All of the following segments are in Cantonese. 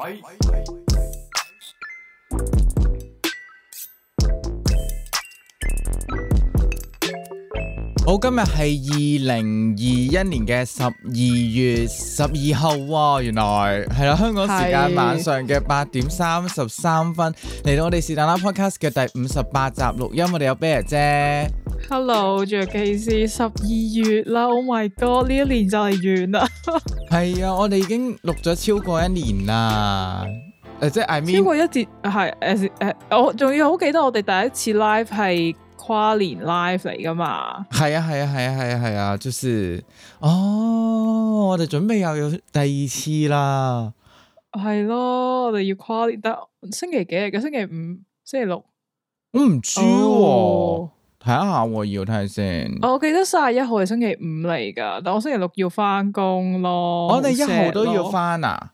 好、哦，今日係二零二一年嘅十二月十二號啊、哦，原來係啦、啊，香港時間晚上嘅八點三十三分，嚟是到我哋是但啦 Podcast 嘅第五十八集錄音，我哋有 bear 姐。Hello，仲係幾時？十二月啦，Oh my God，呢一年就係完啦。 係啊、哎，我哋已經錄咗超過一年啦，誒、呃，即係 I mean 超過一次係誒誒，我仲要好記得我哋第一次 live 係跨年 live 嚟噶嘛？係啊係啊係啊係啊係啊，就是哦，我哋準備要第二次啦。係咯、啊，我哋要跨年得星期幾日？個星期五、星期六？我唔知喎、哦。哦睇一下，要睇先、哦。我記得卅一號係星期五嚟噶，但我星期六要翻工咯。我哋一號都要翻啊！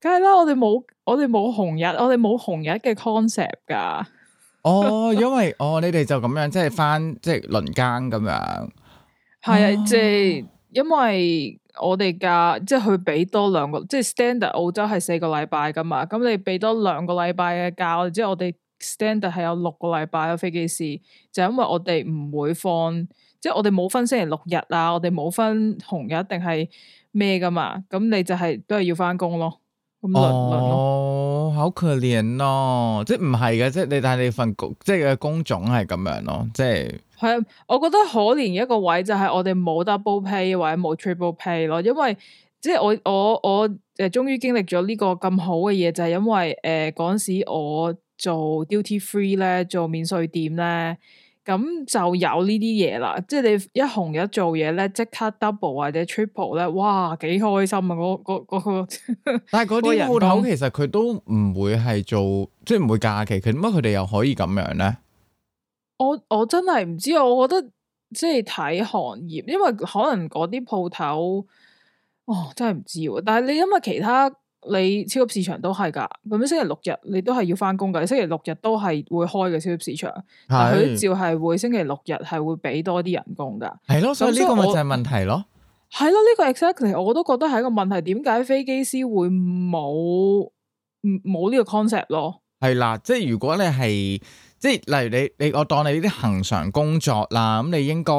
梗係啦，我哋冇，我哋冇紅日，我哋冇紅日嘅 concept 噶。哦，因為 哦，你哋就咁樣，即係翻，即係輪更咁樣。係啊、哦，即係因為我哋噶，即係佢俾多兩個，即係 standard 澳洲係四個禮拜噶嘛，咁你俾多兩個禮拜嘅假，即係我哋。Standard 係有六個禮拜嘅飛機師，就是、因為我哋唔會放，即係我哋冇分星期六日啊，我哋冇分紅日定係咩噶嘛，咁你就係、是、都係要返工咯，咁輪輪咯，好可憐咯，即係唔係嘅，即係你但係你份工，即係嘅工種係咁樣咯，即係係啊，我覺得可憐一個位就係我哋冇 double pay 或者冇 triple pay 咯，因為即係我我我誒終於經歷咗呢個咁好嘅嘢，就係、是、因為誒嗰、呃、時我。做 duty-free 咧，做免稅店咧，咁就有呢啲嘢啦。即係你一紅日做嘢咧，即刻 double 或者 triple 咧，哇，幾開心啊！嗰、嗰、嗰個。嗰個、但係嗰啲鋪頭其實佢都唔會係做，即係唔會假期。佢點解佢哋又可以咁樣咧？我我真係唔知，我覺得即係睇行業，因為可能嗰啲鋪頭，哦，真係唔知。但係你因為其他。你超級市場都係噶，咁樣星期六日你都係要翻工噶，星期六日都係會開嘅超級市場，佢照係會星期六日係會俾多啲人工噶。係咯，所以呢個咪就係問題咯。係咯，呢個 exactly 我都覺得係一個問題。點解飛機師會冇冇呢個 concept 咯？係啦，即係如果你係即係例如你你我當你呢啲恆常工作啦，咁你應該。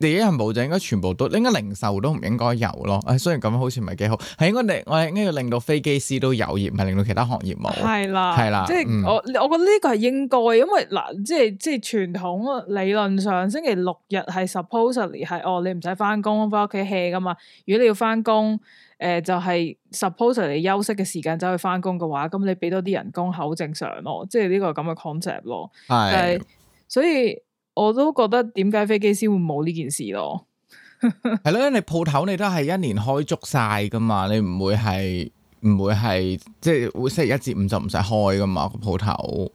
第一行冇就應該全部都，應該零售都唔應該有咯，哎。雖然咁好似唔係幾好，係應該令我係應該要令到飛機師都有，而唔係令到其他行業冇。係啦，係啦。即係我我覺得呢個係應該，因為嗱，即係即係傳統理論上星期六日係 supposedly 係哦，你唔使翻工，翻屋企 hea 噶嘛。如果你要翻工，誒就係 supposedly 休息嘅時間走去翻工嘅話，咁你俾多啲人工好正常咯。即係呢個咁嘅 concept 咯。係，所以。我都覺得點解飛機師會冇呢件事咯 ，係 咯，你鋪頭你都係一年開足晒噶嘛，你唔會係唔會係即係會星期一至五就唔使開噶嘛個鋪頭。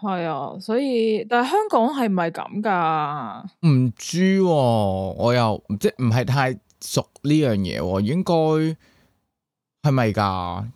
係 啊，所以但係香港係唔係咁噶唔知，啊，我又即係唔係太熟呢樣嘢，應該係咪噶？是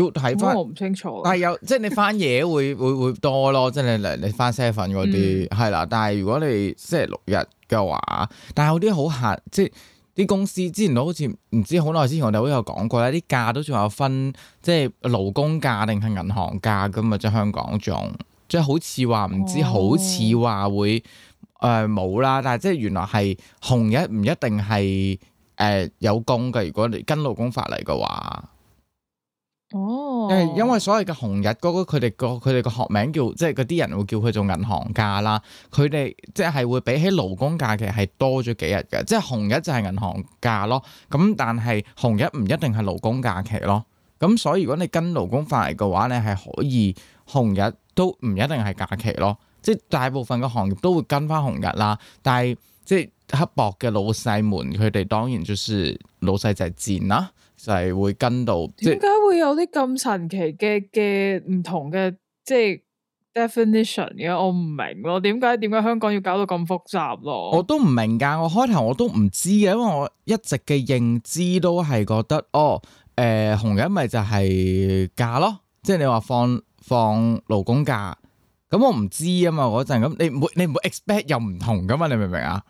要睇翻，哦、我唔清楚但係有即係、就是、你翻嘢會 會會，會多咯，即係你你翻 seven 嗰啲係啦。但係如果你星期六日嘅話，但係有啲好客，即係啲公司之前都好似唔知好耐之前我，我哋都有講過啦。啲假都仲有分，即、就、係、是、勞工假定係銀行假噶嘛？即、就、係、是、香港仲即係好似話唔知，哦、好似話會誒冇、呃、啦。但係即係原來係紅日，唔一定係誒、呃、有工嘅。如果你跟勞工法嚟嘅話。哦，因為所謂嘅紅日嗰個佢哋個佢哋個學名叫，即係嗰啲人會叫佢做銀行假啦。佢哋即係會比起勞工假期係多咗幾日嘅，即係紅日就係銀行假咯。咁但係紅日唔一定係勞工假期咯。咁所以如果你跟勞工翻嚟嘅話，你係可以紅日都唔一定係假期咯。即係大部分嘅行業都會跟翻紅日啦。但係即係刻薄嘅老細們，佢哋當然就是老細就係賤啦。就係會跟到，點解會有啲咁神奇嘅嘅唔同嘅即係 definition 嘅？我唔明咯，點解點解香港要搞到咁複雜咯？我都唔明噶，我開頭我都唔知嘅，因為我一直嘅認知都係覺得，哦，誒、呃，紅日咪就係假咯，即係你話放放勞工假，咁我唔知啊嘛，嗰陣咁你唔會你唔會 expect 又唔同噶嘛？你明唔明啊？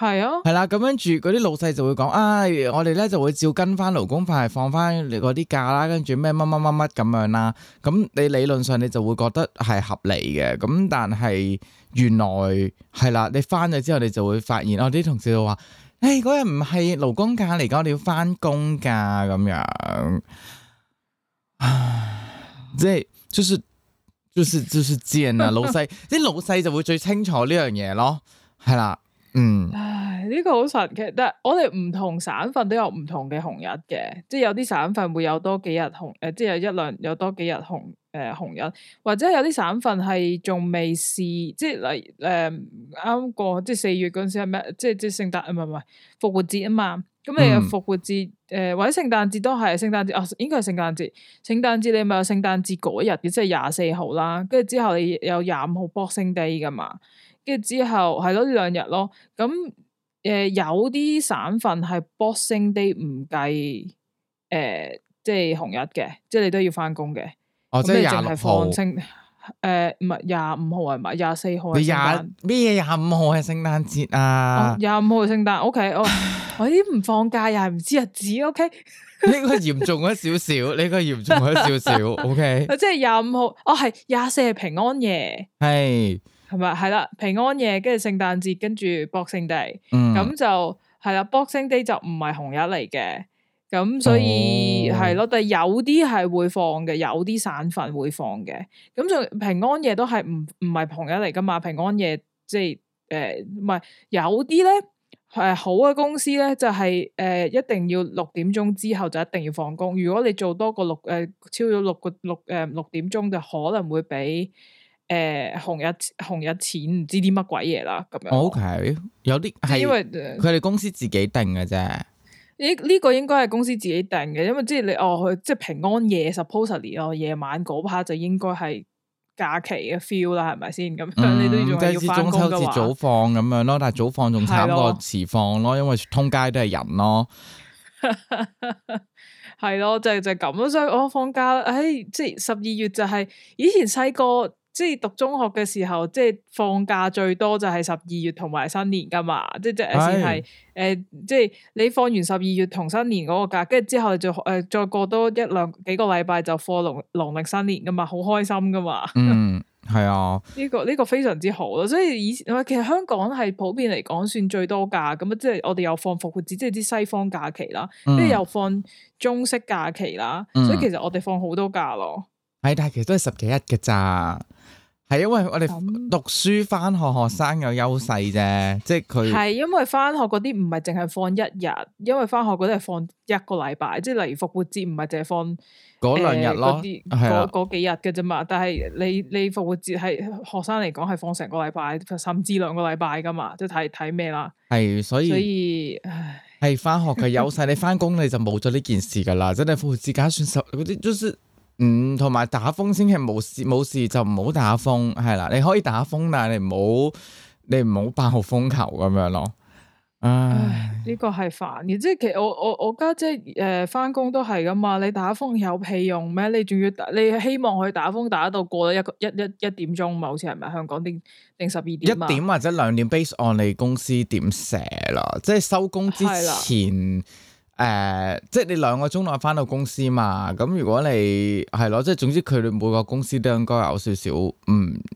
係啊，係啦、嗯，咁樣住嗰啲老細就會講，啊、哎，我哋咧就會照跟翻勞工法，係放翻嚟嗰啲假啦，跟住咩乜乜乜乜咁樣啦，咁、嗯、你理論上你就會覺得係合理嘅，咁但係原來係啦、嗯，你翻咗之後你就會發現，我、哦、啲同事就話，誒、哎，嗰日唔係勞工假嚟噶，我哋要翻工噶，咁樣，唉，即係就是就是就是賤啊、就是，老細，啲 老細就會最清楚呢樣嘢咯，係啦。嗯，唉，呢、這個好神奇，但係我哋唔同省份都有唔同嘅紅日嘅，即係有啲省份會有多幾日紅，誒、呃，即係有一兩有多幾日紅，誒、呃，紅日，或者有啲省份係仲未試，即係嚟，誒、呃，啱過，即係四月嗰陣時係咩？即係即係聖誕，唔係唔係復活節啊嘛，咁你有復活節，誒、嗯呃，或者聖誕節都係聖誕節，啊、哦，應該係聖誕節，聖誕節你咪有聖誕節嗰一日，即係廿四號啦，跟住之後你有廿五號 Boxing Day 噶嘛。跟住之後係咯呢兩日咯，咁、嗯、誒有啲省份係 boxing day，唔計誒，即係紅日嘅，即係你都要翻工嘅。哦，即係廿六號誒，唔係廿五號係咪？廿四號。你廿咩廿五號係聖誕節啊？廿五號聖誕，O K，我我啲唔放假又係唔知日子，O K。呢個嚴重咗少少，呢個嚴重咗少少，O K。即係廿五號，哦，係廿四係平安夜，係。係咪係啦？平安夜跟住聖誕節，跟住 Boxing Day，咁、嗯、就係啦。Boxing Day 就唔係紅日嚟嘅，咁所以係咯、嗯。但係有啲係會放嘅，有啲省份會放嘅。咁仲平安夜都係唔唔係紅日嚟噶嘛？平安夜即係誒，唔、呃、係有啲咧係好嘅公司咧，就係、是、誒、呃、一定要六點鐘之後就一定要放工。如果你做多過六誒超咗六個六誒六點鐘，就可能會俾。誒，紅日紅日前，唔知啲乜鬼嘢啦，咁樣。OK，有啲係因為佢哋公司自己定嘅啫。呢呢個應該係公司自己定嘅，因為即係你哦，即係平安夜，supposedly 咯，夜晚嗰 part 就應該係假期嘅 feel 啦，係咪先？咁嗯，即係似中秋節早放咁樣咯，但係早放仲差過遲放咯，因為通街都係人咯。係 咯，就就咁咯，所以我放假，誒、哎，即係十二月就係、是、以前細個。即係讀中學嘅時候，即係放假最多就係十二月同埋新年噶嘛。即係即係先係誒，即係你放完十二月同新年嗰個假，跟住之後就誒、呃、再過多一兩幾個禮拜就放農農曆新年噶嘛，好開心噶嘛。嗯，係啊。呢、 呢個呢、呢個非常之好咯。所以以其實香港係普遍嚟講算最多假咁，即係我哋又放復活節，即係啲西方假期啦，跟住、嗯、又放中式假期啦。嗯、所以其實我哋放好多假咯。係，但係其實都係十幾日嘅咋。係因為我哋讀書翻學學生有優勢啫，即係佢係因為翻學嗰啲唔係淨係放一日，因為翻學嗰啲係放一個禮拜，即係例如復活節唔係淨係放嗰兩日咯，嗰嗰幾日嘅啫嘛。但係你你復活節係學生嚟講係放成個禮拜，甚至兩個禮拜噶嘛，即睇睇咩啦。係，所以所以係翻唉學嘅優勢， 你翻工你就冇咗呢件事噶啦。真係復活節假家算十啲，就是就是嗯，同埋打風先係冇事冇事就唔好打風，係啦。你可以打風，但係你唔好你唔好爆風球咁樣咯。呃、唉，呢個係煩嘅。即係其實我我我家姐誒翻工都係噶嘛。你打風有屁用咩？你仲要你希望佢打風打到過咗一個一一一點鐘嘛？好似係咪香港定定十二點啊？一點或者兩點，Based on 你公司點寫啦，即係收工之前。誒，uh, 即係你兩個鐘內返到公司嘛？咁如果你係咯，即係總之佢哋每個公司都應該有少少唔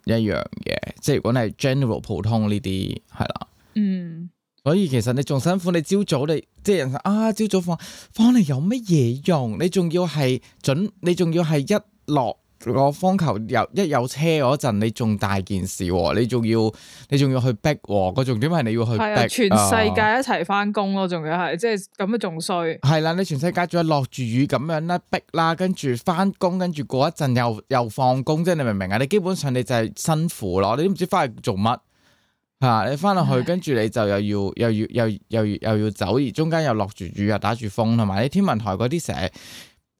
一樣嘅。即係如果你係 general 普通呢啲，係啦。嗯，所以其實你仲辛苦，你朝早你即係人啊，朝早返返嚟有乜嘢用？你仲要係準，你仲要係一落。個風球有一有車嗰陣，你仲大件事，喔，你仲要你仲要去逼，喔，個重點係你要去逼，全世界一齊翻工咯，仲、呃、要係即係咁樣仲衰。係啦，你全世界仲要落住雨咁樣啦，逼啦，跟住翻工，跟住過一陣又又放工，即係你明唔明啊？你基本上你就係辛苦咯，你都唔知翻去做乜吓，你翻落去跟住你就又要唉又要又要又要又，要又要走，而中間又落住雨又打住風，同埋你天文台嗰啲成。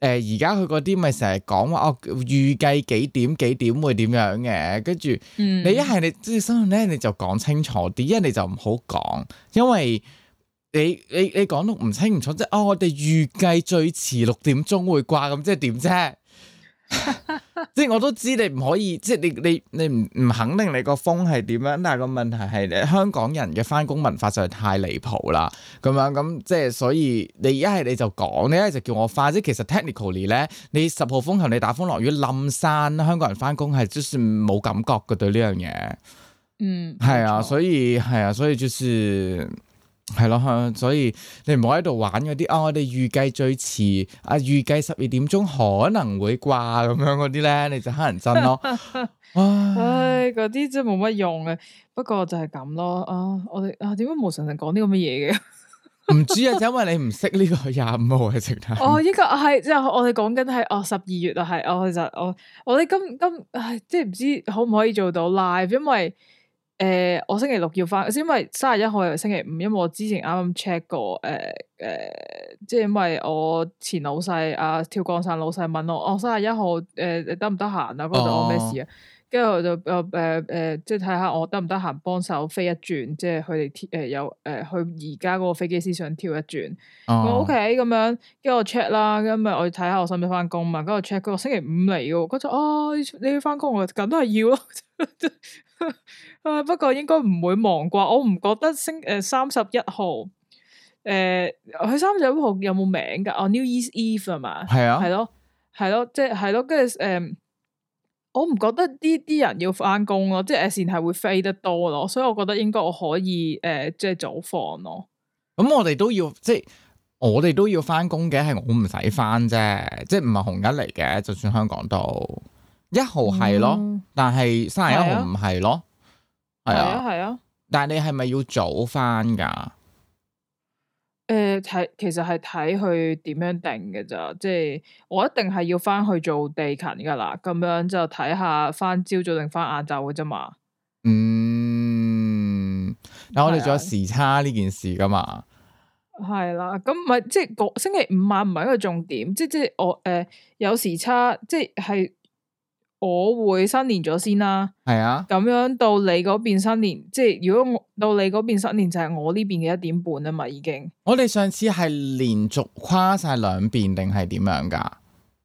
誒而家佢嗰啲咪成日講話哦，預計幾點幾點會點樣嘅？跟住、嗯、你一係你即係新聞咧，你就講清楚啲；一係你就唔好講，因為你你你講到唔清唔楚，即係哦，我哋預計最遲六點鐘會掛，咁即係點啫？ 即係我都知你唔可以，即係你你你唔唔肯定你個風係點樣，但係個問題係，香港人嘅翻工文化就係太離譜啦。咁樣咁即係，所以你一係你就講，你一係就叫我快。即係其實 technically 咧，你十號風球，你打風落雨冧山，香港人翻工係就算冇感覺嘅對呢樣嘢。嗯，係啊，沒錯 所以係啊，所以就是。係咯，所以你唔好喺度玩嗰啲哦。我哋預計最遲啊，預計十二點鐘可能會掛咁樣嗰啲咧，你就乞人憎咯。 唉，嗰啲真冇乜用嘅。不過就係咁咯。啊，我哋啊，點解無神神講啲咁嘅嘢嘅？唔 知啊，就是、因為你唔識呢個廿五號嘅時間。哦，依個係即係我哋講緊係哦，十二月啊，係、哦、我其實我我哋今今唉，即係唔知可唔可以做到 live，因為。誒、呃，我星期六要翻，因為三十一號又星期五，因為我之前啱啱 check 過誒誒，即、呃、係、呃、因為我前老細阿、啊、跳降傘老細問我，哦呃有有哦、我三十一號誒得唔得閒啊？嗰陣我咩事啊？跟住就誒誒，即係睇下我得唔得閒幫手飛一轉，即係佢哋誒有誒去而家嗰個飛機師想跳一轉，哦、我 O K 咁樣，跟住我 check 啦，跟住我睇下我使唔使翻工，嘛。跟住我 check，嗰個星期五嚟嘅，佢就啊、哦、你要翻工，我梗都係要咯。 誒，不過應該唔會忙啩，我唔覺得星誒三十一號，誒、呃，佢三十一號有冇名噶？New Year's Eve 係嘛？係啊，係咯，係咯，就是咯，嗯，即係係咯，跟住誒，我唔覺得啲啲人要翻工咯，即係誒線係會飛得多咯，所以我覺得應該我可以誒、呃、即係早放咯。咁我哋都要即係，我哋都要翻工嘅，係我唔使翻啫，即係唔係紅日嚟嘅，就算香港度一號係咯，嗯、但係三十一號唔係咯。係啊，係啊，但係你係咪要早翻噶？誒、呃，睇其實係睇佢點樣定嘅咋。即、就、係、是、我一定係要翻去做地勤噶啦，咁樣就睇下翻朝早定翻晏晝嘅啫嘛。嗯，嗱，我哋仲有時差呢件事噶嘛？係啦、啊，咁唔係即係個星期五晚唔係一個重點，即係即係我誒、呃、有時差，即、就、係、是。我會新年咗先啦，係啊，咁樣到你嗰邊新年，即係如果我到你嗰邊新年就係我呢邊嘅一點半啊嘛，已經。我哋上次係連續跨晒兩邊定係點樣噶？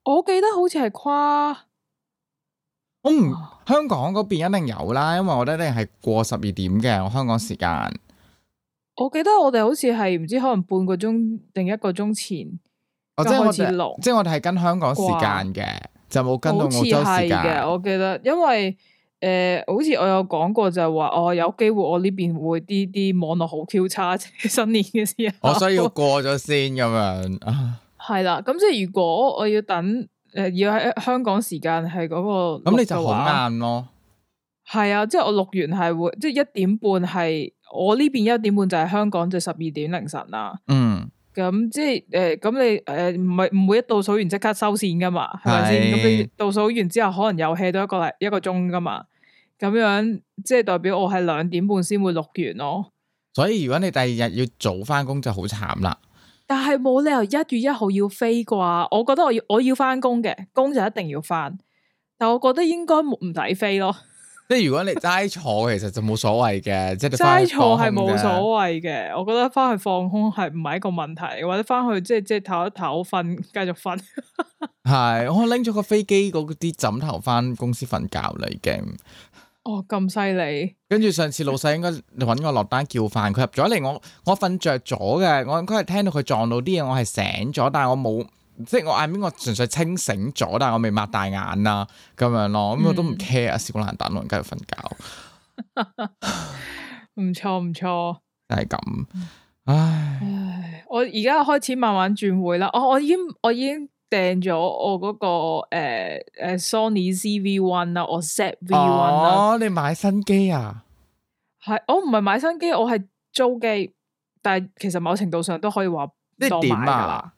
我記得好似係跨，我唔香港嗰邊一定有啦，因為我一定係過十二點嘅，我香港時間。我記得我哋好似係唔知可能半個鐘定一個鐘前就開始落，即係我哋係跟香港時間嘅。就冇跟到澳洲時間。好似係嘅，我記得，因為誒、呃，好似我有講過就係話，哦，有機會我呢邊會啲啲網絡好 Q 差，新年嘅時候。 我需要過咗先咁樣。係啦，咁即係如果我要等，誒、呃、要喺香港時間係嗰個，咁你就好晏咯。係啊，即係我錄完係會，即係一點半係我呢邊一點半就係香港就十、是、二點凌晨啦。嗯。咁、嗯、即係誒、咁、呃、你誒唔係唔會一倒數完即刻收線噶嘛？係咪先？咁你倒數完之後可能又 hea 到一個嚟，一個鐘噶嘛？咁樣即係代表我係兩點半先會錄完咯。所以如果你第二日要早翻工就好慘啦。但係冇理由一月一號要飛啩？我覺得我要我要翻工嘅，工就一定要翻。但我覺得應該唔使飛咯。即係如果你齋坐，其實就冇所謂嘅，即係翻去放空嘅。齋坐係冇所謂嘅，我覺得翻去放空係唔係一個問題，或者翻去即係即係唞一唞，瞓，繼續瞓。係，我拎咗個飛機嗰啲枕頭翻公司瞓覺啦，已經。哦，咁犀利！跟住上次老細應該你揾我落單叫飯，佢入咗嚟，我我瞓着咗嘅，我佢係聽到佢撞到啲嘢，我係醒咗，但係我冇。即係我嗌邊，I mean, 我純粹清醒咗，但係我未擘大眼啊，咁樣咯，咁我都唔 care 啊，小攔蛋咯繼續瞓覺。唔錯唔錯，係咁， 唉，我而家開始慢慢轉會啦，我、哦、我已經我已經訂咗我嗰個誒誒 Sony ZV1 啦，我、我、那個呃呃、set V One 啦、哦，你買新機啊？係我唔係買新機，我係租機，但係其實某程度上都可以話，呢點啊？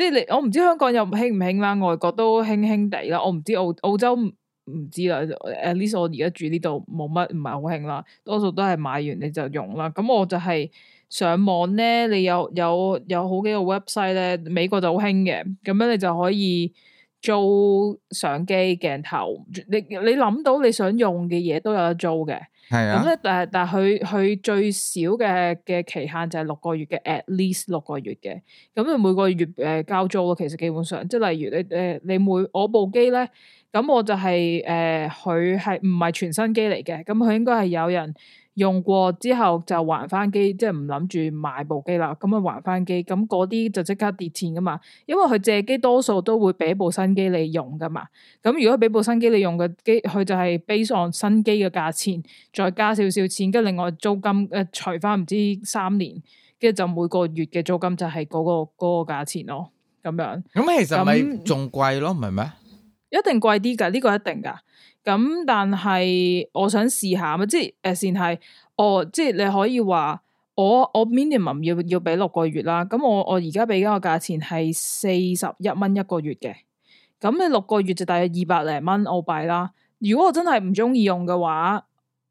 即係你，我唔知香港又興唔興啦，外國都興興哋啦。我唔知澳澳洲唔知啦。至少我而家住呢度冇乜，唔係好興啦。多數都係買完你就用啦。咁我就係、是、上網咧，你有有有好幾個 website 咧，美國就好興嘅。咁樣你就可以租相機鏡頭。你你諗到你想用嘅嘢，都有得租嘅。係呀，咁咧、嗯，但係但係佢佢最少嘅嘅期限就係六個月嘅，at least 六個月嘅。咁佢每個月誒、呃、交租咯，其實基本上，即係例如你誒、呃、你每我部機咧，咁我就係誒，佢係唔係全新機嚟嘅？咁佢應該係有人。用過之後就還翻機，即係唔諗住買部機啦。咁啊還翻機，咁嗰啲就即刻跌錢噶嘛。因為佢借機多數都會俾部新機你用噶嘛。咁如果俾部新機你用嘅機，佢就係 base 上新機嘅價錢，再加少少錢，跟住另外租金誒、呃、除翻唔知三年，跟住就每個月嘅租金就係嗰、嗰個嗰、嗰個價錢咯，咁樣。咁其實咪仲貴咯，唔係咩？一定貴啲噶，呢、呢個一定噶。咁但係我想試下啊即係誒、呃，先係我、哦、即係你可以話我我 minimum 要要俾六個月啦。咁我我而家俾緊個價錢係四十一蚊一個月嘅。咁你六個月就大約二百零蚊澳幣啦。如果我真係唔中意用嘅話，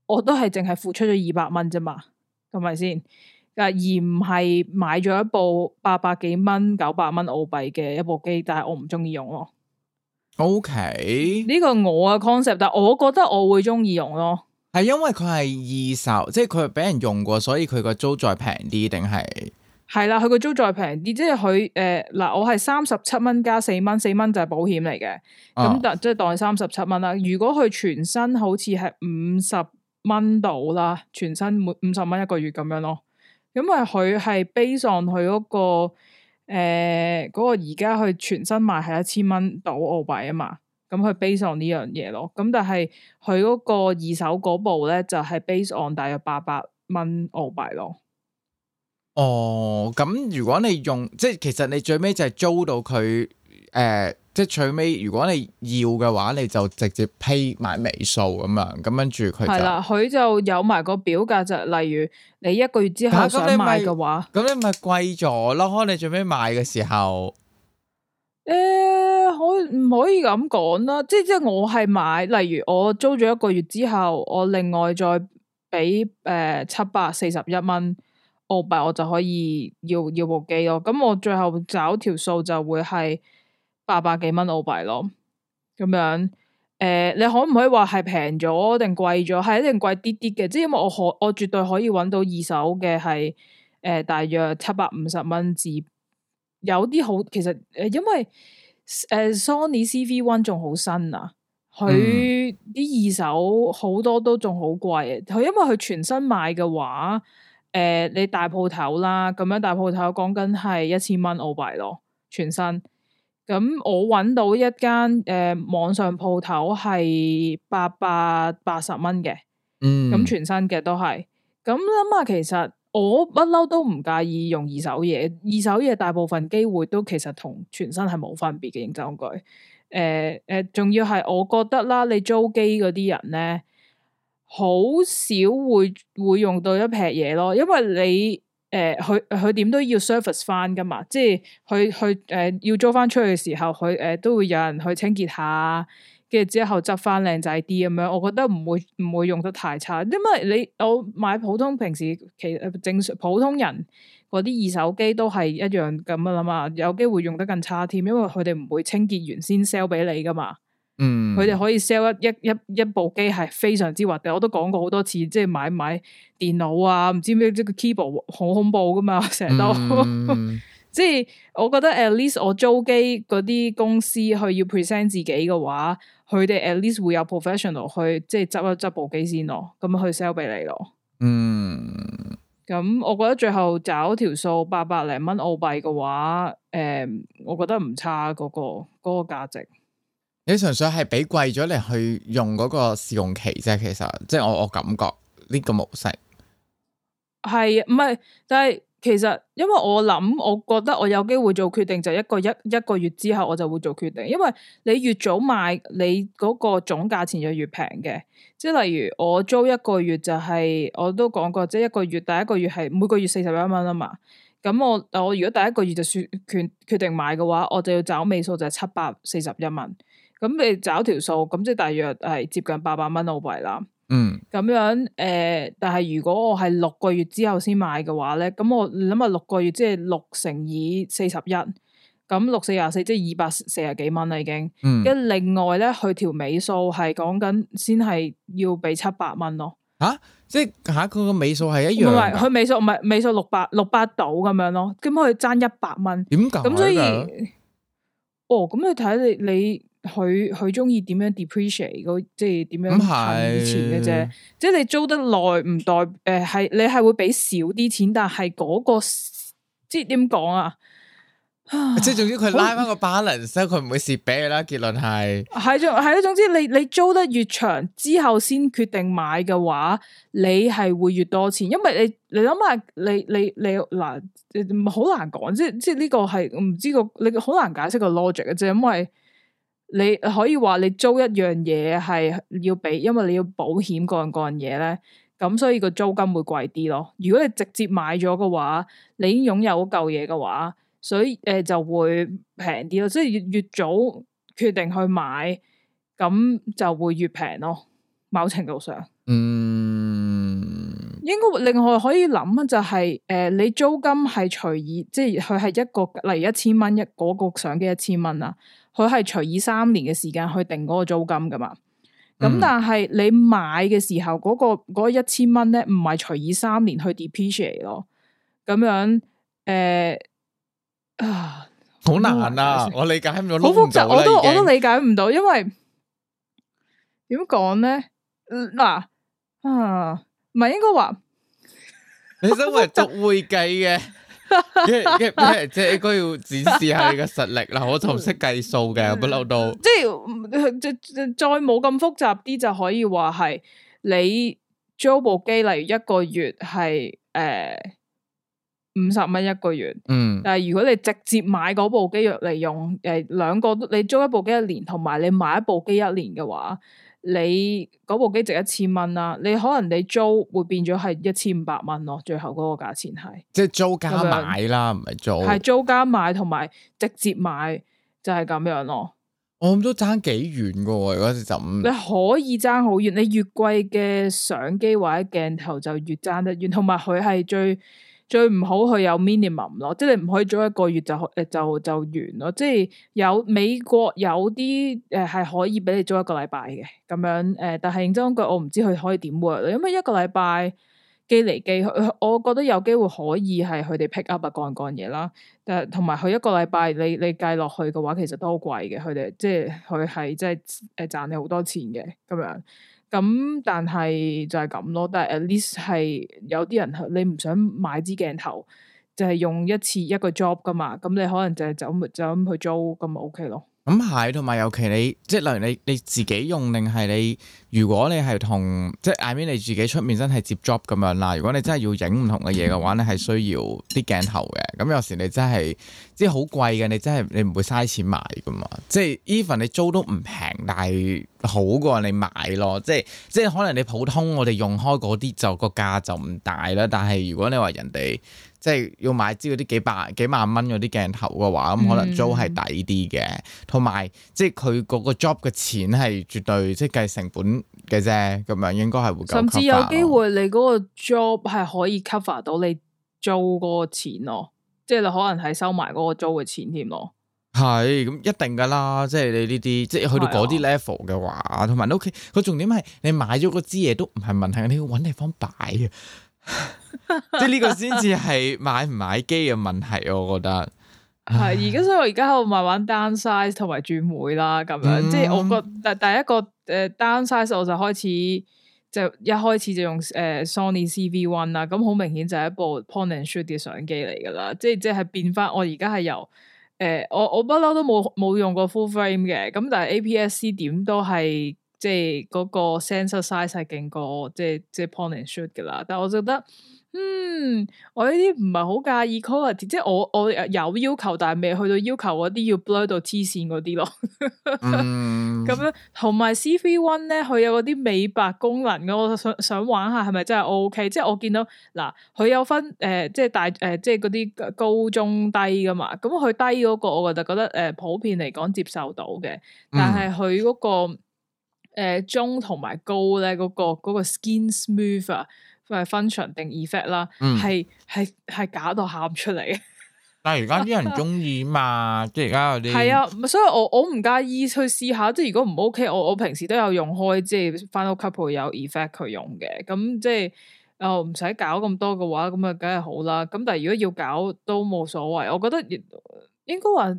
我都係淨係付出咗二百蚊啫嘛，係咪先？啊，而唔係買咗一部八百幾蚊、九百蚊澳幣嘅一部機，但係我唔中意用咯。O K，呢個我嘅 concept，但我覺得我會中意用咯，係因為佢係二手，即係佢係俾人用過，所以佢個租再平啲，定係係啦，佢個租再平啲，即係佢誒嗱，我係三十七蚊加四蚊，四蚊就係保險嚟嘅，咁但、哦、即係當係三十七蚊啦。如果佢全身好似係五十蚊到啦，全身每五十蚊一個月咁樣咯，因為佢係 based on 佢嗰個。誒嗰、呃嗰個而家佢全新買係一千蚊到澳幣啊嘛，咁佢 base on 呢樣嘢咯。咁但係佢嗰個二手嗰部咧就係、係、base on 大約八百蚊澳幣咯。哦，咁如果你用，即係其實你最尾就係租到佢誒。呃即係除尾，如果你要嘅話，你就直接 pay 埋尾數咁樣，咁跟住佢係啦，佢就有埋個表格，就是，例如你一個月之後想買嘅話，咁你咪話貴咗咯。你最尾買嘅時候，誒、呃，可唔可以咁講啦？即係即係我係買，例如我租咗一個月之後，我另外再俾誒七百四十一蚊澳幣，我就可以要要部機咯。咁我最後找條數就會係。八百幾蚊澳幣咯，咁樣，誒、呃，你可唔可以話係平咗定貴咗？係一定貴啲啲嘅，即係因為我可，我絕對可以揾到二手嘅係，誒、呃，大約七百五十蚊至，有啲好，其實，誒、呃，因為，誒、呃，Sony CV One 仲好新啊，佢啲、嗯、二手好多都仲好貴啊，佢因為佢全新買嘅話，誒、呃，你大鋪頭啦，咁樣大鋪頭講緊係一千蚊澳幣咯，全新。咁我揾到一間誒、呃、網上鋪頭係八百八十蚊嘅，嗯，咁全新嘅都係。咁諗下，其實我不嬲都唔介意用二手嘢，二手嘢大部分機會都其實同全新係冇分別嘅。認真講句，誒、呃、誒，仲、呃、要係我覺得啦，你租機嗰啲人咧，好少會會用到一撇嘢咯，因為你。誒，佢佢點都要 service 翻噶嘛，即係佢佢誒要租翻出去嘅時候，佢誒、呃、都會有人去清潔下，跟住之後執翻靚仔啲咁樣，我覺得唔會唔會用得太差，因為你我買普通平時其正常普通人嗰啲二手機都係一樣咁啊嘛，有機會用得更差添，因為佢哋唔會清潔完先 sell 俾你噶嘛。嗯，佢哋可以 sell 一一一一部機係非常之核突，我都講過好多次，即係買買電腦啊，唔知咩即個 keyboard 好恐怖噶嘛，成日都即係我覺得 at least 我租機嗰啲公司去要 present 自己嘅話，佢哋 at least 會有 professional 去即係執一執部機先咯，咁去 sell 俾你咯。嗯，咁、嗯、我覺得最後找條數八百零蚊澳幣嘅話，誒、嗯，我覺得唔差嗰個嗰個價值。你純粹係俾貴咗嚟，去用嗰個試用期啫，其實即係我我感覺呢個模式係唔係？但係其實因為我諗，我覺得我有機會做決定就一個一一個月之後我就會做決定，因為你越早買你嗰個總價錢就越平嘅。即係例如我租一個月就係我都講過，即係一個月第一個月係每個月四十一蚊啊嘛。咁我我如果第一個月就算決決定買嘅話，我就要找尾數就係七百四十一蚊。咁你找條數，咁即係大約係接近八百蚊澳幣啦。嗯，咁樣誒、呃，但係如果我係六個月之後先買嘅話咧，咁我諗下六個月即係六乘以四十一，咁六四廿四即係二百四廿幾蚊啦已經。嗯，另外咧，佢條尾數係講緊先係要俾七百蚊咯。吓、啊，即係下佢個尾數係一樣。唔係，佢尾數唔係尾數六百六百度咁樣咯，咁可以爭一百蚊。點解？咁所以，哦，咁你睇你你。你佢佢中意點樣 depreciate 即係點樣慳啲錢嘅啫，的即係你租得耐唔代誒係、呃、你係會俾少啲錢，但係嗰、嗰個即係點講啊？ 即係總之佢拉翻個 balance，佢唔會蝕俾你啦。結論係係係咯，總之你你租得越長之後先決定買嘅話，你係會越多錢，因為你你諗下你你你嗱唔好難講，即係即係呢個係唔知個你好難解釋個 logic 嘅啫，因為。你可以話你租一樣嘢係要俾，因為你要保險嗰樣嗰樣嘢咧，咁所以個租金會貴啲咯。如果你直接買咗嘅話，你已經擁有嗰嚿嘢嘅話，所以誒、呃、就會平啲咯。即係越越早決定去買，咁就會越平咯。某程度上，嗯。應該另外可以諗就係、是、誒、呃，你租金係隨意，即係佢係一個例如一千蚊，一、那、相機一千蚊啊，佢係隨意三年嘅時間去定嗰個租金噶嘛。咁、嗯、但係你買嘅時候嗰、那個一千蚊咧，唔、那、係、個、隨意三年去 depreciate 咯。咁樣誒啊，好、呃、難啊！難啊唉我理解唔到，好複雜，我，我都我都理解唔到，因為點講咧？嗱啊！唔係應該話， 你身為做會計嘅，即係 應該要展示下你嘅實力。嗱， 我就唔識計數嘅，不嬲 都。即係再再冇咁複雜啲就可以話係你租部機，嚟，一個月係誒五十蚊一個月。嗯。但係如果你直接買嗰部機嚟用兩，誒兩個你租一部機一年，同埋你買一部機一年嘅話。你嗰部機值一千蚊啦，你可能你租會變咗係一千五百蚊咯，最後嗰個價錢係即係租加買啦，唔係樣租係租加買同埋直接買就係、是、咁樣咯。我諗都爭幾遠噶喎，如果係十五，你可以爭好遠。你越貴嘅相機或者鏡頭就越爭得遠，同埋佢係最。最唔好去有 minimum 咯，即係唔可以租一個月就誒就就完咯。即係有美國有啲誒係可以俾你租一個禮拜嘅咁樣誒、呃，但係認真句，我唔知佢可以點 w 因為一個禮拜寄嚟寄去，我覺得有機會可以係佢哋 pick up 啊幹幹嘢啦。但誒同埋佢一個禮拜你你計落去嘅話，其實都好貴嘅。佢哋即係佢係即係誒賺你好多錢嘅咁樣。咁但係就係咁咯，但係 at least 係有啲人你唔想買支鏡頭，就係、是、用一次一個 job 噶嘛，咁你可能就係就咁就咁去租咁咪 OK 咯。咁係，同埋、嗯、尤其你，即係例如你你自己用，定係你如果你係同即係 I mean 你自己出面真係接 job 咁樣啦。如果你真係要影唔同嘅嘢嘅話，你係需要啲鏡頭嘅。咁有時你真係即係好貴嘅，你真係你唔會嘥錢買㗎嘛。即係 even 你租都唔平，但係好過你買咯。即係即係可能你普通我哋用開嗰啲就個價就唔大啦。但係如果你話人哋，即係要買支嗰啲幾百幾萬蚊嗰啲鏡頭嘅話，咁、嗯、可能租係抵啲嘅。同埋、嗯、即係佢嗰個 job 嘅錢係絕對即係、就是、計成本嘅啫。咁樣應該係會夠，甚至有機會你嗰個 job 係可以 cover 到你租嗰個錢咯。即係你可能係收埋嗰個租嘅錢添咯。係咁、嗯、一定噶啦。即係你呢啲即係去到嗰啲 level 嘅話，同埋你 OK。佢重點係你買咗嗰支嘢都唔係問題，你要揾地方擺啊！ 即係呢個先至係買唔買機嘅問題，我覺得係而家，所以我而家喺度慢慢 down size 同埋轉會啦，咁樣、嗯、即係我覺得第一個誒 down size 我就開始就一開始就用誒 Sony CV One 啦，咁好明顯就係一部 point and shoot 嘅相機嚟噶啦，即係即係變翻我而家係由誒、呃、我我不嬲都冇冇用過 full frame 嘅，咁但係 APS C 點都係。即係嗰個 sensor size 係勁過即係即係 point and shoot 嘅啦，但係我覺得，嗯，我呢啲唔係好介意 quality，即係我我有要求，但係未去到要求嗰啲要 blur 到黐線嗰啲咯。咁樣同埋 CV One 咧，佢有嗰啲美白功能，我想想玩下係咪真係 O K？即係我見到嗱，佢有分誒、呃、即係大誒、呃、即係嗰啲高中低噶嘛，咁佢低嗰個我就覺得誒、呃、普遍嚟講接受到嘅，但係佢嗰個。嗯誒、呃，中同埋高咧，嗰、那個嗰、那個 Skin Smoother 或 Function 定 Effect 啦、啊，係係係假到喊出嚟。但係而家啲人中意嘛， 即係而家嗰啲係啊，所以我我唔介意去試下。即係如果唔 OK，我我平時都有用開，即係 Final Couple 有 Effect 佢用嘅。咁即係，哦唔使搞咁多嘅話，咁啊梗係好啦。咁但係如果要搞都冇所謂，我覺得應該話。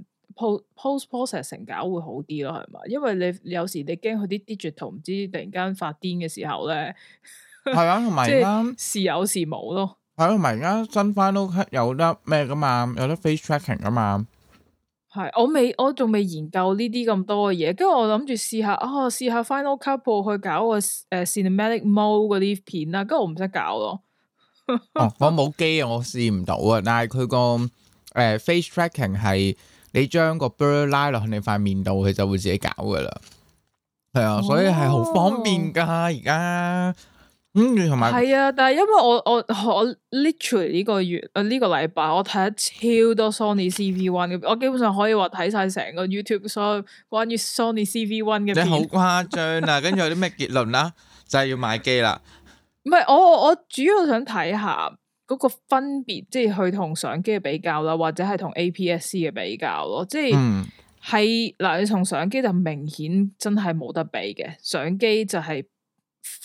post processing 搞會好啲咯，係嘛？因為你有時你驚佢啲 digital 唔知突然間發癲嘅時候咧，係 啊，同埋即係時有時冇咯。係啊，同埋而家新 Final Cut 有得咩噶嘛？有得 face tracking 噶嘛？係我未，我仲未研究呢啲咁多嘅嘢，跟住我諗住試下啊、哦，試下 Final Cut Pro 去搞個誒、uh, cinematic mode 嗰啲片啦。跟住我唔使搞咯。我 冇、哦、機啊，我試唔到啊。但係佢個誒 face tracking 係。你將個 blur 拉落去你塊面度，佢就會自己搞噶啦。係啊，所以係好方便噶而家。嗯，同埋係啊，但係因為我我我 literally 呢個月啊，呢個禮拜我睇咗超多 Sony CV One 嘅，我基本上可以話睇晒成個 YouTube 所有關於 Sony CV One 嘅。你好誇張啊！跟住有啲咩結論啦？就係要買機啦。唔係我我主要想睇下。嗰個分別即係去同相機嘅比較啦，或者係同 APS-C 嘅比較咯，即係係嗱，你同、嗯、相機就明顯真係冇得比嘅，相機就係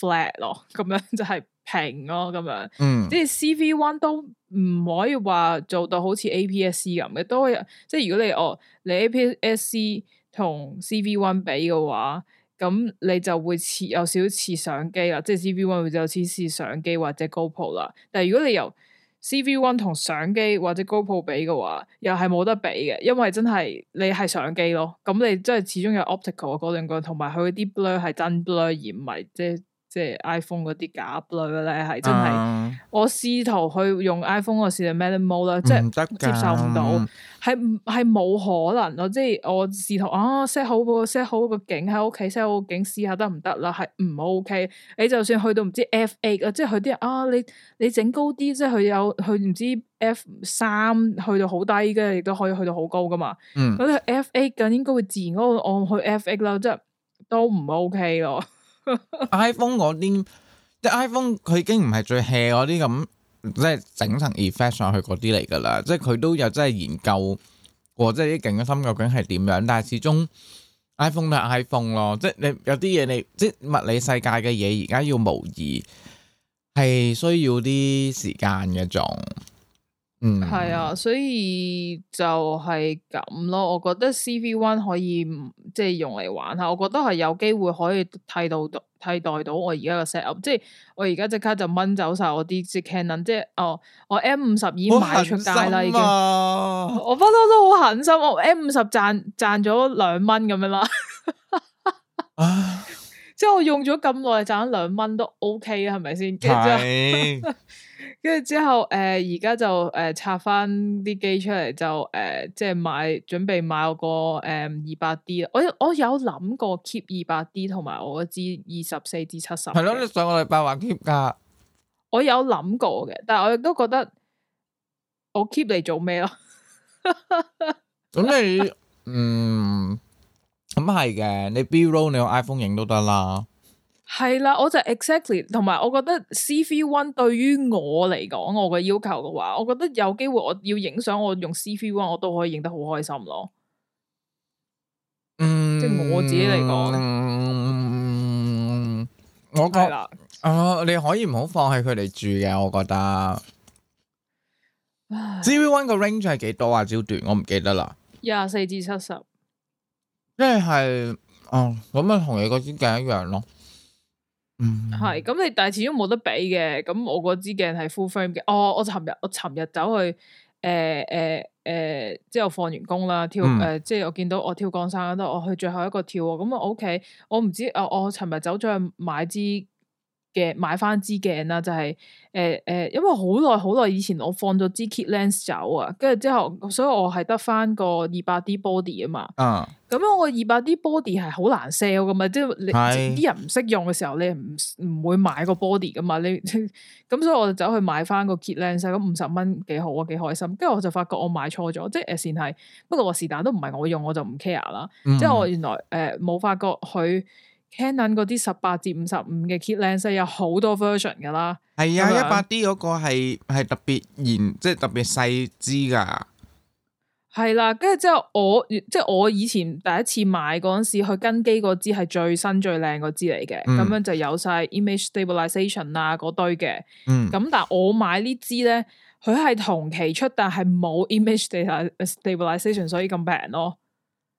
flat 咯，咁樣就係平咯，咁樣，嗯、即係 CV One 都唔可以話做到好似 APS-C 咁嘅，都即係如果你我、哦、你 APS-C 同 CV One 比嘅話。咁你就會似有少少似相機啦，即係 CV1 會有似似相機或者 GoPro 啦。但係如果你由 CV1 同相機或者 GoPro 比嘅話，又係冇得比嘅，因為真係你係相機咯。咁你真係始終有 optical 嗰兩個，同埋佢啲 blur 係真 blur 而唔係即係。即係 iPhone 嗰啲夾類咧，係真係、嗯、我試圖去用 iPhone 我試就 manual 啦，即係接受唔到，係係冇可能咯。即係我試圖啊 set 好個 set 好個景喺屋企 set 好個景，試下得唔得啦？係唔 OK？你就算去到唔知 F A 啊，即係佢啲啊，你你整高啲，即係佢有佢唔知 F 三去到好低嘅，亦都可以去到好高噶嘛。咁佢、嗯、F A 咁應該會自然咁按去 F A 啦，即係都唔 OK 咯。iPhone 嗰啲，即係 iPhone 佢已經唔係最 hea 嗰啲咁，即係整層 effect 上去嗰啲嚟噶啦，即係佢都有真係研究過，即係啲景深究竟係點樣，但係始終 iPhone 都係 iPhone 咯，即係你有啲嘢你即係物理世界嘅嘢，而家要模擬係需要啲時間嘅種。嗯，係啊，所以就係咁咯。我覺得 C V one 可以即係用嚟玩下，我覺得係有機會可以替代到替代到我而家個 set up。即係我而家即刻就掹走晒我啲支 Canon，即係哦，我 M 五十已經賣出街啦，已經、啊。我不嬲都好狠心，我 M 五十賺賺咗兩蚊咁樣啦。 啊、即係我用咗咁耐，賺兩蚊都 O K 啊，係咪先？是 跟住之後，誒而家就誒、呃、拆翻啲機出嚟，就誒、呃、即係買，準備買個誒二百 D 啦。我我有諗過 keep 二百 D 同埋我支二十四至七十。係咯，你上個禮拜話 keep 噶，我有諗過嘅，但係我亦都覺得我 keep 你做咩咯？咁 你嗯，咁係嘅，你 B-roll 你用 iPhone 影都得啦。係啦，我就 exactly，同埋我覺得 C V one 對於我嚟講，我嘅要求嘅話，我覺得有機會我要影相，我用 C V one 我都可以影得好開心咯。嗯，即係我自己嚟講，嗯、我係啦，啊了、呃、你可以唔好放棄佢哋住嘅，我覺得。C V one 個 range 係幾多啊？焦段我唔記得啦。廿四至七十。即係，哦，咁咪同你嗰支鏡一樣咯。嗯，係、mm，咁、hmm。你但係始終冇得比嘅，咁我嗰支鏡係 full frame 嘅，哦，我尋日我尋日走去，誒誒誒，之、呃、後、呃、放完工啦，跳，誒、mm hmm。呃，即係我見到我跳降生，都，我去最後一個跳咁啊，OK，我唔知，啊，我尋、呃、日走咗去買支。嘅買翻支鏡啦，就係誒誒，因為好耐好耐以前我放咗支 kit lens 走啊，跟住之後，所以我係得翻個二百 D body 啊嘛。咁、啊、樣我二百 D body 係好難 sell 噶嘛，即係你啲人唔識用嘅時候，你唔唔會買個 body 噶嘛。你咁 所以我就走去買翻個 kit lens，咁五十蚊幾好啊，幾開心。跟住我就發覺我買錯咗，即係誒，算係。不過我是但都唔係我用，我就唔 care 啦。即係、嗯、我原來誒冇、呃、發覺佢。Canon 嗰啲十八至五十五嘅 kit lens 有好多 version 噶啦，係啊，一百樣 D 嗰個係係特別嚴，即、就、係、是、特別細支噶，係啦、啊。跟住之後我即係、就是、我以前第一次買嗰陣時，佢跟機嗰支係最新最靚嗰支嚟嘅，咁、嗯、樣就有晒 image stabilization 啊嗰堆嘅。嗯，咁但係我買呢支咧，佢係同期出，但係冇 image stabilization，所以咁平咯。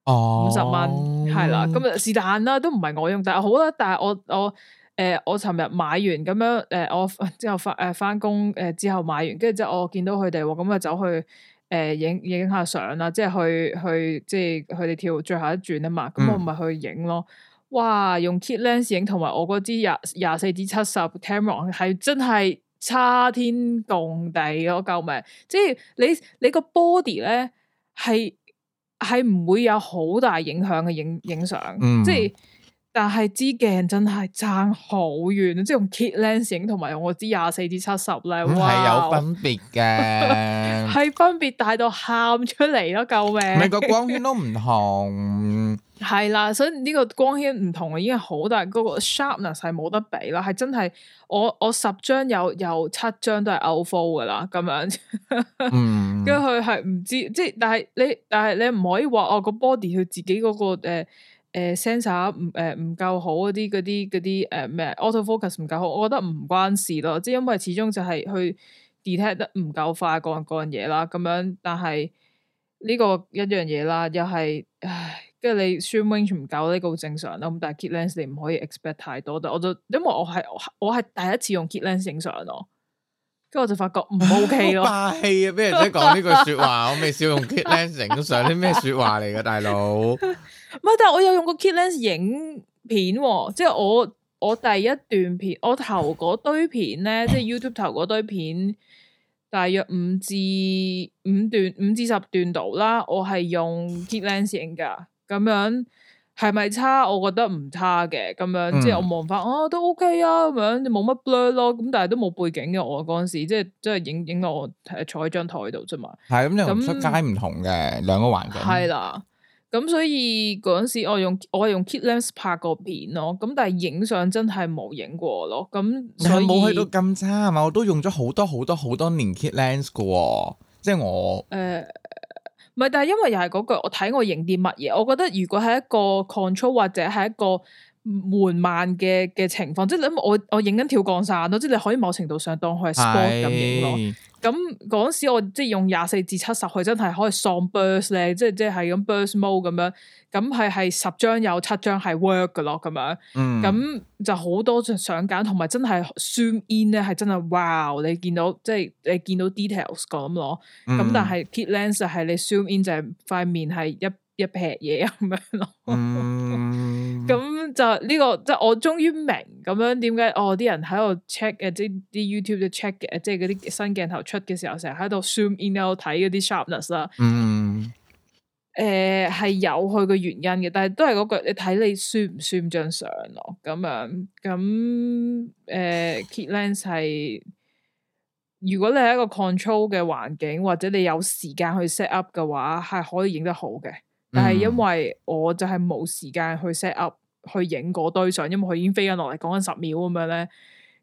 哦，五十蚊係啦，咁啊是但啦，都唔係我用，但係好啦。但係我我誒，我尋日、呃、買完咁樣誒，我之後翻誒翻工誒之後買完，跟住之後我見到佢哋，咁啊走去誒影影下相啦，即係去去即係佢哋跳最後一轉啊嘛，咁我咪去影咯。嗯、哇，用 Kit Lens 影同埋我嗰支廿廿四至七十 Tamron 係真係差天共地，我救命！即係你你個 body 咧係。係唔會有好大影響嘅，影影相，嗯、即係。但係支鏡真係爭好遠，即係用 kit lens 同埋我支廿四至七十咧，哇，係有分別嘅，係分別大到喊出嚟咯！救命，每個光圈都唔同。係啦，所以呢個光圈唔同已經好大個 sharpness 係冇得比啦，係真係我我十張有有七張都係 out of focus 噶啦，咁樣，跟住佢係唔知即係，但係你但係你唔可以話我個 body 佢自己嗰個誒。誒，sensor 唔誒唔夠好嗰啲嗰啲嗰啲誒咩？auto focus 唔夠好，我覺得唔關事咯，即係因為始終就係去 detect 得唔夠快嗰樣嘢啦，咁樣。但係呢個一樣嘢啦，又係，跟住你 zoom range 唔夠呢個好正常咯。咁但係 kit lens 你唔可以 expect 太多，但我就因為我係我係第一次用 kit lens 影相咯，跟住我就發覺唔 ok 咯， 霸氣啊！畀人先講呢句說話？我未少用 kit lens 影相，啲咩 說話嚟噶，大佬？唔係，但係我有用個 Kit Lens 影片，哦，即係我我第一段片，我頭嗰堆片咧，即係 YouTube 頭嗰堆片，大約五至五段五至十段度啦。我係用 Kit Lens 影噶，咁樣係咪差？我覺得唔差嘅，咁樣、嗯、即係我望翻，哦、啊、都 OK 啊，咁樣冇乜 blur 咯。咁但係都冇背景嘅，我嗰陣時即係即係影影到我坐喺張台度啫嘛。係咁就出街唔同嘅兩個環境。係啦那。咁所以嗰陣時我用我用 kit lens 拍個片咯，咁但係影相真係冇影過咯，咁所以冇去到咁差係嘛？我都用咗好多好多好多年 kit lens 噶，即係我誒，唔係、呃，但係因為又係嗰句，我睇我影啲乜嘢，我覺得如果係一個 control 或者係一個。緩慢嘅嘅情況，即係咁我我影緊跳降傘咯，即係你可以某程度上當佢係 sport 咁影咯。咁嗰是時我即係用廿四至七十，佢真係可以喪 burst 咧，即係即係咁 burst mode 咁樣，咁係係十張有七張係 work 噶咯咁樣。咁、嗯、就好多想揀，同埋真係 zoom in 咧係真係哇！你見到即係你見到 details 咁咯。咁、嗯、但係 kit lens 就係、是、你 zoom in 就係塊面係一。一撇嘢咁樣咯，咁 就呢、這個即係我終於明咁樣點解哦啲人喺度 check 誒，即啲 YouTube 嘅 check，嘅，即係嗰啲新鏡頭出嘅時候，成日喺度 zoom in out 睇嗰啲 sharpness 啦 、呃。誒，係有佢嘅原因嘅，但係都係嗰句，你睇你 zoom 唔 zoom 張相咯。咁樣咁誒、嗯呃、，Kit Lens 係如果你喺一個 control 嘅環境或者你有時間去 set up 嘅話，係可以影得好嘅。但係因為我就係冇時間去 set up 去影嗰堆相，因為佢已經飛緊落嚟，講緊十秒咁樣咧，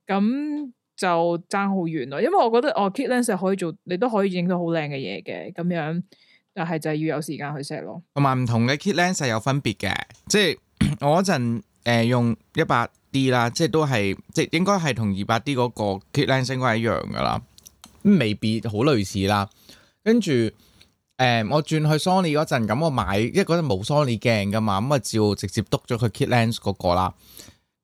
咁就差好遠咯。因為我覺得哦，kit lens 可以做，你都可以影到好靚嘅嘢嘅，咁樣但係就係要有時間去 set 咯。同埋唔同嘅 kit lens 係有分別嘅，即係我嗰陣誒用一百 D 啦，即係都係即係應該係同二百 D 嗰個 kit lens 應該係一樣噶啦，未必好類似啦，跟住。誒、嗯，我轉去 Sony 嗰陣，咁、嗯、我買，因為嗰陣冇 Sony 鏡噶嘛，咁、嗯、啊照直接篤咗佢 Kit Lens 嗰、那個啦。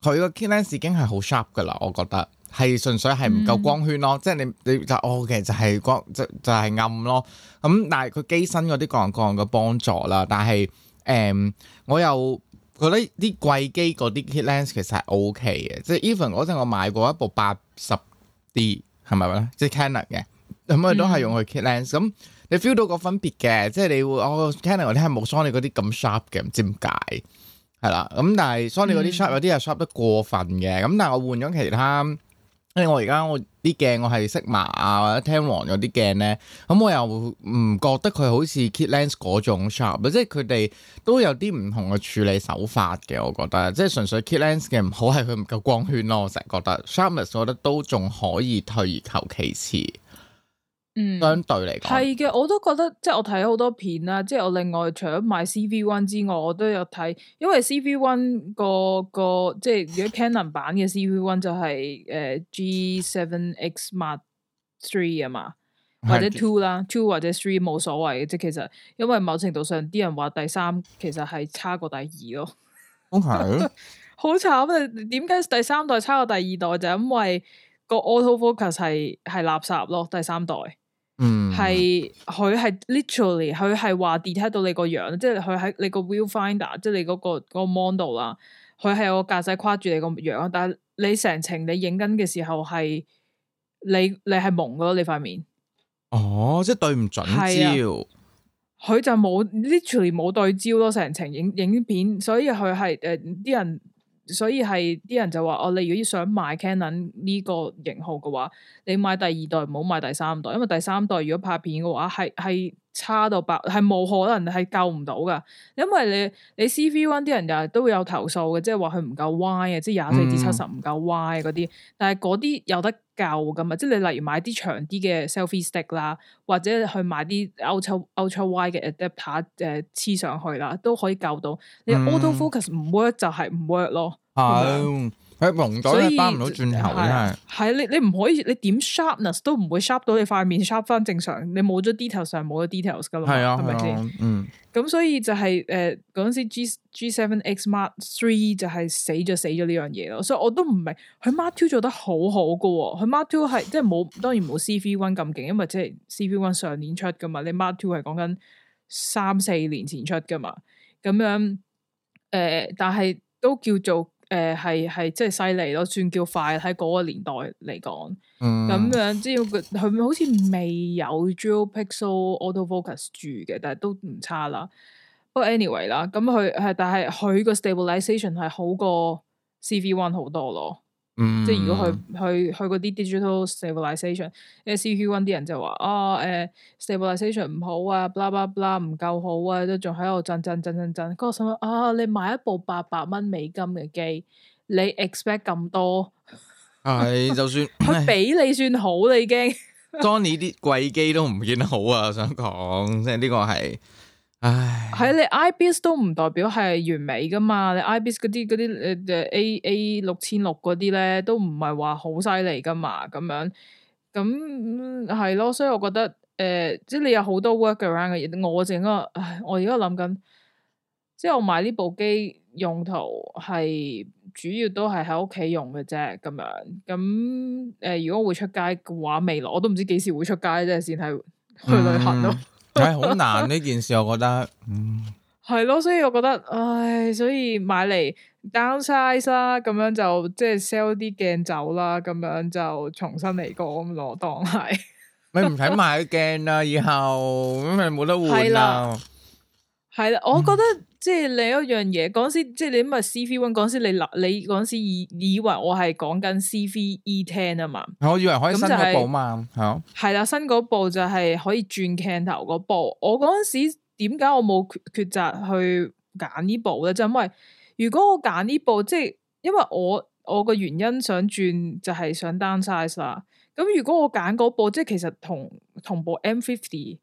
佢個 Kit Lens 已經係好 sharp 噶啦，我覺得係純粹係唔夠光圈咯，嗯、即係你你就 O、oh, K、okay, 就係光就就係、是、暗咯。咁但係佢機身嗰啲各樣各樣嘅幫助啦。但係誒、嗯，我又覺得啲貴機嗰啲 Kit Lens 其實係 O K 嘅，即係 even 嗰陣我買過一部八十 D 係咪啊？即係 Canon 嘅，咁、嗯、佢、嗯、都係用佢 Kit Lens 咁、嗯。你 feel 到個分別嘅，即係你會哦 Canon 嗰啲係冇 Sony 嗰啲咁 sharp 嘅，唔知點解係啦。咁但係 Sony 嗰啲 sharp、嗯、有啲係 sharp 得過分嘅。咁但係我換咗其他，因為我而家我啲鏡我係 Sigma 啊，或者 Tamron 有啲鏡咧，咁、嗯、我又唔覺得佢好似 kit lens 嗰種 sharp 即係佢哋都有啲唔同嘅處理手法嘅，我覺得。即係純粹 kit lens 嘅唔好係佢唔夠光圈咯，成日覺得。Sharpness 我覺得都仲可以退而求其次。嗯，相對嚟講係嘅，我都覺得，即係我睇好多片啦。即係我另外除咗買 C V one 之外，我都有睇，因為 C V one 個個即係如果 Canon 版嘅 C V one 就係、是、誒、呃、G Seven X Mark Three 啊嘛，或者 Two 是啦，Two 或者 Three 冇所謂嘅，即係其實因為某程度上啲人話第三其實係差過第二咯，好 Okay? 慘啊！點解第三代差過第二代就因為個 Auto Focus 係係垃圾咯，第三代。嗯，係佢係 literally 佢係話 detect 到你個樣，即係佢喺你個，view finder，你、嗰個 viewfinder，即係你嗰個個 model 啦。佢係有個駕駛跨住你個樣，但係你成程你影緊嘅時候係你你係蒙咯你塊面。哦，即係對唔準焦，佢、啊、就冇 literally 冇對焦咯，成程影影片，所以佢係誒啲人。所以係啲人就話：我、哦、你如果要想買 Canon 呢個型號嘅話，你買第二代，唔好買第三代，因為第三代如果拍片嘅話係係差到百，係冇可能係救唔到㗎。因為你你 C V One 啲人又都會有投訴嘅，即係話佢唔夠 Y 啊，即係廿四至七十唔夠 Y 嗰啲。嗯、但係嗰啲有得救㗎嘛？即、就、係、是、你例如買啲長啲嘅 selfie stick 啦，或者去買啲 ultra 超 ultra Y 嘅 adapter 誒、呃、黐上去啦，都可以救到。你 auto focus 唔 work 就係唔 work 咯。嗯係佢蒙咗，佢翻唔到轉頭嘅係。係你你唔可以，你點 sharpness 都唔會 sharp 到你塊面 sharp 翻正常。你冇咗 details，上冇咗 details 噶啦。係啊，係咪先？咁、嗯、所以就係誒嗰陣時 G G Seven X Mark Three 就係死咗死咗呢樣嘢咯。所以我都唔明佢 Mark Two 做得好好噶。佢 Mark Two 係即係冇，當然冇 C V One 咁勁，因為即係 C V One 上年出噶嘛。你 Mark Two 係講緊三四年前出噶嘛。咁樣誒、呃，但係都叫做。誒係係即係犀利咯，算叫快，喺嗰個年代嚟講，咁、嗯、樣只要佢佢好似未有 Dual Pixel Auto Focus 住嘅，但係都唔差啦。不過 anyway 啦，咁佢係但係佢個 stabilisation 係好過 CV one 好多咯。即係如果去去去嗰啲 digital stabilization，SUV One 啲人就話啊誒 stabilization 唔好啊，bla bla bla 唔夠好啊，都仲喺度震震震震震。嗰個什麼啊？你買一部八百蚊美金嘅機，你 expect 咁多？係，就算佢俾你算好啦，已經。Donny 啲貴機都唔見得好啊！我想講，即係呢個係。喺 s pre c oughs 你 IBIS 都唔代表係完美噶嘛，啊啊啊、嘛？你 IBIS 嗰啲嗰啲誒 A A 六千六嗰啲咧，都唔係話好犀利噶嘛？咁樣咁係咯，所以我覺得誒、呃，即係你有好多 workaround 嘅嘢。我整個、啊，我而家諗緊，即係我買呢部機用途係主要都係喺屋企用嘅啫。咁樣咁誒、呃，如果會出街嘅話，未來我都唔知幾時會出街，啫。先係去旅行咯、啊。 s 係好、哎、難呢件事， 我覺得，嗯，係咯，所以我覺得，唉，所以買嚟 downsize 啦，咁樣就即係、就是、sell 啲鏡走啦，咁樣就重新嚟過咁攞當係。咪唔使買鏡啦，以後咁咪冇得換啦。係啦，我覺得即係另一樣嘢。嗰、嗯、時即係你咪 ZV one，嗰時你諗你嗰時以以為我係講緊 ZV E ten 啊嘛。我以為可以新嗰部嘛。係咯、就是。係啦、嗯，新嗰部就係可以轉鏡頭嗰部。我嗰時點解我冇抉抉擇去揀呢部咧？就是、因為如果我揀呢部、就是、部，即係因為我我個原因想轉就係想 down size 啦。咁如果我揀嗰部，即係其實同同部 M fifty。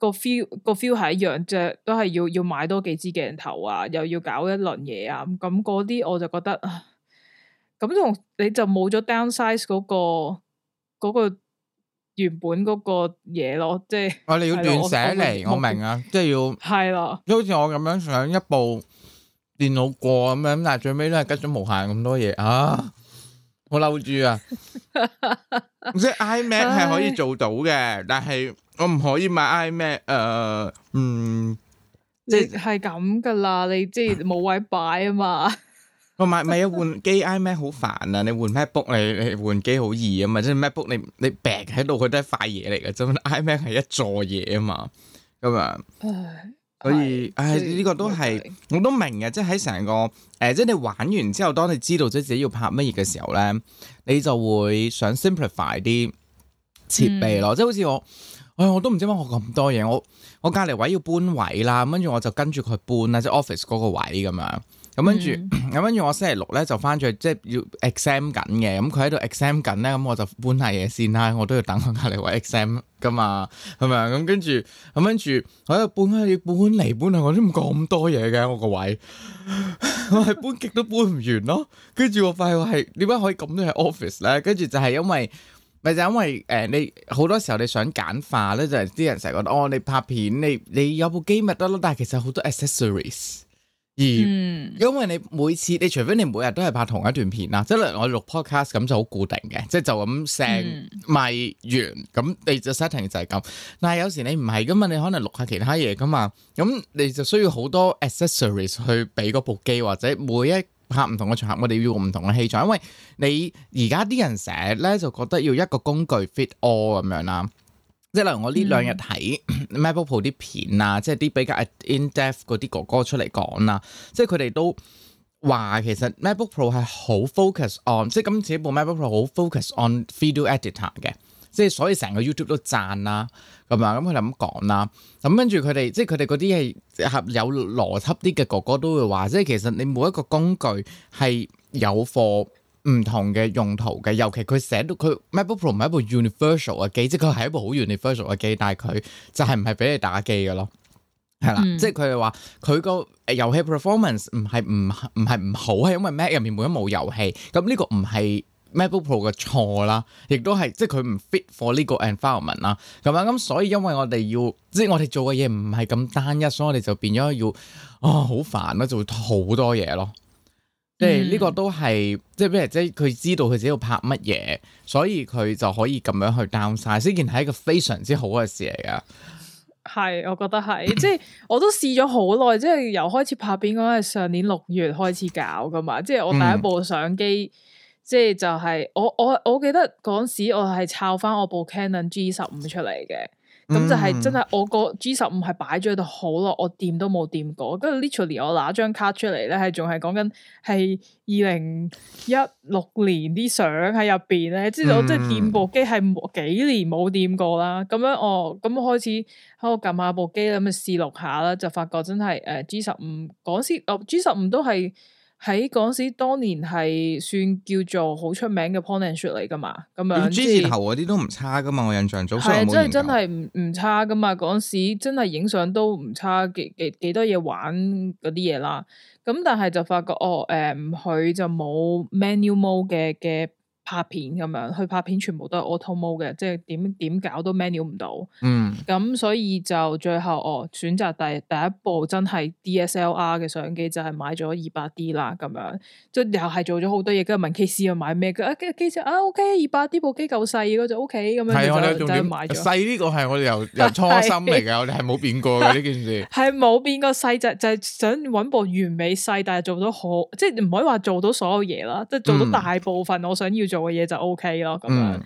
個 feel 個 feel 係一樣，即係都係要要買多幾支鏡頭啊，又要搞一輪嘢啊，咁嗰啲我就覺得啊，咁同你就冇咗 downsize 嗰個嗰個原本嗰個嘢咯，即係我哋要斷捨離，我明啊，即係要係咯，即係好似我咁樣上一部電腦過咁樣，但係最尾都係跟咗無限咁多嘢啊，好嬲住啊，即係 iMac 係可以做到嘅，但係。我唔可以買 iMac，誒、呃，嗯，即係咁噶啦，你即係冇位擺啊嘛。我買買換機 iMac 好煩啊，你換 MacBook 你你換機好易啊嘛，即、就、係、是、MacBook 你你啪喺度佢都係一塊嘢嚟噶，真 iMac 係一座嘢啊嘛，咁樣，唉所以，唉，呢個都係對我都明嘅，即係喺成個誒，即、呃、係、就是、你玩完之後，當你知道咗自己要拍乜嘢嘅時候咧，你就會想 simplify 啲設備咯，即係、嗯、好似我。哎、我都唔知點解我咁多嘢。我我隔籬位要搬位啦，跟住我就跟住佢搬啦，即、即係、office 嗰個位咁樣。咁跟住，咁跟住我星期六咧就翻咗去，即係要 exam 緊嘅。咁佢喺度 exam 緊咧，咁我就搬下嘢先啦。我都要等佢隔籬位 exam 噶嘛，係咪啊？咁跟住，咁跟住喺度搬下，要搬嚟搬去，我都唔講咁多嘢嘅。我個位我係 搬極都搬唔完咯。跟住我快，快我係點解可以咁多嘢 office 咧？跟住就係因為。咪就係因為誒、呃，你好多時候你想簡化咧，就係啲人成日覺得哦，你拍片，你你有部機咪得咯。但係其實好多 accessories，而因為你每次，你除非你每日都係拍同一段片啦，即係例如我錄 podcast 咁就好固定嘅，即係就咁聲咪完咁，你 set 就 setting 就係咁。但係有時你唔係噶嘛，你可能錄下其他嘢噶嘛，咁你就需要好多 accessories 去俾嗰部機或者每一。拍唔同嘅場合，我哋要用唔同嘅器材，因為你而家啲人成日咧就覺得要一個工具 fit all 咁樣啦，即係例如我呢兩日睇 MacBook Pro 啲片啊，即係啲比較 in depth 嗰啲哥哥出嚟講啦，即係佢哋都話其實 MacBook Pro 係好 focus on，即係咁自己部 MacBook Pro 好 focus on video editor 嘅。即係所以成個 YouTube 都讚啦，咁樣，咁佢就咁講啦。咁跟住佢哋，即係佢哋嗰啲係合有邏輯啲嘅哥哥都會話，即係其實你每一個工具係有貨唔同嘅用途嘅。尤其佢寫到佢 MacBook Pro 唔係一部 universal 嘅機，即佢係一部好 universal 嘅機，但係佢就係唔係俾你打機嘅咯。係、嗯、啦，即係佢哋話佢個遊戲 performance 唔係唔唔係唔好，係因為 Mac 入面冇乜遊戲。咁呢個唔係。MacBook Pro 嘅錯啦，亦都係即係佢唔 fit for 呢個 environment 啦，咁樣咁，所以因為我哋要即係我哋做嘅嘢唔係咁單一，所以我哋就變咗要啊好、哦、煩咯，就會好多嘢咯。即係呢個都係即係咩？即係佢知道佢自己要拍乜嘢，所以佢就可以咁樣去 down 晒，呢件係一個非常之好嘅事嚟噶。係，我覺得係， 即係我都試咗好耐，即係由開始拍片嗰陣係上年六月開始搞噶嘛，即係我第一部相機。嗯即係就係我我我記得嗰陣時，我係抄翻我部 Canon G 十五出嚟嘅，咁就係真係我個 G 十五係擺咗喺度好耐，我掂都冇掂過。跟住 literally 我攞張卡出嚟咧，係仲係講緊係二零一六年啲相喺入邊咧，即係我即係掂部機係幾年冇掂過啦。咁、嗯、樣我咁開始喺度撳下部機啦，咁嘅試錄下啦，就發覺真係誒、呃、G 十五嗰時，哦、呃、G 十五都係。喺嗰陣時，當年係算叫做好出名嘅 point and shoot 嚟噶嘛，咁樣。G 字頭嗰啲都唔差噶嘛，我印象中。係啊，真係唔唔差噶嘛，嗰陣時真係影相都唔差，幾幾幾多嘢玩嗰啲嘢啦。咁但係就發覺哦，誒、呃、唔去就冇 menu mode 嘅嘅。拍片咁樣，去拍片全部都係 auto mode 嘅，即係點點搞都 manual 唔到。嗯，咁、嗯、所以就最後哦，選擇第第一部真係 DSLR 嘅相機就係、是、買咗二百 D 啦，咁樣即又係做咗好多嘢，跟住問 KC 要買咩？跟、啊、住 KC 啊，OK，二百 D 部機夠細，嗰就 OK 咁樣，我就真係買咗。細呢個係我哋由，由初心嚟嘅， 我哋係冇變過嘅呢 件事。係冇變過細就就是、想揾部完美細，但係做到好，即係唔可以話做到所有嘢啦，即係做到大部分我想要做、嗯。嘅嘢就 OK 咯，咁、嗯嗯、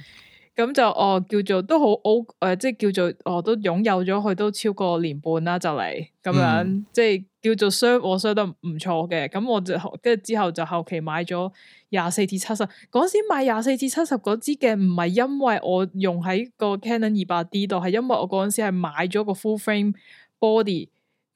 樣，咁就哦叫做都好 O，誒即係叫做哦都擁有咗佢都超過年半啦，就嚟咁樣，即係叫做 serve 我 serve 得唔錯嘅，咁我就跟住之後就後期買咗廿四至七十，嗰陣時買廿四至七十嗰支鏡唔係因為我用喺個 Canon 二百 D 度，係因為我嗰陣時係買咗個 Full Frame Body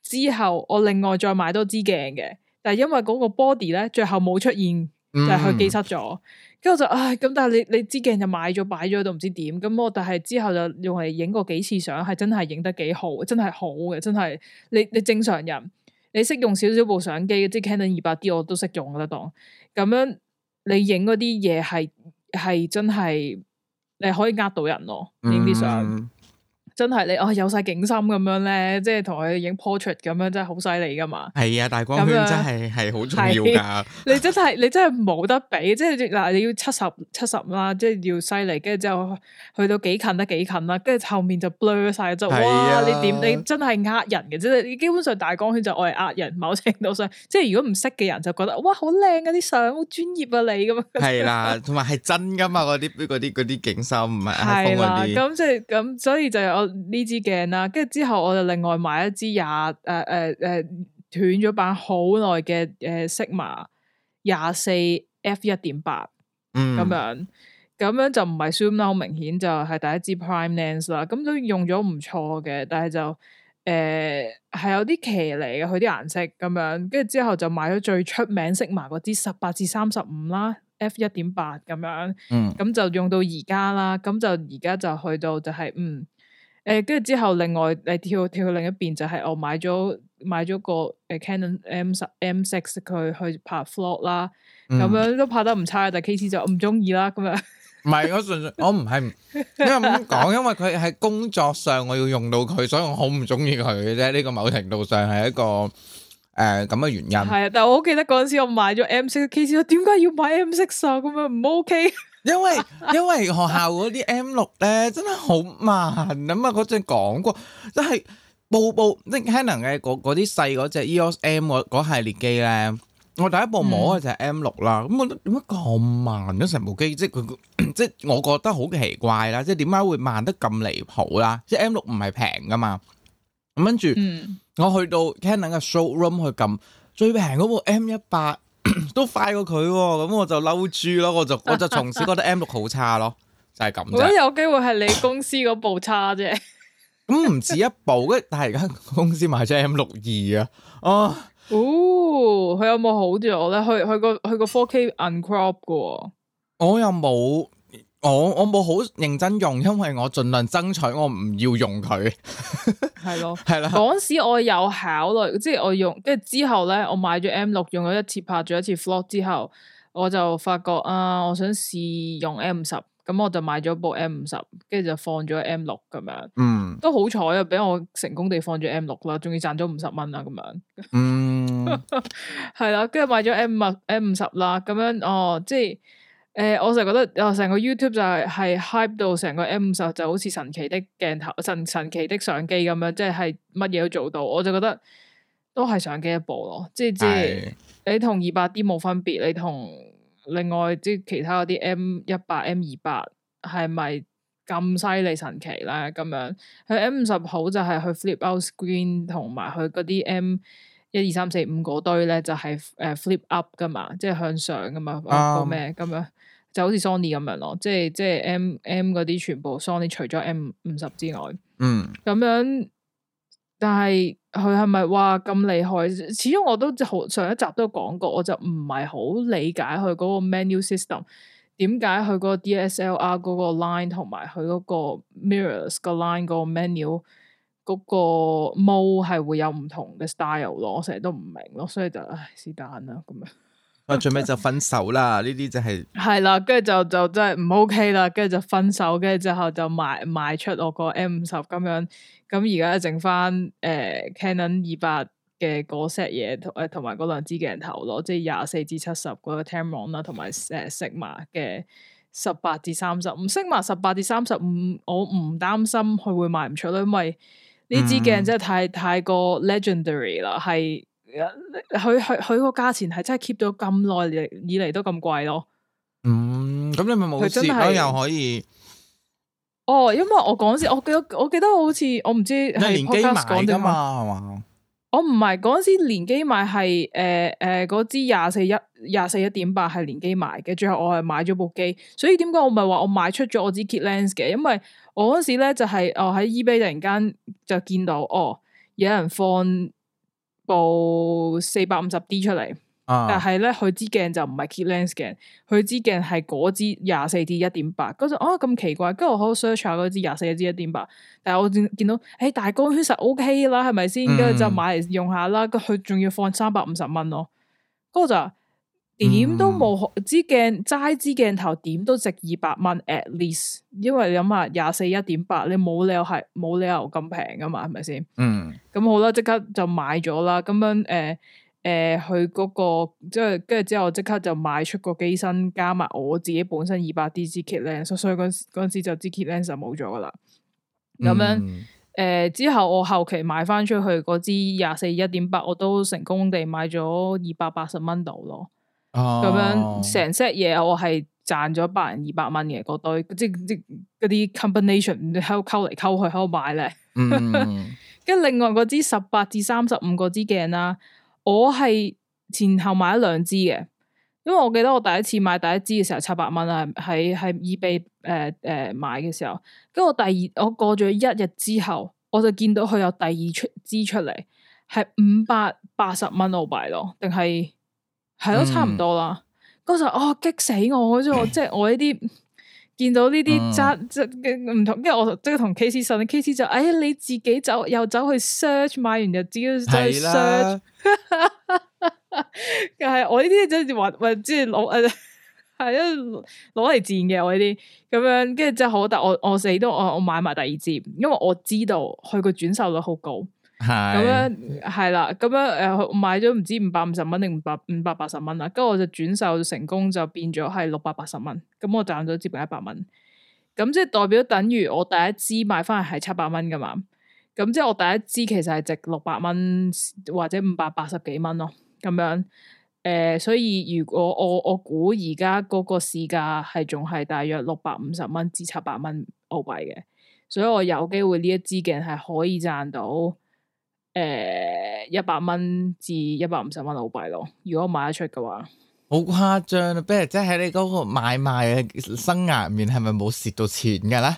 之後，我另外再買多支鏡嘅，但係因為嗰個 Body 咧最後冇出現。就係佢寄失咗，跟住、嗯、我就唉咁。但係你你支鏡就買咗擺咗都唔知點咁。我但係之後就用嚟影過幾次相，係真係影得幾好，真係好嘅，真係。你你正常人，你識用少少部相機，即係 Canon 二百 D，我都識用我覺得當。咁樣你影嗰啲嘢係係真係，你可以呃到人咯，影啲相。嗯嗯。真係你哦，有晒景深咁樣咧，即係同佢影 portrait 咁樣，真係好犀利㗎嘛！係啊，大光圈真係係好重要㗎。你真係你真係冇得比，即係嗱你要七十七十啦，即係要犀利，跟住之後去到幾近得幾近啦，跟住後面就 blur 晒。即係、啊、你點你真係呃人嘅，即係你基本上大光圈就愛呃人。某程度上，即係如果唔識嘅人就覺得哇好靚啊，啲相好專業啊，你咁啊。係啦、啊，同埋係真㗎嘛，嗰啲啲啲景深唔係黑風嗰啲。咁即係咁，所以就我。呢支鏡啦，跟住之後我就另外買一支廿誒誒誒斷咗版好耐嘅誒色麻廿四 F 一點八，嗯，咁樣咁樣就唔係 zoom 啦，好明顯就係第一支 Prime Lens 啦，咁都用咗唔錯嘅，但係就誒係、呃、有啲騎呢嘅佢啲顏色咁樣，跟住之後就買咗最出名色麻嗰支十八至三十五啦，F 一點八咁樣，咁、嗯嗯、就用到而家啦，咁就而家就去到就係、是、嗯。誒，跟住之後，另外你跳跳去另一邊，就係、是、我買咗買咗個誒 Canon M six M six 佢去拍 Vlog 啦、嗯，咁樣都拍得唔差但係 case 就唔中意啦，咁啊，唔係是 我純粹我唔係因為咁講，因為佢喺工作上我要用到佢，所以我好唔中意佢嘅啫。呢、這個某程度上係一個誒咁嘅原因。係啊，但係我好記得嗰陣時我買咗 M six case，點解要買 M six 咁樣唔 OK？ 因為因為學校嗰啲 M 六咧，真係好慢啊嘛，我、那、正、個、講過，即係部部即係 Canon 嘅嗰啲細嗰隻 EOS M 嗰系列機咧，我第一部摸就係 M 六啦，咁、嗯、我點解咁慢咧？成部機即係佢即係我覺得好奇怪啦，即係點解會慢得咁離譜啦？即係 M 六唔係平噶嘛，咁跟住我去到 Canon 嘅 showroom 去撳最平嗰部 M 一百。 都快過佢咁，我就嬲住咯，我就我就從此覺得 M 六好差咯，就係咁啫。我 有機會係你公司嗰部差啫。咁唔止一部，跟但係而家公司買咗 M 六二啊。哦，有有那個、哦，佢有冇好住我咧？佢佢個佢個 4K uncrop 嘅。我又冇。我我冇好認真用，因為我盡量爭取我唔要用佢，係咯，係啦。嗰時我有考慮，即係我用，跟住之後咧，我買咗 M 六，用咗一次拍咗一次 vlog 之後，我就發覺啊、呃，我想試用 M 五十，咁我就買咗部 M 五十，跟住就放咗 M 六咁樣，嗯，都好彩啊，俾我成功地放咗 M 六啦，仲要賺咗五十蚊啦咁樣，嗯，係啦， 跟住買咗 M 六 M 五十啦，咁樣哦，即係。誒、呃，我就覺得，哦，成個 YouTube 就係係 hype 到成個 M 五十就好似神奇的鏡頭，神神奇的相機咁樣，即係係乜嘢都做到。我就覺得都係相機一部咯，即係即係你同二百 D 冇分別，你同另外即係其他嗰啲 M 一百、M 二百係咪咁犀利神奇咧？咁樣佢 M 五十好就係佢 flip out screen 同埋佢嗰啲 M 一二三四五嗰堆咧，就係誒 flip up 噶嘛，即係向上噶嘛，冇咩咁樣。嗯嗯就好似 Sony 咁樣咯，即係即係 M M 嗰啲全部 Sony 除咗 M 五十之外，嗯，咁樣，但係佢係咪話咁厲害？始終我都好上一集都講過，我就唔係好理解佢嗰個 menu system 點解佢嗰個 DSLR 嗰個 line 同埋佢嗰個 mirrors 個 line men 個 menu 嗰個 mode 係會有唔同嘅 style 咯，我成日都唔明咯，所以就唉是但啦咁樣。 啊、最尾就分手啦，呢啲真係係啦，跟住就就真係唔 OK 啦，跟住就分手，跟住之後就賣賣出我個 M 五十咁樣，咁而家剩翻，誒、呃、Canon 二百嘅嗰 set 嘢同誒同埋嗰兩支鏡頭咯，即係廿四至七十嗰個 Tamron 啦，同埋誒色碼嘅十八至三十五色碼十八至三十五，35，我唔擔心佢會賣唔出啦，因為呢支鏡真係太、嗯、太，太過 legendary 啦，係。佢佢佢個價錢係真係 keep 咗咁耐以嚟，都咁貴咯。嗯，咁你咪冇事咯，真，哎、又可以。哦，因為我嗰時我記得我記得好似我唔知係連機買噶嘛係嘛？我唔係嗰時連機買係，誒誒嗰支廿四一廿四一點八係連機買嘅，最後我係買咗部機，所以點解我唔係話我賣出咗我支 kit lens 嘅？因為我嗰時咧就係、是、我喺 eBay 突然間就見到哦，有人放。部四百五十 D 出嚟，啊、但係咧佢支鏡就唔係 Kit Lens 鏡，佢支鏡係嗰支廿四 D 一點八，嗰陣哦咁奇怪，跟住我好 search 下嗰支廿四 D 一點八，8, 但係我見到誒、欸、大光圈實 OK 啦，係咪先？跟住、嗯、就買嚟用下啦，佢仲要放三百五十蚊咯，嗰個就。點都冇支鏡，齋支鏡頭點都值二百蚊 at least，因為你諗下廿四一點八，8, 你冇理由係冇理由咁平噶嘛，係咪先？嗯。咁好啦，即刻就買咗啦，咁樣誒誒、呃呃，去嗰、那個即係跟住之後，我即刻就賣出個機身，加埋我自己本身二百 D 支 K lens，所以嗰時,時就支 K lens 就冇咗啦。咁樣誒、嗯呃，之後我後期賣翻出去嗰支廿四一點八，8, 我都成功地賣咗二百八十蚊到咯。咁、哦、樣成 set 嘢，我係賺咗百零二百蚊嘅嗰堆，即係即嗰啲 combination 喺度溝嚟溝去喺度賣咧。跟、嗯、 另外嗰支十八至三十五嗰支鏡啦，我係前後買咗兩支嘅，因為我記得我第一次買第一支嘅時候七百蚊啊，喺喺 eBay 誒誒買嘅時候，跟住我第二我過咗一日之後，我就見到佢有第二出支出嚟，係五百八十蚊澳幣咯，定係？係咯，差唔多啦。嗰時候、嗯、哦，激死我，我即係我呢啲見到呢啲揸即係唔同，跟住我即係同 K C 信，K C 就哎你自己走又走去 search 買完就自己走去 search。的 但係我呢啲真係話話即係攞誒，係啊攞嚟賤嘅，我呢啲咁樣，跟住真係好，但我我死都我我買埋第二支，因為我知道佢個轉售率好高。咁是樣係啦，咁樣誒買咗唔知五百五十蚊定五百五百八十蚊啦，跟住我就轉售成功就變咗係六百八十蚊，咁我賺咗接近一百蚊。咁即係代表等於我第一支買翻嚟係七百蚊噶嘛，咁即係我第一支其實係值六百蚊或者五百八十幾蚊咯。咁樣誒、呃，所以如果我我估而家嗰個市價係仲係大約六百五十蚊至七百蚊澳幣嘅，所以我有機會呢一支鏡係可以賺到。誒，一百蚊至一百五十蚊澳幣咯。如果我買得出嘅話，好誇張啊！不如即係喺你嗰個買賣嘅生涯面，係咪冇蝕到錢嘅咧？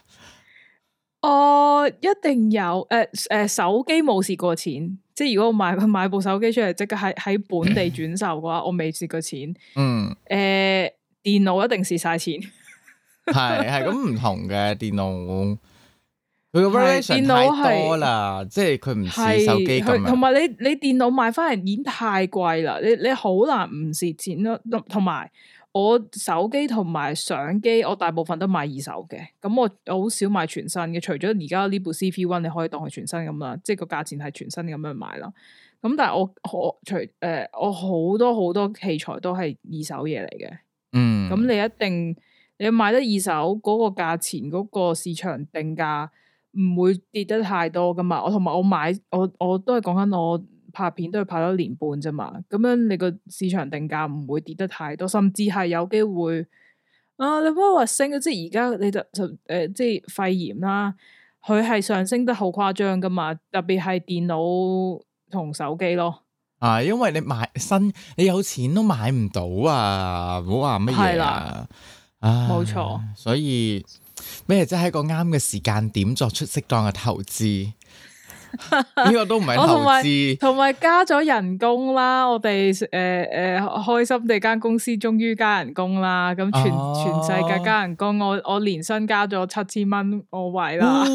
哦、呃，一定有誒誒、呃呃，手機冇蝕過錢。即係如果我買買部手機出嚟，即刻喺喺本地轉售嘅話， 我未蝕過錢。嗯。誒、呃，電腦一定蝕晒錢。係係咁唔同嘅電腦。佢個 r e l 太多啦，即係佢唔似手機咁。同埋你你電腦買翻嚟已經太貴啦，你你好難唔蝕錢咯。同埋我手機同埋相機，我大部分都買二手嘅，咁我好少買全新嘅。除咗而家呢部 C P One，你可以當佢全新咁啦，即係個價錢係全新咁樣買咯。咁但係我我除誒、呃、我好多好多器材都係二手嘢嚟嘅。嗯，咁你一定你買得二手嗰個價錢嗰個市場定價。唔會跌得太多噶嘛，我同埋我買我我都係講緊我拍片，都係拍咗一年半啫嘛。咁樣你個市場定價唔會跌得太多，甚至係有機會啊。你唔好話升啊，即係而家你就就誒、呃，即係肺炎啦，佢係上升得好誇張噶嘛。特別係電腦同手機咯。啊，因為你買新，你有錢都買唔到啊。如果話乜嘢啊，冇錯，所以。咩即係一個啱嘅時間點作出適當嘅投資？呢 個都唔係投資，同埋 加咗人工啦。我哋誒誒開心，哋間公司終於加人工啦。咁全全世界加人工，哦，我我年薪加咗七千蚊，我為啦。好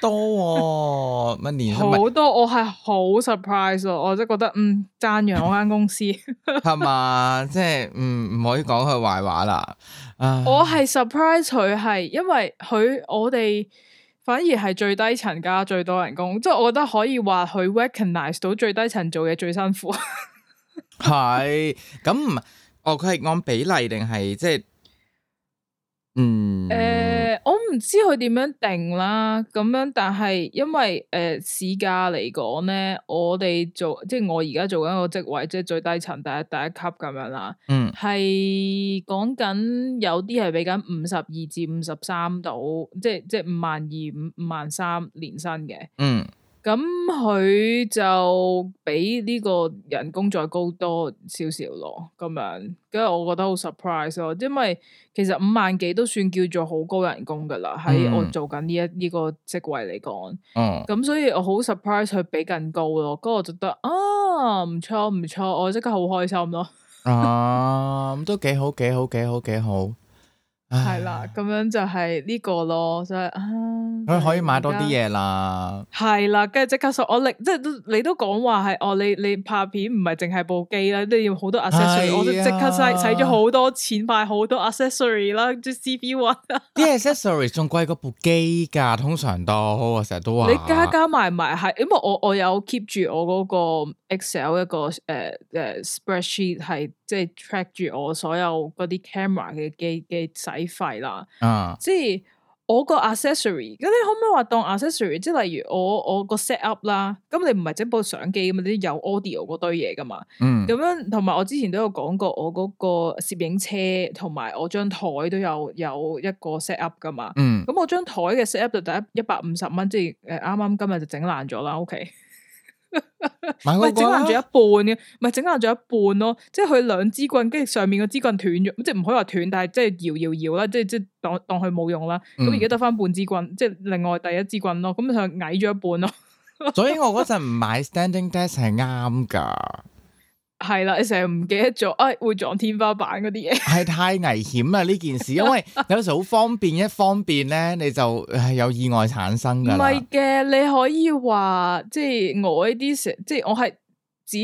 多，哦，乜年薪好多，我係好 surprise，我即係覺得嗯讚揚我間公司係嘛， 即係唔唔可以講佢壞話啦。Uh, 我係 surprise 佢係，因為佢我哋反而係最低層加最多人工，即係我覺得可以話佢 recognize 到最低層做嘢最辛苦。係咁唔，哦佢係按比例定係即係。嗯，誒、mm hmm. 呃，我唔知佢點樣定啦，咁樣，但係因為誒、呃、市價嚟講咧，我哋做即係我而家做緊個職位，即係最低層第一第一級咁樣啦。嗯、mm，係講緊有啲係俾緊五十二至五十三度，即係即係五萬二五五萬三年薪嘅。嗯、mm。Hmm. 咁佢就比呢個人工再高多少少咯，咁樣，跟住我覺得好 surprise 咯，因為其實五萬幾都算叫做好高人工噶啦，喺我做緊呢一呢個職位嚟講。嗯。咁所以我好 surprise 佢比更高咯，我就覺得啊，唔錯唔錯，我即刻好開心咯。啊， 啊都幾好幾好幾好幾好。係啦，咁唉樣就係呢個咯，所以啊，可以買多啲嘢啦。係啦，跟住即刻索，我你即係你都講話係，哦，你你拍片唔係淨係部機啦，都要好多 accessory，的我都即刻使使咗好多錢買好多 accessory 啦，啲、即係、C V one，啲 accessories 仲貴過部機噶，通常都好，我成日都話。你加加埋埋係，因為我我有 keep 住我嗰個 Excel 一、個誒誒 spreadsheet 係。呃呃呃 Spread 即係 track 住我所有嗰啲 camera 嘅機嘅使費啦，嗯，uh, 即係我個 accessory，咁你可唔可以話當 accessory？即係例如我我個 set up 啦，咁你唔係整部相機咁，啊啲有 audio 嗰堆嘢噶嘛，嗯，咁樣同埋我之前都有講過我嗰個攝影車同埋我張台都有有一個 set up 噶嘛，嗯，咁我張台嘅 set up 就第一一百五十蚊，即係誒啱啱今日就整爛咗啦，OK。唔係整爛咗一半嘅，唔係整爛咗一半咯，即係佢兩支棍，跟住上面個支棍斷咗，即係唔可以話斷，但係即係搖搖搖啦，即係即係當當佢冇用啦，咁而家得翻半支棍，即係另外第一支棍咯，咁就矮咗一半咯。所以我嗰陣唔買 standing desk 係啱噶。係啦，你成日唔記得咗，哎會撞天花板嗰啲嘢，係 太危險啦呢件事，因為有時好方便，一方便咧你就係有意外產生噶。唔係嘅，你可以話即係我呢啲成，即係我係自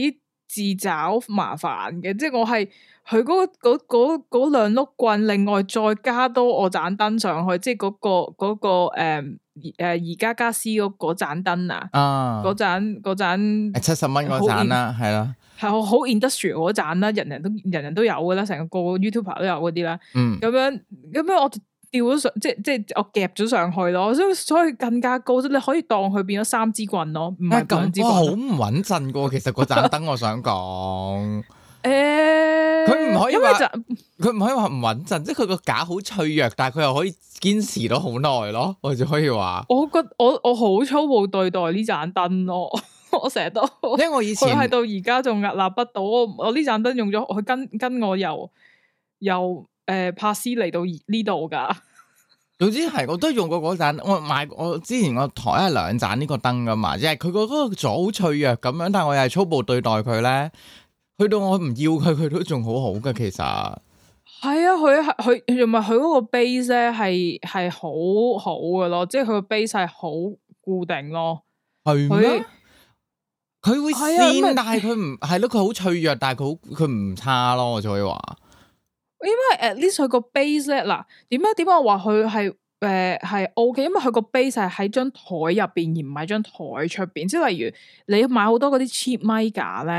自，自找麻煩嘅，即係我係佢嗰嗰兩碌棍，另外再加多我盞燈上去，即係、那、嗰個嗰、那個誒誒宜家家私嗰嗰盞燈啊，嗰、啊、盞盞七十蚊嗰盞啦，係咯。啊係我好 industrial 嗰盞啦，人人都人人都有噶啦，成個個 YouTube 都有嗰啲啦，咁、嗯、樣咁樣我掉咗上，即係即係我夾咗上去咯，所以所以更加高啫，你可以當佢變咗三支棍咯，唔係咁哇，好唔穩陣噶，其實嗰盞燈我想講，誒、欸，佢唔可以話因為就佢唔可以話唔穩陣，即係佢個架好脆弱，但係佢又可以堅持到好耐咯，我就可以話，我覺我我好粗暴對待呢盞燈咯。 我成日都，因為我以前佢係到而家仲屹立不倒。我呢盞燈用咗，佢跟跟我由由誒、呃、柏斯嚟到呢度噶。總之係我都用過嗰盞，我買我之前我台係兩盞呢個燈噶嘛，即係佢個嗰個座好脆弱咁樣，但係我又係粗暴對待佢咧。去到我唔要佢，佢都仲好好噶。其實係啊，佢係佢，仲咪佢嗰個 base 咧，係係好好噶咯，即係佢個 base 係好固定咯。係咩嗎？佢會線，啊嗯、但係佢唔係咯，佢好脆弱，但係佢好佢唔差咯，我就可以話。因為 at least 佢個 base 咧，嗱，點解點解我話佢係誒係 ok？因為佢個 base 係喺張台入邊，而唔係張台出邊。即係例如你買好多嗰啲 cheap m i 麥架咧，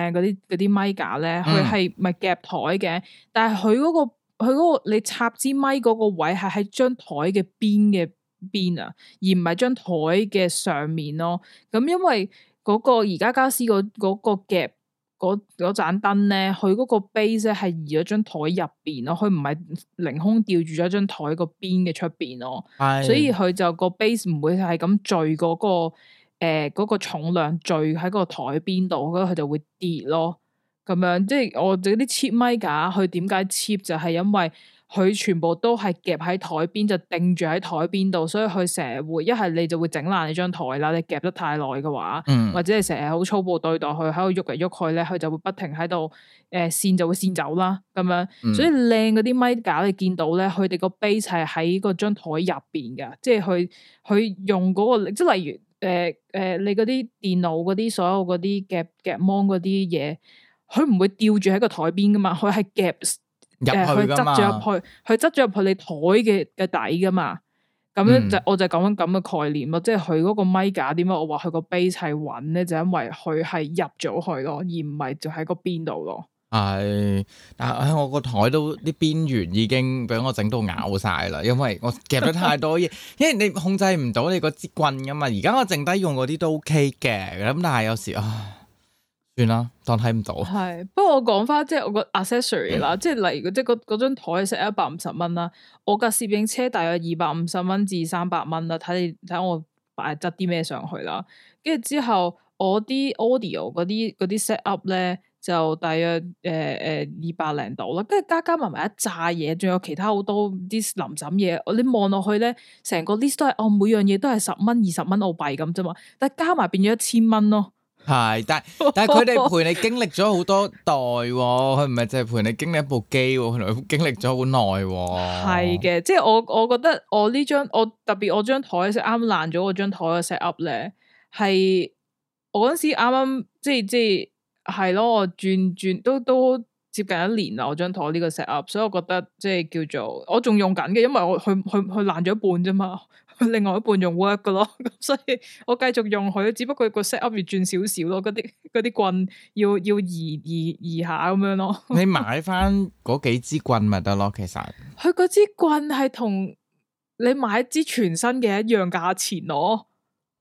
嗰啲 mic 架咧，佢係咪夾台嘅？嗯、但係佢嗰個佢、嗰個你插支麥嗰個位係喺張台嘅邊嘅邊啊，而唔係張台嘅上面咯。咁因為。嗰個宜家家私嗰嗰個夾嗰嗰盞燈咧，佢、嗰、嗰個 base 咧係移咗張台入邊咯，佢唔係凌空吊住咗張台個邊嘅出邊咯，的所以佢就個 base 唔會係咁聚嗰、嗰個誒、呃嗰個重量聚喺個台邊度，咁佢就會跌咯。咁樣即係我嗰啲 cheap 咪架，佢點解 cheap 就係、係、因為。佢全部都係夾喺台邊就定住喺台邊度，所以佢成日會一係你就會整爛你張台啦。你夾得太耐嘅話，嗯、或者係成日好粗暴對待佢喺度喐嚟喐去咧，佢就會不停喺度誒線就會線走啦咁樣。嗯、所以靚嗰啲咪架你見到咧，佢哋個 base 係喺嗰張台入邊噶，即係佢佢用嗰、嗰個即係例如誒誒、呃呃、你嗰啲電腦嗰啲所有嗰啲嘅夾芒嗰啲嘢，佢唔會吊住喺個台邊噶嘛，佢係夾入去噶嘛，佢執咗入去，佢執咗入去你台嘅嘅底噶嘛，咁樣就、嗯、我就講緊咁嘅概念咯，即係佢嗰個咪架點解我話佢個 base 砌穩咧，就因為佢係入咗去咯，而唔係就喺個邊度咯。係、哎，但係我個台都啲邊緣已經俾我整到咬晒啦，因為我夾得太多嘢， 因為你控制唔到你個支棍噶嘛。而家我剩低用嗰啲都 OK 嘅，咁但係有時啊。算啦，當睇唔到。係，不過我講翻即係我個 accessory 啦，即係 例如即係嗰嗰張台 set 一百五十蚊啦，我架攝影車大約二百五十蚊至三百蚊啦，睇你睇我擺執啲咩上去啦。跟住之後我啲 audio 嗰啲、嗰啲 set up 咧，就大約誒誒二百零度啦。跟、呃、住，加加埋埋一紮嘢，仲有其他好多啲臨枕嘢。我你望落去咧，成個 list 都係我、哦、每樣嘢都係十蚊二十蚊澳幣咁啫嘛，但係加埋變咗一千蚊咯。係，但但佢哋陪你經歷咗好多代、哦，佢唔係淨係陪你經歷一部機，佢哋經歷咗好耐。係嘅，即係我我覺得我呢張我特別我張台 set 啱爛咗，我張台嘅 set up 咧係我嗰時啱啱即係即係係咯，我轉轉都都接近一年啦，我張台呢個 set up，所以我覺得即係叫做我仲用緊嘅，因為我佢佢佢爛咗一半啫嘛。另外一半用 work 噶咯，咁所以我繼續用佢，只不過個 set up 要轉少少咯，嗰啲啲棍要要移移移下咁樣咯。你買翻嗰幾支棍咪得咯，其實佢嗰支棍係同你買一支全新嘅一樣價錢咯，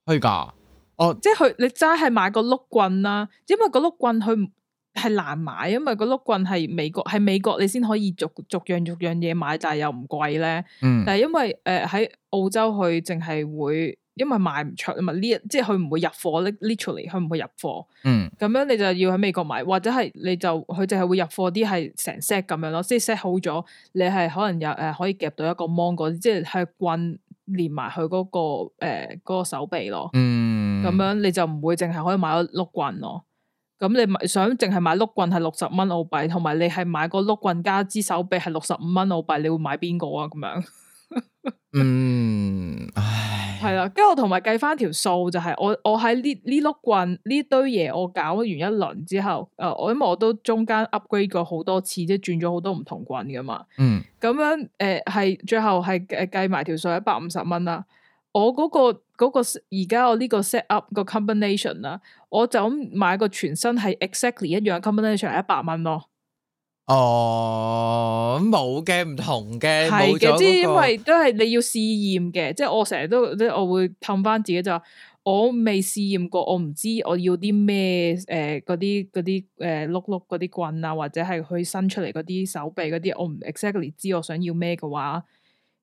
係噶，哦，即係佢你齋係買個碌棍啦，因為個碌棍佢。係難買，因為個碌棍係美國，喺美國你先可以逐逐樣逐樣嘢買，但係又唔貴咧。嗯、但係因為誒喺、呃、澳洲佢淨係會，因為賣唔出啊嘛呢，即係佢唔會入貨。literally 佢唔會入貨。咁、嗯、樣你就要喺美國買，或者係你就佢淨係會入貨啲係成 set 咁樣咯，即係 set 好咗，你係可能有誒、呃、可以夾到一個 mon 嗰，即係係棍連埋佢嗰個誒、呃嗰個手臂咯。咁、嗯、樣你就唔會淨係可以買到碌棍咯。咁你想淨係買碌棍係六十蚊澳幣，同埋你係買個碌棍加支手臂係六十五蚊澳幣，你會買邊個啊？咁樣？嗯，唉，係啦， 跟住我同埋計翻條數，就係我我喺呢呢碌棍呢堆嘢我搞完一輪之後，誒，我因為我都中間 upgrade 過好多次，即係轉咗好多唔同棍噶嘛。嗯，咁樣誒係、呃、最後係誒計埋條數一百五十蚊啦。我嗰、那個我個而家我呢個 set up 個 combination 啦，我就咁買個全新係 exactly 一樣嘅 combination 一百蚊咯。哦，冇嘅唔同嘅，係嘅的，那個、即係因為都係你要試驗嘅。即係我成日都，即我，我會氹返自己就，我未試驗過，我唔知我要啲咩誒嗰啲嗰啲誒碌碌嗰啲棍啊，或者係佢伸出嚟嗰啲手臂嗰啲，我唔 exactly 知我想要咩嘅話，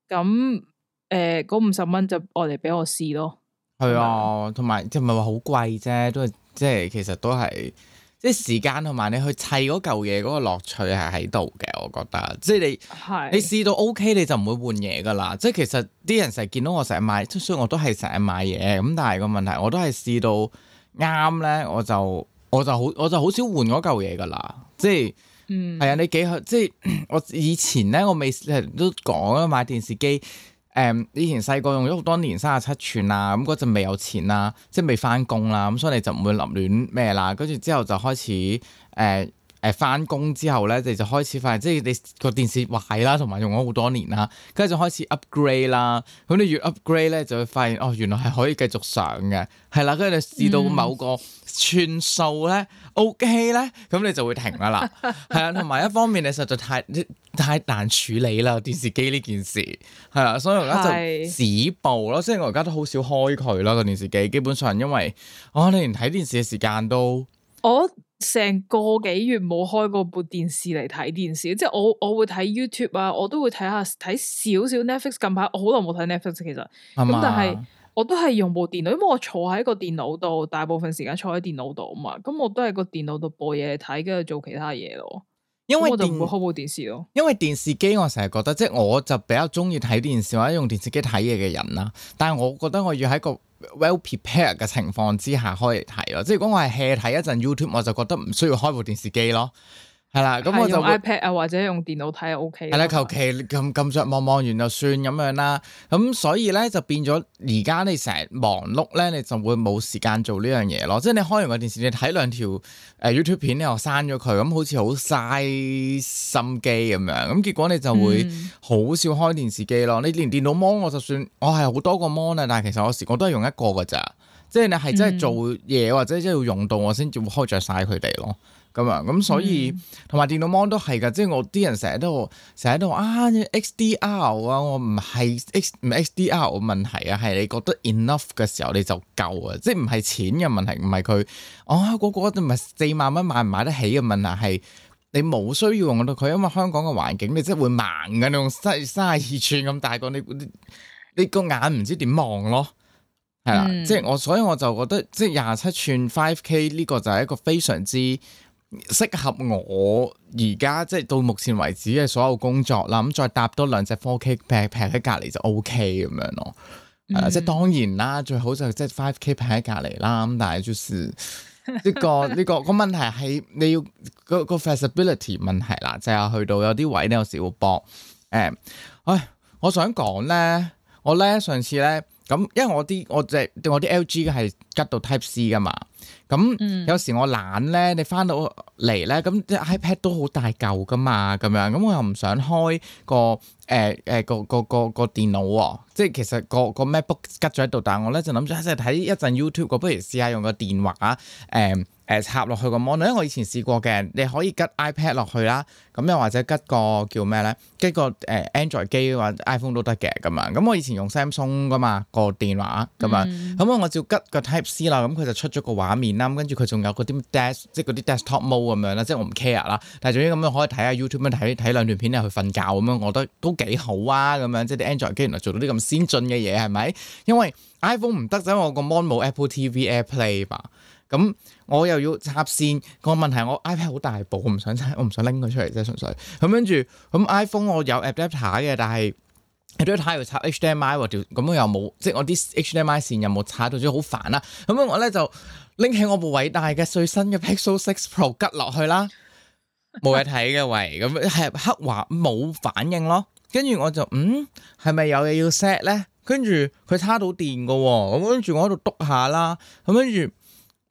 咁。誒，嗰五十蚊就攞嚟俾我試咯。係啊，同埋即係唔係話好貴啫，都係即係其實都係即係時間同埋你去砌嗰嚿嘢嗰個樂趣係喺度嘅。我覺得即係、就是、你係是你試到 O、OK, K，你就唔會換嘢噶啦。即、就、係、是、其實啲人成日見到我成日買，雖然我都係成日買嘢咁。但係個問題，我都係試到啱咧，我就我就好我就好少換嗰嚿嘢噶啦。即、就、係、是、嗯係啊，你幾即係、就是、我以前咧，我未都講啊，買電視機。誒、um, 以前細個用咗好多年三十七寸啦、啊，咁嗰陣未有錢啦、啊，即未返工啦，咁、嗯、所以你就唔會立亂咩啦，跟住之後就開始誒。呃誒，翻工之後咧，你就開始發現，即係你個電視壞啦，同埋用咗好多年啦，跟住就開始 upgrade 啦。咁你越 upgrade 咧，就會發現哦，原來係可以繼續上嘅，係啦。跟住你試到某個吋數咧、嗯、，OK 咧，咁你就會停啦。係啊， 同埋一方面你實在太太難處理啦電視機呢件事，係啊，所以我而家就止步咯。雖然的我而家都好少開佢咯，個電視機基本上因為我、啊、你連睇電視嘅時間都我。成個幾月冇開過部電視嚟睇電視，即係我我會睇 YouTube 啊，我都會睇下睇少少 Netflix。小小 Netflix, 近排我好耐冇睇 Netflix 其實，咁嗎但係我都係用部電腦，因為我坐喺個電腦度，大部分時間坐喺電腦度啊嘛，咁我都係個電腦度播嘢睇，跟住做其他嘢咯。因為我就唔會開部電視咯。因為電視機我成日覺得，即係我就比較中意睇電視或者用電視機睇嘢嘅人啦。但係我覺得我要喺個。Well prepared 嘅情況之下可以睇咯，即係如果我係 hea 睇一陣 YouTube，我就覺得唔需要開部電視機咯。係啦，咁我就 iPad 啊，或者用電腦睇就 O K。係啦，求其撳撳著望望完就算咁樣啦。咁所以咧就變咗，而家你成日忙碌咧，你就會冇時間做呢樣嘢咯。即係你開完個電視，你睇兩條誒 YouTube 片，你又刪咗佢，咁好似好嘥心機咁樣。咁結果你就會好少開電視機咯。嗯、你連電腦 mon 我就算我係好多個 mon 但係其實我時我都係用一個噶咋。即係你係真係做嘢或者真要用到我先至會開着晒佢哋咯。咁、嗯、啊，咁所以同埋電腦 mon 都係噶，即係我啲人成日都成日都啊 XDR 啊，我唔係 X 唔 XDR 問題啊，係你覺得 enough 嘅時候你就夠啊，即係唔係錢嘅問題，唔係佢哦，嗰、啊嗰個唔係四萬蚊買唔買得起嘅問題，係你冇需要用到佢，因為香港嘅環境你即係會盲嘅，你用三十二寸咁大個你你個眼唔知點望咯，係啦，嗯、即係我所以我就覺得即係廿七寸 Five K 呢個就係一個非常之適合我而家即係到目前為止嘅所有工作啦，咁再搭多兩隻 four k 劈劈喺隔籬就 ok 咁樣咯。啊、mm hmm. 呃，即係當然啦，最好就即係 five k 劈喺隔籬啦。咁但係就是呢、呢個呢個 個問題係你要、嗰個、嗰個 flexibility 問題啦，就係、是、去到有啲位咧有時會搏。誒、欸，唉，我想講咧，我咧上次咧咁，因為我啲我隻我啲 lg 係吉到 type c 噶嘛。咁那、嗯、有時我懶咧，你返到嚟咧，咁啲 iPad 都好大嚿㗎嘛，咁樣咁我又唔想開個誒誒、欸欸、個個個個電腦喎、喔，即係其實個個 MacBook 吉咗喺度，但係我咧就諗住喺度睇一陣 YouTube 喎、那個，不如試下用個電話誒。欸誒插落去個 mon，因為我以前試過嘅，你可以吉 iPad 落去啦，咁又或者吉個叫咩咧？吉個誒 Android 機或者 iPhone 都得嘅咁樣。咁我以前用 Samsung 㗎嘛，個電話咁樣，咁、嗯、我就吉個 Type C 啦，咁佢就出咗個畫面啦。跟住佢仲有嗰啲 desk，即係啲 desktop mode 咁樣啦，即係我唔 care 啦。但係總之咁樣可以睇下 YouTube，睇睇兩段片啊，去瞓覺咁樣，我覺得都幾好啊咁樣。即係啲 Android 機原來做到啲咁先進嘅嘢係咪？因為 iPhone 唔得，因為我個 mon 冇 Apple TV AirPlay 吧。咁我又要插線個問題，我 iPad 好大部，我唔想我唔想拎佢出嚟啫，純粹咁跟住咁 iPhone 我有 adapt 下嘅，但係 a d a p 插 HDMI 喎條咁又冇，即係我啲 HDMI 線又冇插到，所好煩啦。咁樣我咧就拎起我部偉大嘅最新嘅 Pixel Six Pro 吉落去啦，冇嘢睇嘅喂，咁係 黑畫冇反應咯。跟住我就嗯係咪有嘢要 set 咧？跟住佢插到電嘅喎，咁跟住我喺度篤下啦，咁跟住。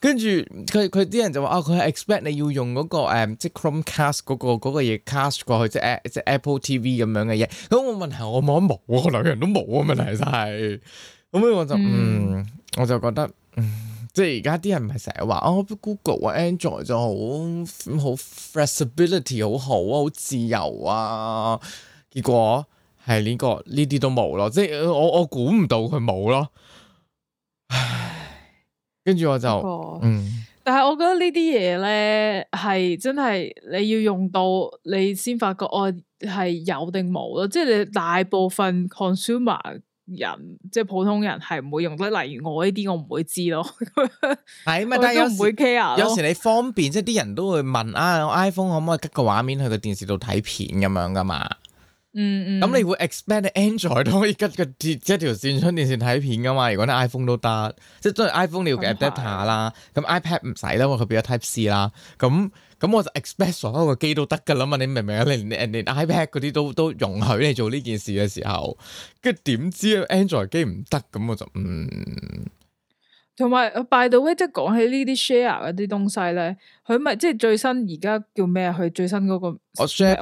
跟住佢佢啲人就話啊，佢、哦、expect 你要用嗰、嗰個、嗯、即係 ChromeCast 嗰、嗰個嗰、嗰個嘢 cast 過去，即係即係 Apple TV 咁樣嘅嘢。咁我問題我冇，冇可能個人都冇啊問題就係，咁我就嗯，嗯我就覺得，嗯、即係而家啲人唔係成日話哦，Google 或、啊、Android 就好好 flexibility 好好啊，好自由啊，結果係呢、呢個呢啲都冇咯，即係我我估唔到佢冇咯，唉。跟住我就，嗯，但係我覺得呢啲嘢咧，係真係你要用到你先發覺我，我係有定冇咯？即係你大部分 consumer 人，即係普通人係唔會用得，例如我呢啲，我唔會知咯。係 咪？但係都唔會 care。有時你方便，即係啲人都會問啊，iPhone 可唔可以吉個畫面去個電視度睇片咁樣噶嘛？嗯，咁你會 expand Android 都可以跟個電一條線充電線睇片㗎嘛？如果你 iPhone 都得，即係都係 iPhone 你要 adapt 下啦。咁 iPad 唔使啦，佢變咗 Type C 啦。咁咁我就 expect 所有個機都得㗎啦嘛？你明唔明啊？你連連 iPad 嗰啲都都容許你做呢件事嘅時候，跟住點知 Android 機唔得？咁我就嗯。同埋，by the way，即係講起呢啲 share 一啲東西咧，佢咪即係最新而家叫咩？佢最新嗰個。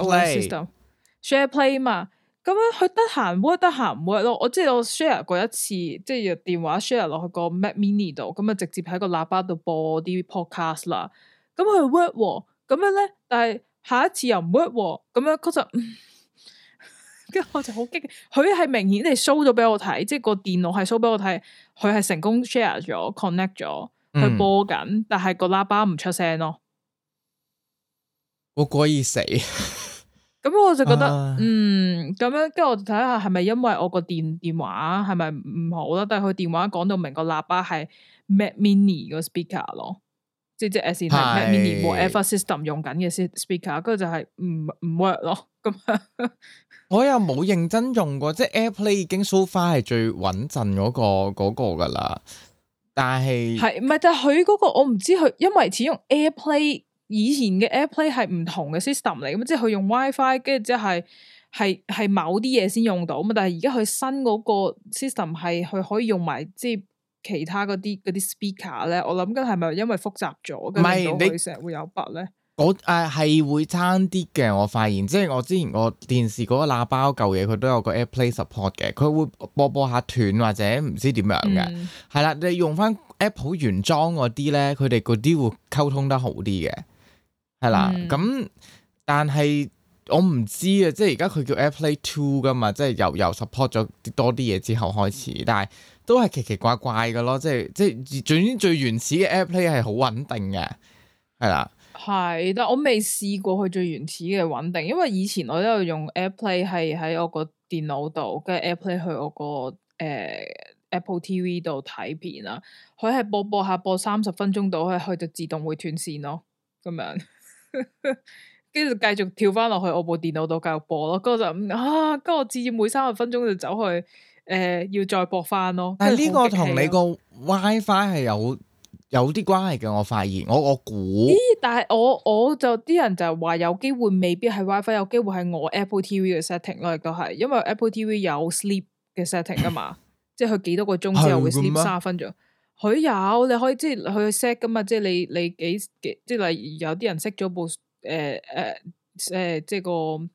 share play 嘛，咁樣佢得閒 work，得閒唔 work 咯。我即係我 share 過一次，即係用電話 share 落去個 Mac Mini 度，咁啊直接喺個喇叭度播啲 podcast 啦。咁佢 work，咁樣咧，但係下一次又唔 work，咁樣佢就，跟、嗯、住 我就好激。佢係明顯係 show 咗俾我睇，即係個電腦係 show 俾我睇，佢係成功 share 咗、connect 咗，佢播緊，嗯、但係個喇叭唔出聲咯。我可以死。咁我就覺得，啊、嗯，咁樣，跟住我睇下係咪因為我個電電話係咪唔好啦？但係佢電話講到明個喇叭係 Mac Mini 個 speaker 咯，是即係即係 Mac Mini 或是 Air System 用緊嘅 speaker，跟住就係唔唔 work 咯。咁我又冇認真用過，即係 AirPlay 已經 so far 係最穩陣嗰個嗰個噶啦。但係係唔係？但係佢嗰個我唔知佢，因為始終 AirPlay。以前嘅 AirPlay 係唔同嘅 system 嚟，咁即係佢用 WiFi，跟住即係係係某啲嘢先用到嘛。但係而家佢新嗰個 system 係佢可以用埋即係其他嗰啲啲 speaker 咧。我諗緊係咪因為複雜咗，令到佢成日會有 bug 咧？我誒係、呃、會差啲嘅，我發現即係我之前我電視嗰個喇叭舊嘢，佢都有個 AirPlay support 嘅，佢會播播下斷或者唔知點樣嘅。係啦、嗯，你用翻 Apple 原裝嗰啲咧，佢哋嗰啲會溝通得好啲嘅。係啦，咁但係我唔知啊，即係而家佢叫 AirPlay Two 噶嘛，即係由又，又 support 咗多啲嘢之後開始，但係都係奇奇怪怪嘅咯，即係即係總之最原始嘅 AirPlay 係好穩定嘅，係啦，係，但我未試過佢最原始嘅穩定，因為以前我都有用 AirPlay 係喺我個電腦度，跟住 AirPlay 去我個誒、呃、Apple TV 度睇片啦，佢係播播下播三十分鐘度，係佢就自動會斷線咯，咁樣。跟住 繼續跳翻落去我部電腦度繼續播咯，嗰陣啊，嗰我直接每三十分鐘就走去誒、呃，要再播翻咯。但係呢個同你個 WiFi 係有有啲關係嘅，我發現我我估咦？但係我我就啲人就話有機會未必係 WiFi，有機會係我 Apple TV 嘅 setting 咯，亦都係，因為 Apple TV 有 sleep 嘅 setting 啊嘛， 即係佢幾多個鐘之後會 sleep 三十分鐘。佢有，你可以即係佢 set 噶嘛，即係你你幾即係例如有啲人 set 咗部誒誒誒，即係、呃呃、個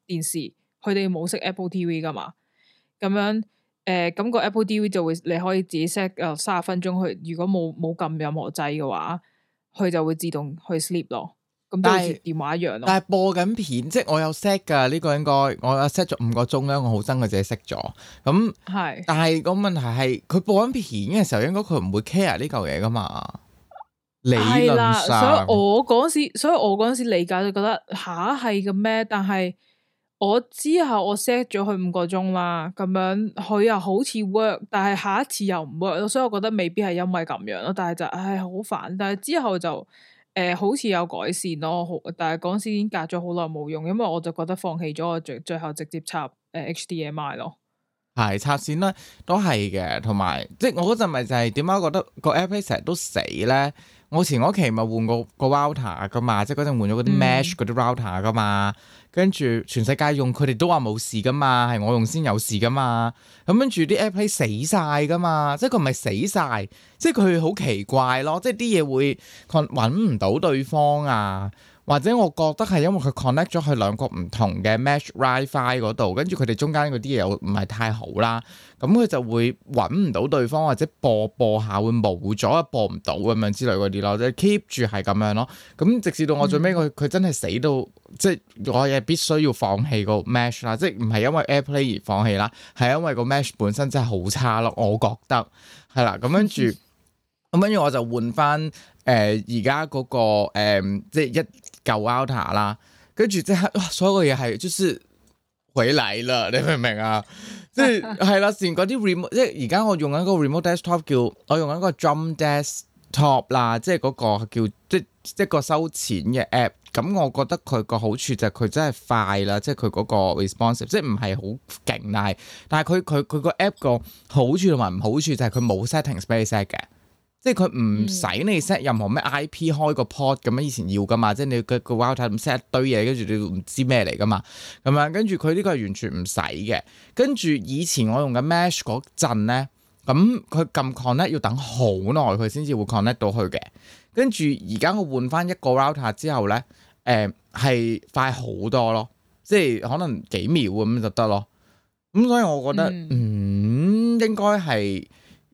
電視，佢哋冇 set Apple TV 噶嘛，咁樣誒，咁、呃那個 Apple TV 就會你可以自己 set 啊三十分鐘去，如果冇冇撳任何掣嘅話，佢就會自動去 sleep 咯。咁但係電話一樣咯。但係播緊片，即係我有 set 噶呢個應該，我有 set 咗五個鐘咧，我好憎佢自己 set 咗。咁係，是但係個問題係佢播緊片嘅時候，應該佢唔會 care 呢嚿嘢噶嘛。理論上，所以我嗰時，所以我嗰時理解就覺得吓係嘅咩？但係我之後我 set 咗佢五個鐘啦，咁樣佢又好似 work，但係下一次又唔 work，所以我覺得未必係因為咁樣咯。但係就唉好煩，但係之後就。誒、呃、好似有改善咯，但係嗰時已經隔咗好耐冇用，因為我就覺得放棄咗，我最最後直接插誒、呃、HDMI 咯，係插線啦，都係嘅，同埋即係我嗰陣咪就係點解覺得個 AirPlay 成日都死咧？我前嗰期咪換過個 Router 㗎嘛，即係嗰陣換咗啲 Mesh 啲 Router 㗎嘛。嗯。跟住全世界用佢哋都話冇事噶嘛，係我用先有事噶嘛，咁跟住啲 App 死晒噶嘛，即係佢唔係死晒，即係佢好奇怪咯，即係啲嘢會佢揾唔到對方啊。或者我覺得係因為佢 connect 咗去兩個唔同嘅 mesh wifi 嗰度，跟住佢哋中間嗰啲嘢又唔係太好啦，咁佢就會揾唔到對方，或者播播下會冇咗，播唔到咁樣之類嗰啲咯，即係 keep 住係咁樣咯。咁直至到我最尾，佢佢真係死到，嗯、即係我亦必須要放棄個 mesh 啦，即係唔係因為 airplay 而放棄啦，係因為個 mesh 本身真係好差咯。我覺得係啦，咁跟住。咁跟住我就換翻誒而家嗰個、呃、即係一舊 outer 啦。跟住即係所有嘅嘢係就是回來啦。你明唔明啊？即係係啦，成個啲 remote 即係而家我用緊個 remote desktop 叫我用緊個 drum desktop 啦，即係嗰個叫即即一個收錢嘅 app、嗯。咁我覺得佢個好處就係佢真係快啦，即係佢嗰個 responsive，即係唔係好勁啦。但係佢佢佢個 app 個好處同埋唔好處就係佢冇 setting 俾你 set 嘅。即係佢唔使你 set 任何咩 IP 開個 port 咁樣，以前要噶嘛，即係你個 router 咁 set 一堆嘢，跟住你唔知咩嚟噶嘛，咁樣，跟住佢呢個係完全唔使嘅。跟住以前我用嘅 Mesh 嗰陣咧，咁佢撳 connect 要等好耐，佢先至會 connect 到去嘅。跟住而家我換翻一個 router 之後咧，誒、呃、係快好多咯，即係可能幾秒咁就得咯。咁、嗯、所以我覺得，嗯，嗯，應該係。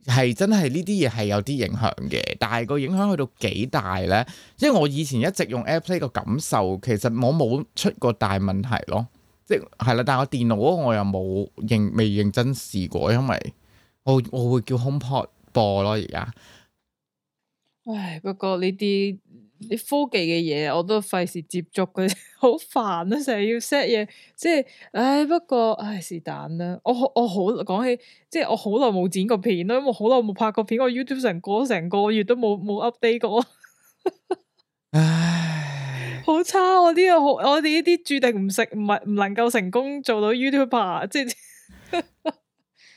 係真係呢啲嘢係有啲影響嘅，但係個影響去到幾大咧？因為我以前一直用 AirPlay 個感受，其實我冇出過大問題咯，即係係啦。但係我電腦我又冇認未認真試過，因為我我會叫 HomePod 播咯而家。唉，不過呢啲。啲科技嘅嘢我都費事接觸，佢 好煩啊！成日要 set 嘢，即係，唉，不過唉是但啦。我我好講起，即係我好耐冇剪過片啦，因為我好耐冇拍過片，我 YouTube 成個成個月都冇冇 update 過， 唉，好差！我啲啊，好我哋呢啲注定唔成，唔係唔能夠成功做到 YouTuber，即係。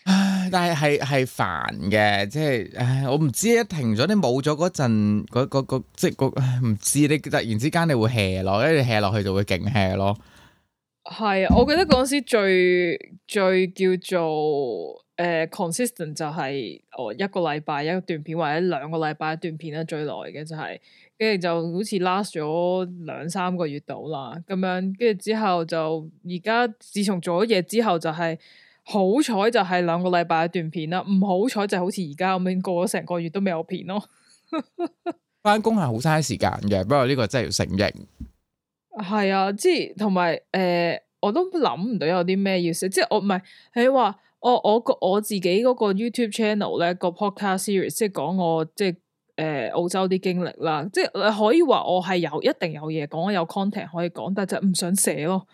唉，但係係係煩嘅，即係唉，我唔知一停咗你冇咗嗰陣，嗰嗰嗰即係嗰唔知你突然之間你會 hea 落，跟住 hea 落去就會勁 hea 咯。係啊，我記得嗰時最最叫做誒、呃、consistent 就係我一個禮拜一段片或者兩個禮拜一段片啦，就是，最耐嘅就係跟住就好似 last 咗兩三個月到啦，咁樣跟住之後就而家自從做咗嘢之後就係、是。好彩就係兩個禮拜一段片啦，唔好彩就好似而家咁樣過咗成個月都未有片咯。翻工係好嘥時間嘅，不過呢個真係要承認。係啊，即係同埋誒，我都諗唔到有啲咩要寫。即係我唔係你話我我個我自己嗰個 YouTube channel 咧個 podcast series，即係講我即係誒、呃、澳洲啲經歷啦，即係你可以話我係有一定有嘢講，有 content 可以講，但就唔想寫咯。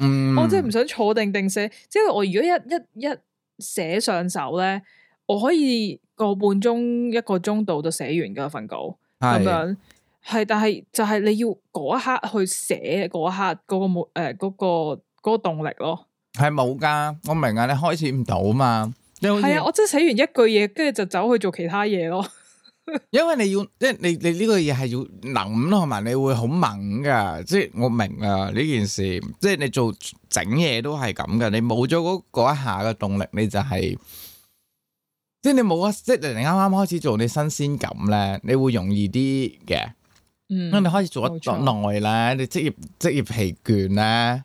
嗯、 我真係唔想坐定定寫，即、就、係、是、我如果一一一寫上手咧，我可以個半鐘一個鐘度就寫完嗰份稿，咁是樣係，但係就係你要嗰一刻去寫嗰一刻、嗰個冇誒、呃嗰個、嗰個動力咯，係冇噶，我明啊，你開始唔到啊嘛，係啊，我真係寫完一句嘢，跟住就走去做其他嘢咯。 因為你要即係你你呢個嘢，係要諗同埋你會好猛噶。即係我明啊呢件事，即係你做整嘢都係咁噶。你冇咗嗰一下嘅動力，你就係即係你冇啊！即係你啱啱開始做，你新鮮感咧，你會容易啲嘅。嗯，因為你開始做得耐咧，錯你職業職業疲倦咧，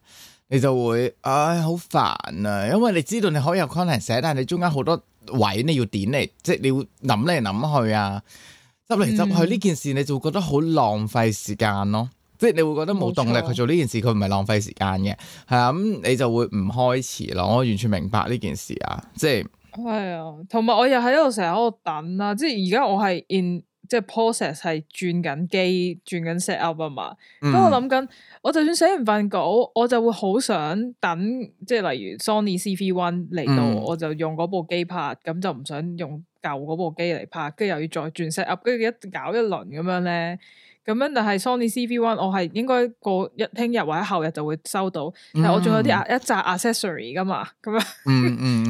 你就會唉好煩啊！因為你知道你可以有 content 寫，但係你中間好多。位你要點嚟？即係你會諗嚟諗去啊，執嚟執去呢件事，嗯、你就會覺得好浪費時間咯。即係你會覺得冇動力去冇錯，做呢件事，佢唔係浪費時間嘅，係啊。咁、嗯、你就會唔開始咯。我完全明白呢件事啊，即係。係啊，同埋我又喺度成日喺度等啊。即係而家我係 in。即係 process 係轉緊機、轉緊 set up 啊嘛，咁、嗯、我諗緊，我就算寫完份稿，我就會好想等，即係例如 Sony CV One 嚟到，嗯、我就用嗰部機拍，咁就唔想用舊嗰部機嚟拍，跟住又要再轉 set up，跟住一搞一輪咁樣咧。咁樣，但係 Sony CV One 我係應該過日聽日或者後日就會收到，但係我仲有啲阿一扎、mm hmm. accessory 噶嘛，咁樣，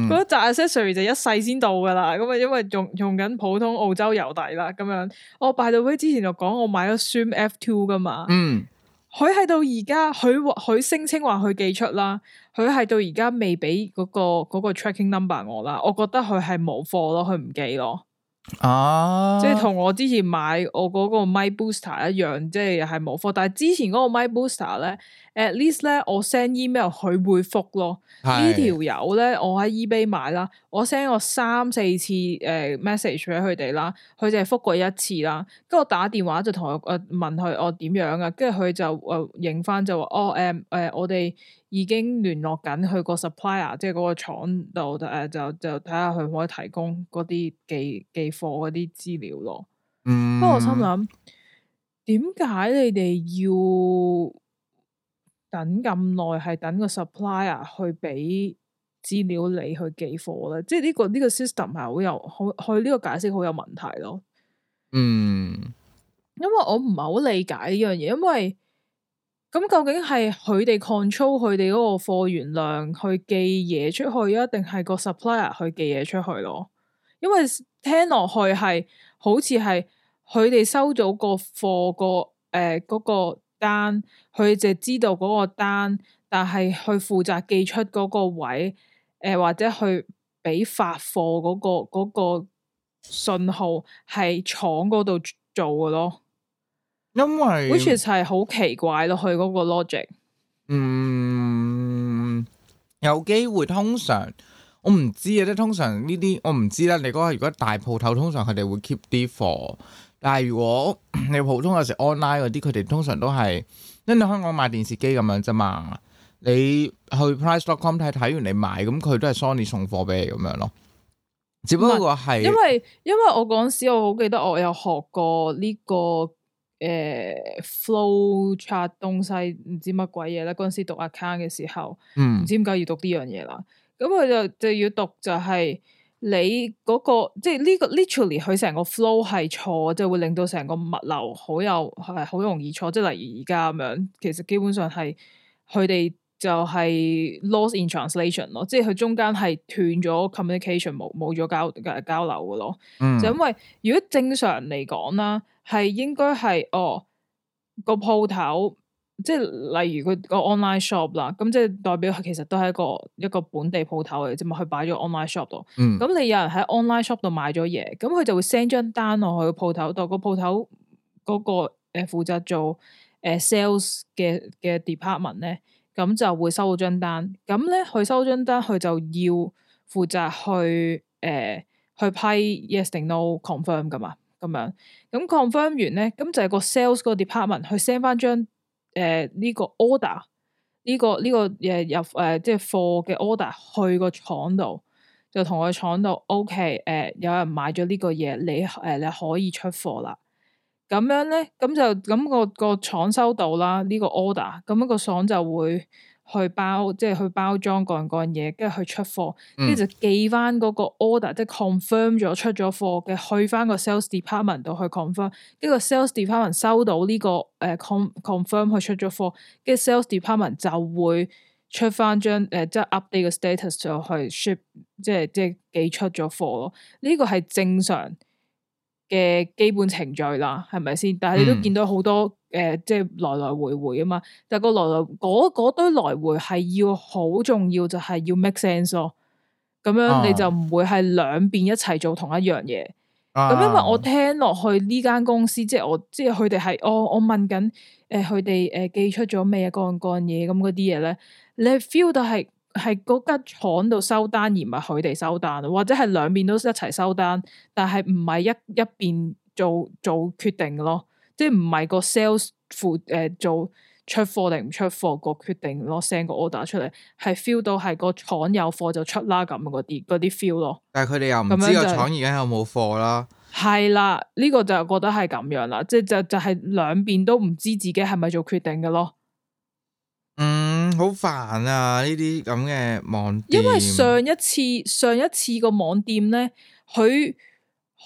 嗰扎、mm hmm. accessory 就一世先到噶啦，咁啊，因為用用緊普通澳洲郵遞啦，咁樣。By the way 之前就講我買咗 Zoom F2 噶嘛，佢係、mm hmm. 到而家佢佢聲稱話佢寄出啦，佢係到而家未俾嗰個、那個 tracking number 我啦，我覺得佢係冇貨咯，佢唔寄咯。啊！即係同我之前買我嗰個咪 booster 一樣，即係係冇貨，但係之前嗰個咪 booster 咧。At least 咧，我 send email 佢會復咯。呢條友咧，我喺 eBay 買啦，我 send 過三四次誒 message 俾佢哋啦，佢就係復過一次啦。跟住我打電話就同佢問佢我點樣啊，跟住佢就誒影翻就話哦誒誒，我哋已經聯絡緊去個 supplier，即係嗰個廠度誒就就睇下佢可以提供嗰啲寄寄貨嗰啲資料咯。嗯，不過我心諗點解你哋要等咁耐，係等個 supplier 去俾資料你去寄貨咧？即係呢、呢個呢、呢個 system 係好有，好，佢、佢、呢個解釋好有問題咯。嗯，因為我唔係好理解呢樣嘢，因為，咁究竟係佢哋 control 佢哋嗰個貨源量去寄嘢出去啊，定係個 supplier 去寄嘢出去咯？因為聽落去係好似係佢哋收咗個貨個誒嗰、呃嗰個。單佢就知道嗰個單，但係去負責寄出嗰個位，誒、呃、或者去俾發貨嗰、那個、那個信號係廠嗰度做嘅咯。因為好似 i c 係好奇怪咯，佢嗰個 logic，嗯，有機會通常我唔知啊，即通常呢啲我唔知啦。你嗰個如果大鋪頭，通常佢哋會 keep 啲貨。但係如果你普通有食 online 嗰啲，佢哋通常都係，因為你香港買電視機咁樣啫嘛，你去 price dot com 睇，睇完你買，咁佢都係 Sony 送貨俾你咁樣咯。只不過係因為因為我嗰時我好記得我有學過呢、這個、誒、呃、flow chart 東西，唔知乜鬼嘢咧。嗰陣時讀 account 嘅時候，唔、嗯、知點解要讀呢樣嘢啦。咁佢就就要讀就係、是。你嗰個即係呢個 literally 佢成個 flow 係錯，就會令到成個物流好有係好容易錯。即係例如而家咁樣，其實基本上係佢哋就係 lost in translation 咯，即係佢中間係斷咗 communication，冇冇咗交誒交流嘅咯。嗯、就因為如果正常嚟講啦，係應該係哦個鋪頭。即係例如佢個 online shop 啦，咁即係代表佢其實都係一個一個本地鋪頭嚟，啫嘛，佢去擺咗 online shop 度。咁、嗯、你有人喺 online shop 度買咗嘢，咁佢就會 send 張單落去鋪頭度，個鋪頭嗰個誒負責做誒、呃、sales 嘅嘅 department 咧，咁就會收到張單。咁咧佢收到張單，佢就要負責去誒、呃、去批 yes 定 no confirm 噶嘛，咁樣咁 confirm 完咧，咁就係個 sales 嗰個 department 去 send 翻張。誒呢、呃這個 order，呢、這個呢、這個誒入誒即係貨嘅 order 去個廠度，就同個廠度，OK，誒有人買咗呢個嘢，你誒、呃、你可以出貨啦。咁樣咧，咁就咁、那個個廠收到啦，呢、這個 order，咁樣個廠就會。去包即係去包裝嗰樣嗰樣嘢，跟住去出貨，跟住、嗯、就寄翻嗰個 order 即係 confirm 咗出咗貨嘅，去翻個 sales department 度去 confirm。跟住 sales department 收到呢、呢個誒、呃、confirm 佢出咗貨，跟住 sales department 就會出翻張誒即係 update 個 status 就去、stat 去 ship，即係即係寄出咗貨咯。呢、呢個係正常嘅基本程序啦，係咪先？但係你都見到好多、嗯。誒、呃，即係來來回回啊嘛，但係個來來堆來回係要好重要，就係、是、要 make sense 咯、哦。咁樣你就唔會係兩邊一齊做同一樣嘢。咁、啊、因為我聽落去呢間、啊、公司，即係我即係佢哋係我我問緊誒，佢哋誒寄出咗咩啊？嗰樣嗰樣嘢咁嗰啲嘢咧，你係 feel 到係係嗰間廠度收單而唔係佢哋收單，或者係兩邊都一齊收單，但係唔係一一邊做做決定咯。即係唔係個 sales 誒做出貨定唔出貨個決定，send 個 order 出嚟，係 feel 到係個廠有貨就出啦，咁嗰啲嗰啲 feel 咯。但係佢哋又唔知、就係、個廠而家有冇貨啦。係啦，呢個就覺得係咁樣啦，即係就係、就係兩邊都唔知自己係咪做決定嘅咯。嗯，好煩啊！呢啲咁嘅網，因為上一次上一次個網店咧，佢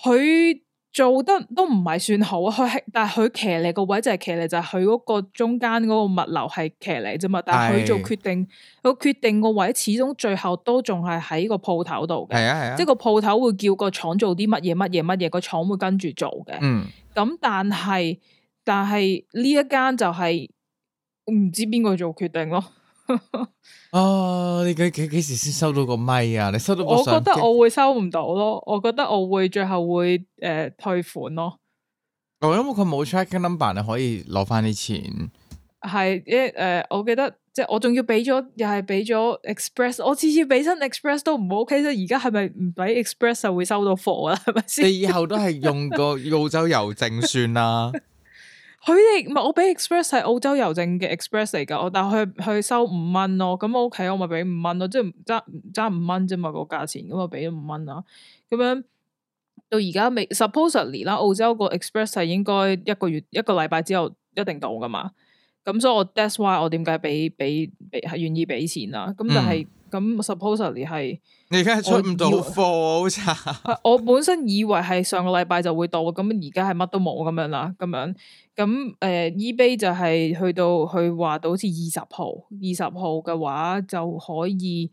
佢。做得都唔係算好，佢係但係佢騎呢個位就係騎呢，就係佢嗰個中間嗰個物流係騎嚟啫嘛。但係佢做決定，佢決定個位始終最後都仲係喺個鋪頭度嘅。係啊係啊，即係個鋪頭會叫個廠做啲乜嘢乜嘢乜嘢，個廠會跟住做嘅。嗯，咁但係但係呢一間就係、是、唔知邊個做決定咯。啊、 oh, I！你幾幾幾時先收到個咪啊？你收到？我覺得我會收唔到咯，我覺得我會最後會誒退款咯。哦，因為佢冇 check number 你可以攞翻啲錢。係一誒，uh, 我記得即係我仲要俾咗，又係俾咗 express，我次次俾親 express 都唔 ok 啫。而家係咪唔俾 express 就會收到貨啊？係咪先？ 你以後都係用個澳洲郵政算啦。 佢哋唔係我俾 express 係澳洲郵政嘅 express 嚟噶，但我但係佢佢收五蚊咯，咁 ok，我咪俾五蚊咯，即係唔爭爭五蚊啫嘛，個價錢咁我俾咗五蚊啦，咁樣，樣到而家未 supposedly 啦，Supp ly, 澳洲個 express 係應該一個月一個禮拜之後一定到噶嘛，咁所以我 that's why 我點解俾俾俾係願意俾錢啦，咁但、就、係、是、咁、嗯、supposedly 係你而家係出唔到貨，好慘！ 我本身以為係上個禮拜就會到，咁而家係乜都冇咁樣啦，咁樣。咁誒、呃、eBay 就係去到去話到好似二十號，二十號嘅話就可以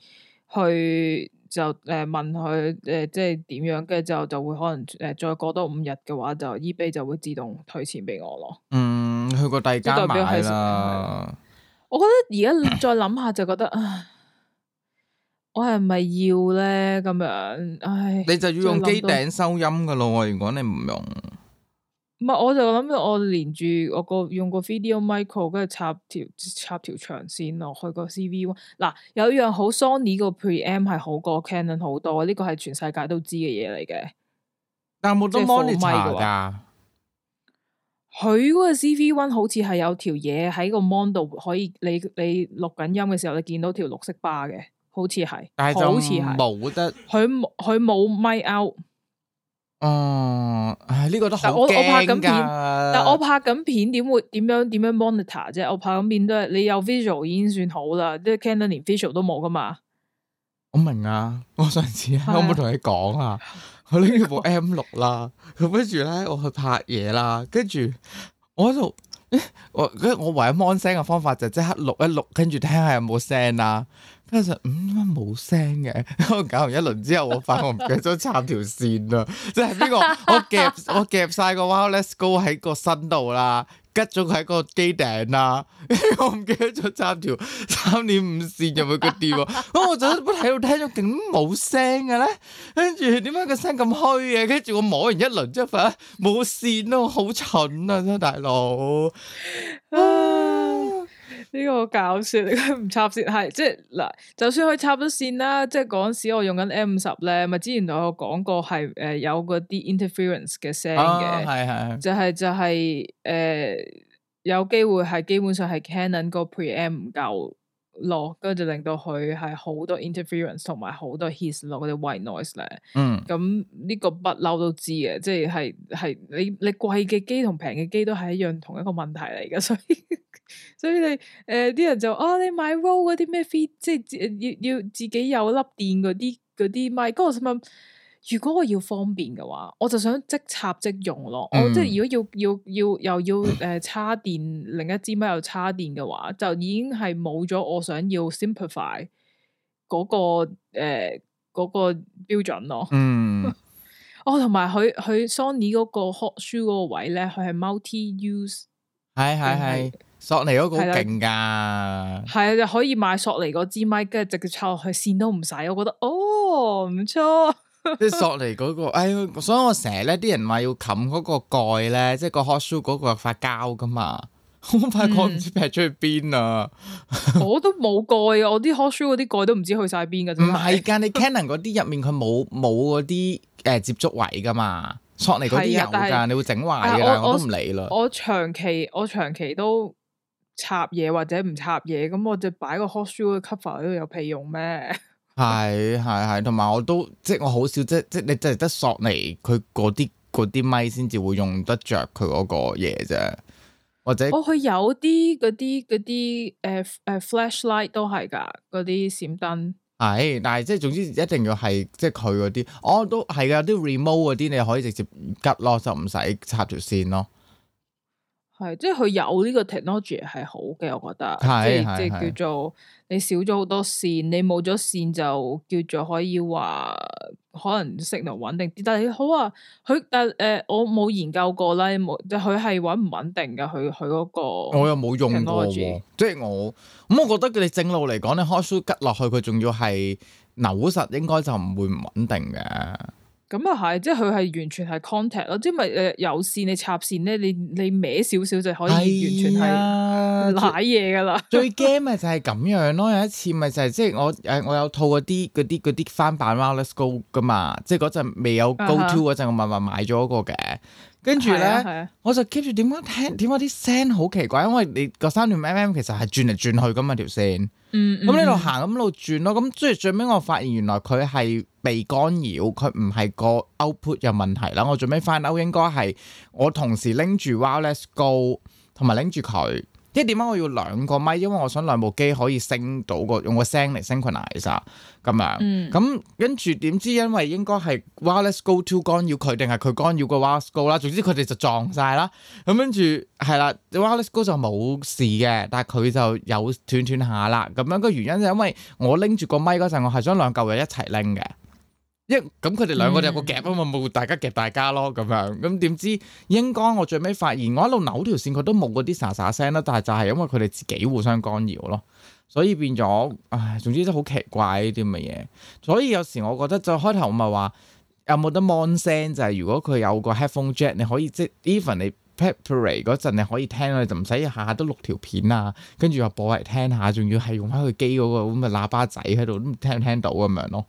去就誒、呃、問佢誒、呃、即係點樣，跟住之後就會可能誒再過多五日嘅話，就 eBay 就會自動退錢俾我咯。嗯，去過第二間買啦。我覺得而家再諗下就覺得，我係咪要咧咁樣？唉，你就要用機頂收音㗎咯。如果你唔用。唔係，我就諗住我連住我個用個 video micro，跟住插條插條長線落去個 CV one。嗱，有一樣好 Sony 個 preamp 係好過 Canon 好多，呢個係全世界都知嘅嘢嚟嘅。但冇得放咪㗎。佢嗰的個 CV one 好似係有條嘢喺個 mon 度可以，你你錄緊音嘅時候，你見到條綠色巴嘅，好似係，但就 好似冇得。佢冇佢冇咪 out。哦，唉、嗯，呢、這個都好驚噶，但我拍緊片，點會點樣點樣 monitor 啫？我拍緊片都係你有 visual 已經算好啦。即係 Canon 連 visual 都冇噶嘛。我明啊，我上次 我冇同你講啊，佢拎住部 M 六啦，跟住咧我去拍嘢啦，跟住我喺度、哎，我唯一 mon 聲嘅方法就即刻錄一錄，跟住聽下有冇聲啦、啊。嗰就嗯，點解冇聲嘅？ 搞完一輪之後，我發我唔記得咗插條線啦，即係呢個？我夾我夾曬個 Wireless Go 喺個身度啦，吉咗佢喺個機頂啦， 我唔記得咗插條三點五線 有冇個電。我我真係冇睇到，聽咗勁冇聲嘅咧，跟住點解個聲咁虛嘅？跟住我摸完一輪之後發，冇線咯，好蠢啊，真大佬。 呢個搞笑，你 唔插線係即係嗱，就算佢插咗線啦，即係嗰時我用緊 M 十咧，咪之前同我講過係誒有嗰啲 interference 嘅聲嘅，係係、啊就係，就係就係誒有機會係基本上係 Canon 個 preamp 唔夠。落，跟住令到佢係好多 interference 同埋好多 hiss 落嗰啲 white noise 咧。嗯，咁呢個不嬲都知嘅，即係係你你貴嘅機同平嘅機都係一樣同一個問題嚟嘅。所以 所以你誒啲、呃、人就哦、啊，你買 roll 嗰啲咩飛，即係要要自己有粒電嗰啲嗰啲買。嗰個如果我要方便嘅話，我就想即插即用咯。我、嗯哦、即係如果要要要又要誒叉、呃、電 另一支咪又叉電嘅話，就已經係冇咗我想要 simplify 嗰、嗰個誒嗰、呃嗰個標準咯。嗯、 哦，我同埋佢佢 Sony 嗰個 hot shoe 嗰個位咧，佢係 multi use 。係係係，索尼嗰個勁㗎。係啊，就可以買索尼嗰支咪，跟住直接插落去線都唔使。我覺得哦，唔、哦、錯。哦即係 索尼嗰、嗰個，哎呀，所以我成日咧，啲人話要冚嗰個蓋咧，即係個 hot shoe 嗰個髮膠噶嘛，嗯、我怕我唔知劈出去邊啊！ 我都冇蓋啊，我啲 hot shoe 嗰啲蓋都唔知去晒邊噶啫。唔係噶，你 Canon 嗰啲入面佢冇冇嗰啲誒接觸位噶嘛，索尼嗰啲有噶，啊、你會整壞噶，我，我都唔理咯。我長期我長期都插嘢或者唔插嘢，咁我就擺個 hot shoe 嘅 cover 喺度有屁用咩？ 係係係，同埋我都即係我好少，即即係你真係得索尼佢嗰啲啲咪先至會用得着佢嗰個嘢啫，或者哦，佢有啲嗰啲啲誒誒、呃呃、flashlight 都係噶嗰啲閃燈係，但係即係總之一定要係即係佢嗰啲，我、哦、都係噶，啲 remote 嗰啲你可以直接吉咯，就唔使插條線咯。係，即係佢有呢個 technology 係好嘅，我覺得，對即係即係叫做你少咗好多線，你冇咗線就叫做可以話可能 signal 穩定。但係好啊，佢但誒、呃、我冇研究過啦，冇佢係穩唔穩定嘅，佢佢嗰個我又冇用過，術即係我咁、嗯，我覺得佢哋正路嚟講咧，你開書吉落去，佢仲要係扭實應該不不，應該就唔會唔穩定嘅。咁啊係，即係佢係完全係 contact 咯，即係咪誒有線你插線咧，你你歪少少就可以完全係瀨嘢噶啦。最驚咪就係咁樣咯， 有一次咪就係、是、即係我誒我有套嗰啲嗰啲啲翻版 Wireless Go 噶嘛，即係嗰陣未有 Go 2嗰陣，哎、呀我咪咪買咗一、個嘅，跟住咧、哎、呀我就 keep 住點解聽點解啲聲好奇怪，因為你嗰三段 M、mm、M 其實係轉嚟轉去噶嘛條線，咁呢度行咁一路轉咯，咁即係最尾我發現原來佢係被干擾，佢唔係個 output 有問題啦。我最尾 find out 應該係我同時拎住 Wireless Go 同埋拎住佢，即係點解我要兩個咪？因為我想兩部機可以升到個用個聲嚟 synchronize 咁樣。咁跟住點知，因為應該係 Wireless Go 2干擾佢，定係佢干擾個 Wireless Go 啦。總之佢哋就撞晒啦。咁跟住係啦，Wireless Go 就冇事嘅，但係佢就有斷斷下啦。咁樣個原因就係因為我拎住個咪嗰陣，我係想兩嚿嘢一齊拎嘅。一咁佢哋兩個就有個夾啊嘛，冇、嗯、大家夾大家咯咁樣。咁點知應該我最尾發現，我一路扭條線佢都冇嗰啲沙沙聲啦。但係就係因為佢哋自己互相干擾咯，所以變咗唉，總之都好奇怪呢啲咁嘅嘢。所以有時我覺得我就開頭我咪話有冇得 mon 聲就係、是、如果佢有個 headphone jack，你可以即 even 你 prepare a 嗰陣你可以聽啦，你就唔使下下都錄條片啊，跟住又播嚟聽下，仲要係用翻個機嗰個咁嘅喇叭仔喺度都聽唔聽到咁樣咯。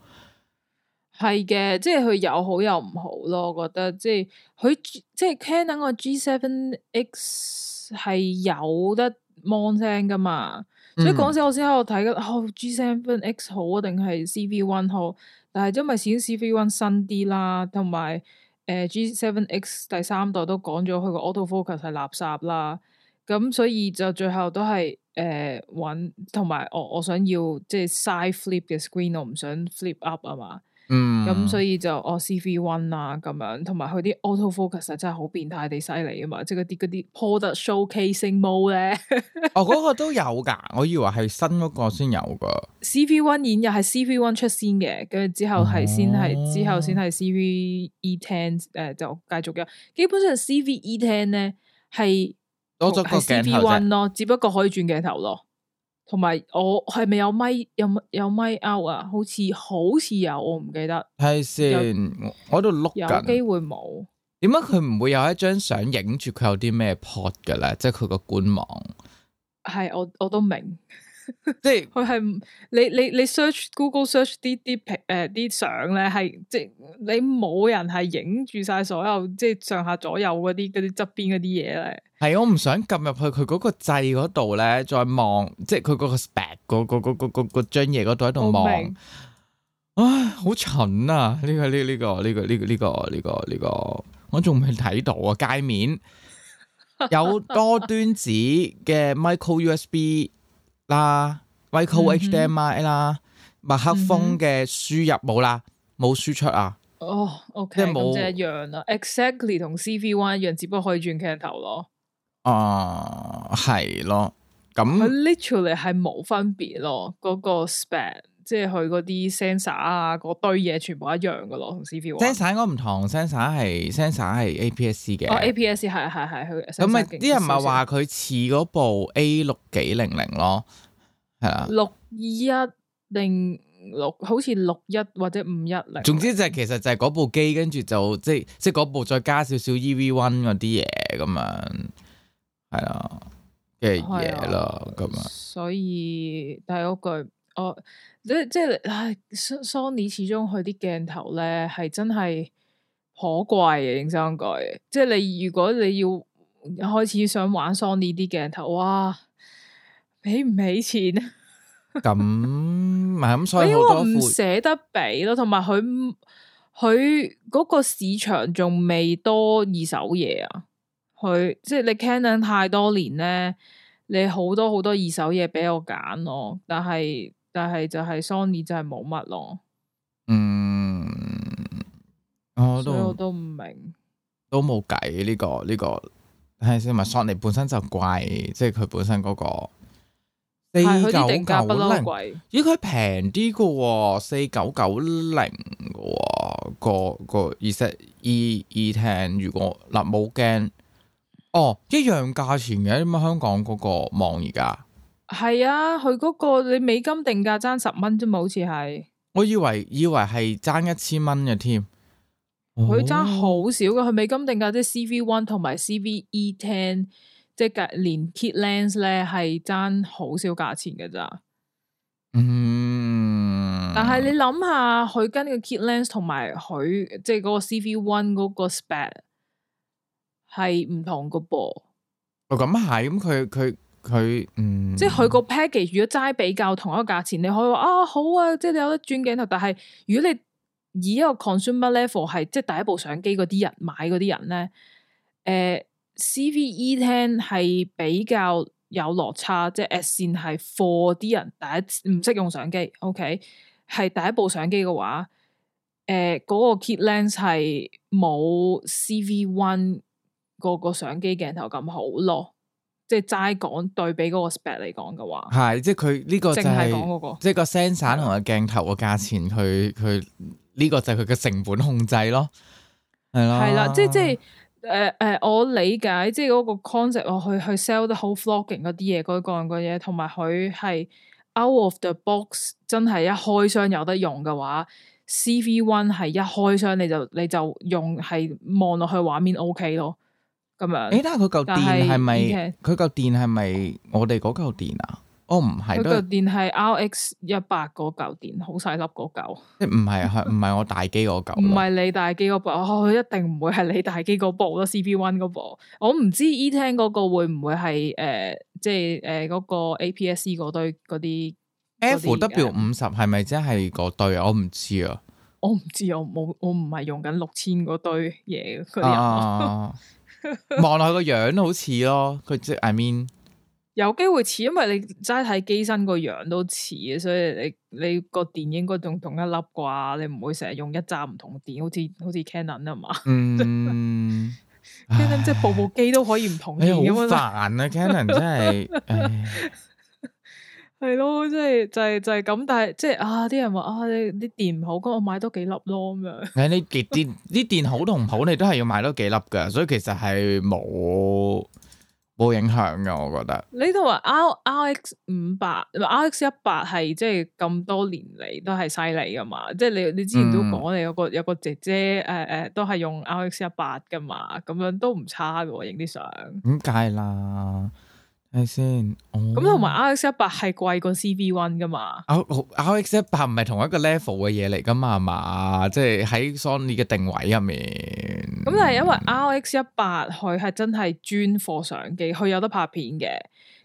係嘅，即係佢有好又唔好咯。我覺得即係佢即係 Canon 個 G7 X 係有得 mon 聲噶嘛，嗯、所以嗰時我先喺度睇緊，哦，G7 X 好啊，定係 Cv1 好？但係因為顯示 Cv1 新啲啦，同埋誒、呃、G7 X 第三代都講咗佢個 auto focus 係垃圾啦。咁所以就最後都係誒揾，同、呃、埋我我想要即係 side flip 嘅 screen，我唔想 flip up 啊嘛。嗯，咁、嗯、所以就哦 C V one 啊咁樣，同埋佢啲 auto focus 真係好變態地犀利啊嘛，即係嗰啲嗰啲 product showcasing mode 咧。哦，嗰、嗰個都有噶， 我以為係新嗰個先有噶。1 CV 1 C V one 演又係 C V one 出先嘅，跟住之後係先係、哦、之後先係 C V e ten，誒、呃、就繼續嘅。基本上 C V e ten 咧係攞咗個 C V one 啫，只不過可以轉鏡頭咯。同埋我係咪有咪有咪 out 啊？好似好似有，我唔記得。係先的，有我度 look 緊有機會冇？點解佢唔會有一張相影住佢有啲咩 port 嘅咧？即係佢個官網。係我我都明。即係佢係你你你 search Google search 啲啲、誒啲相咧，係即係你冇人係影住晒所有，即係上下左右嗰啲、嗰啲側邊嗰啲嘢咧，係我唔想撳入去佢嗰個掣嗰度咧，再望即係佢嗰個 spec 嗰嗰嗰嗰嗰張嘢嗰度喺度望，唉，好蠢啊！呢個呢呢個呢個呢個呢個呢個呢個個個我仲未睇到啊，界面 有多端子嘅 micro USB。Us 啦 micro HDMI 啦，HD 嗯、哼麥克風嘅輸入冇啦，冇輸出啊。哦，OK 冇，即係一樣啦，exactly 同 CV One 一樣，只不過可以轉鏡頭咯。啊，係咯，咁、嗯、literally 係冇分別咯嗰個 spec。那個 sp 即係佢嗰啲 sensor 啊，嗰、那個、堆嘢全部一樣噶咯， S 同 CVO。sensor 唔同，sensor 係 sensor 係 APS 嘅。嗯、 S 哦，APS 係係係係。咁咪啲人咪話佢似嗰部 A 六幾零零咯，係啊。六一定六，好似六一或者五一零。總之就係、是、其實就係嗰部機，跟住就即係即係嗰部再加少少 EV1 嗰啲嘢咁樣，係啊，嘅嘢咯咁啊。樣了樣所以但係嗰句我。即即唉，啊，Sony 始終佢啲鏡頭咧係真係可貴嘅影相鬼。即你如果你要一開始想玩 Sony 啲鏡頭，哇，俾唔起錢啊！咁咪咁，所以好多唔捨得俾咯。同埋佢佢嗰個市場仲未多二手嘢啊。佢即你 Canon 太多年咧，你好多好多二手嘢俾我揀咯，但係。但係就係 Sony 就係冇乜咯，嗯，我都我都唔明，都冇計呢個呢個，睇下先。咪 Sony 本身就貴，即係佢本身嗰個四九九零，咦？佢平啲噶，四九九零個個二十 E E Ten，如果嗱冇驚，哦，一樣價錢嘅咁啊！香港嗰個網而家。係啊，佢嗰、嗰個你美金定價爭十蚊啫嘛，好似係。我以為以為係爭一千蚊嘅添，佢爭好少嘅。佢美金定價即係 ZV-1 同埋 ZV-E10，即係連 Kit Lens 咧係爭好少價錢嘅咋。嗯。但係你諗下，佢跟 K 個 Kit Lens 同埋佢即係嗰個 ZV-1 嗰個 Spec 係唔同嘅噃。哦，咁係，咁佢佢。佢嗯，即係佢個 package 如果齋比較同一個價錢，你可以話啊好啊，即係你有得轉鏡頭。但係如果你以一個 consumer level 係即係第一部相機嗰啲人買嗰啲人咧，誒、呃、，C V E Ten 係比較有落差，即係一線係 for 啲人第一唔識用相機，OK，係第一部相機嘅話，誒、呃，嗰、那個 kit lens 係冇 C V One 嗰個相機鏡頭咁好咯。即係齋講對比嗰個 spec 嚟講嘅話，係即係佢呢個淨係講嗰個，即係個 sensor 同個鏡頭嘅價錢去，佢佢呢個就係佢嘅成本控制咯，係咯，係啦，即係即係誒誒，我理解即係嗰個 concept，我去去 sell 得好 vlogging 嗰啲嘢，嗰樣嘅嘢，同埋佢係 out of the box，真係一開箱有得用嘅話，CV one 係一開箱你就你就用係望落去畫面 OK 咯。咁樣，誒、欸，是是但係佢嚿電係咪佢嚿電係咪我哋嗰嚿電啊？哦，唔係，佢嚿電係 RX 一百嗰嚿電，好細粒嗰嚿。唔係，係唔係我大機嗰嚿？唔係你大機嗰部，佢一定唔會係你大機嗰部。好多 CP one 嗰部，我唔知 E10 嗰個會唔會係誒、呃，即係誒嗰個 APS-C 嗰堆嗰啲。FW 五十係咪即係嗰堆？我唔知啊，我唔知，我冇，我唔係用緊六千嗰堆嘢。佢哋望落去個樣都好似咯，佢即係 I mean 有機會似，因為你齋睇機身個樣都似，所以你你個電應該仲同一粒啩，你唔會成日用一扎唔同嘅電，好似好似 Canon 啊嘛，Canon, 嗯 ，Canon 即係部部機都可以唔同，你好煩啊 ，Canon 真係。 哎係咯，就是就是，即係就係就係咁，但係即係啊！啲人話啊，你啲電唔好，咁我買多幾粒咯咁樣。誒， 你電電啲電好同唔好，你都係要買多幾粒噶，所以其實係冇冇影響噶，我覺得。你同話 R X 五百唔 R X 一百係，即係咁多年嚟都係犀利噶嘛？即係你你之前都講，嗯，你有個有個姐姐誒誒，呃，都係用 R X 一百噶嘛？咁樣都唔差噶，影啲相。點解啦？係先，咁同埋 RX 一百係貴過 CV one 噶嘛？RX 一百唔係同一個 level 嘅嘢嚟噶嘛？係、就、嘛、是？即係喺 Sony 嘅定位入面，咁、嗯、但係因為 RX 一百佢係真係專貨相機，佢有得拍片嘅。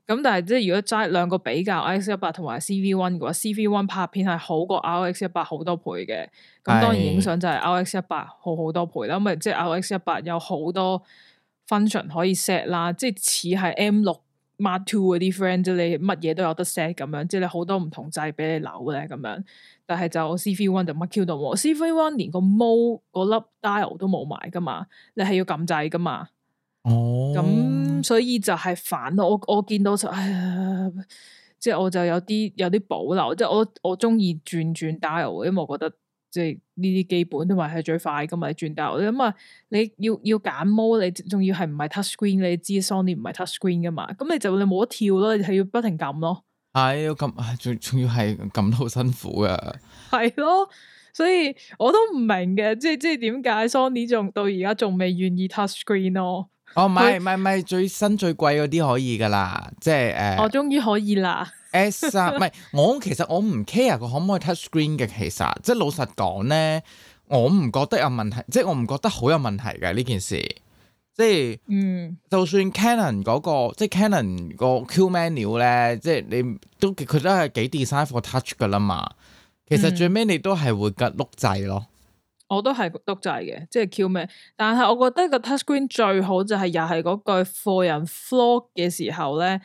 咁但係即係如果齋兩個比較，RX 一百同埋 CV one 嘅話，CV one 拍片係好過 RX 一百好多倍嘅。咁當然影相就係 RX 一百好好多倍啦。咁咪即係 RX 一百有好多 function 可以 set 啦，即係似係 M 六。mark two 嗰啲 friend 即係你乜嘢都有得 set 咁樣，即係你好多唔同掣俾你扭咧咁樣。但係就 C V one 就乜 Q 都冇、oh.，C V one 連個 mode 嗰粒 dial 都冇埋噶嘛，你係要撳掣噶嘛。哦、oh.，咁所以就係煩咯。我我見到就，唉，即係我就有啲有啲保留，即係我我中意轉轉 dial，因為我覺得。即係呢啲基本，同埋係最快噶嘛轉。但係我諗啊，你要要揀 mode，你仲要係唔係 touch screen？你知 Sony 唔係 touch screen 噶嘛？咁你就你冇得跳咯，你係要不停撳咯。係、哎、要撳，仲仲要係撳得好辛苦噶、啊。係咯，所以我都唔明嘅，即係即係點解 Sony 仲到而家仲未願意 touch screen 咯？哦，唔係唔係唔係最新最貴嗰啲可以噶啦，即係誒，uh, 我終於可以啦 S。 S 啊，唔係我其實我唔 care 佢可唔可以 touch screen 嘅，其實即係老實講咧，我唔覺得有問題，即係我唔覺得好有問題嘅呢件事，即係嗯，就算 Canon 嗰、那個即係 Canon 個 Q menu 咧，即係你都佢都係幾 design for touch 噶啦嘛，其實最尾你都係會吉碌掣咯。我都係督掣嘅，即係叫咩？但係我覺得個 Touchscreen 最好就係又係嗰句貨人 vlog 嘅時候咧，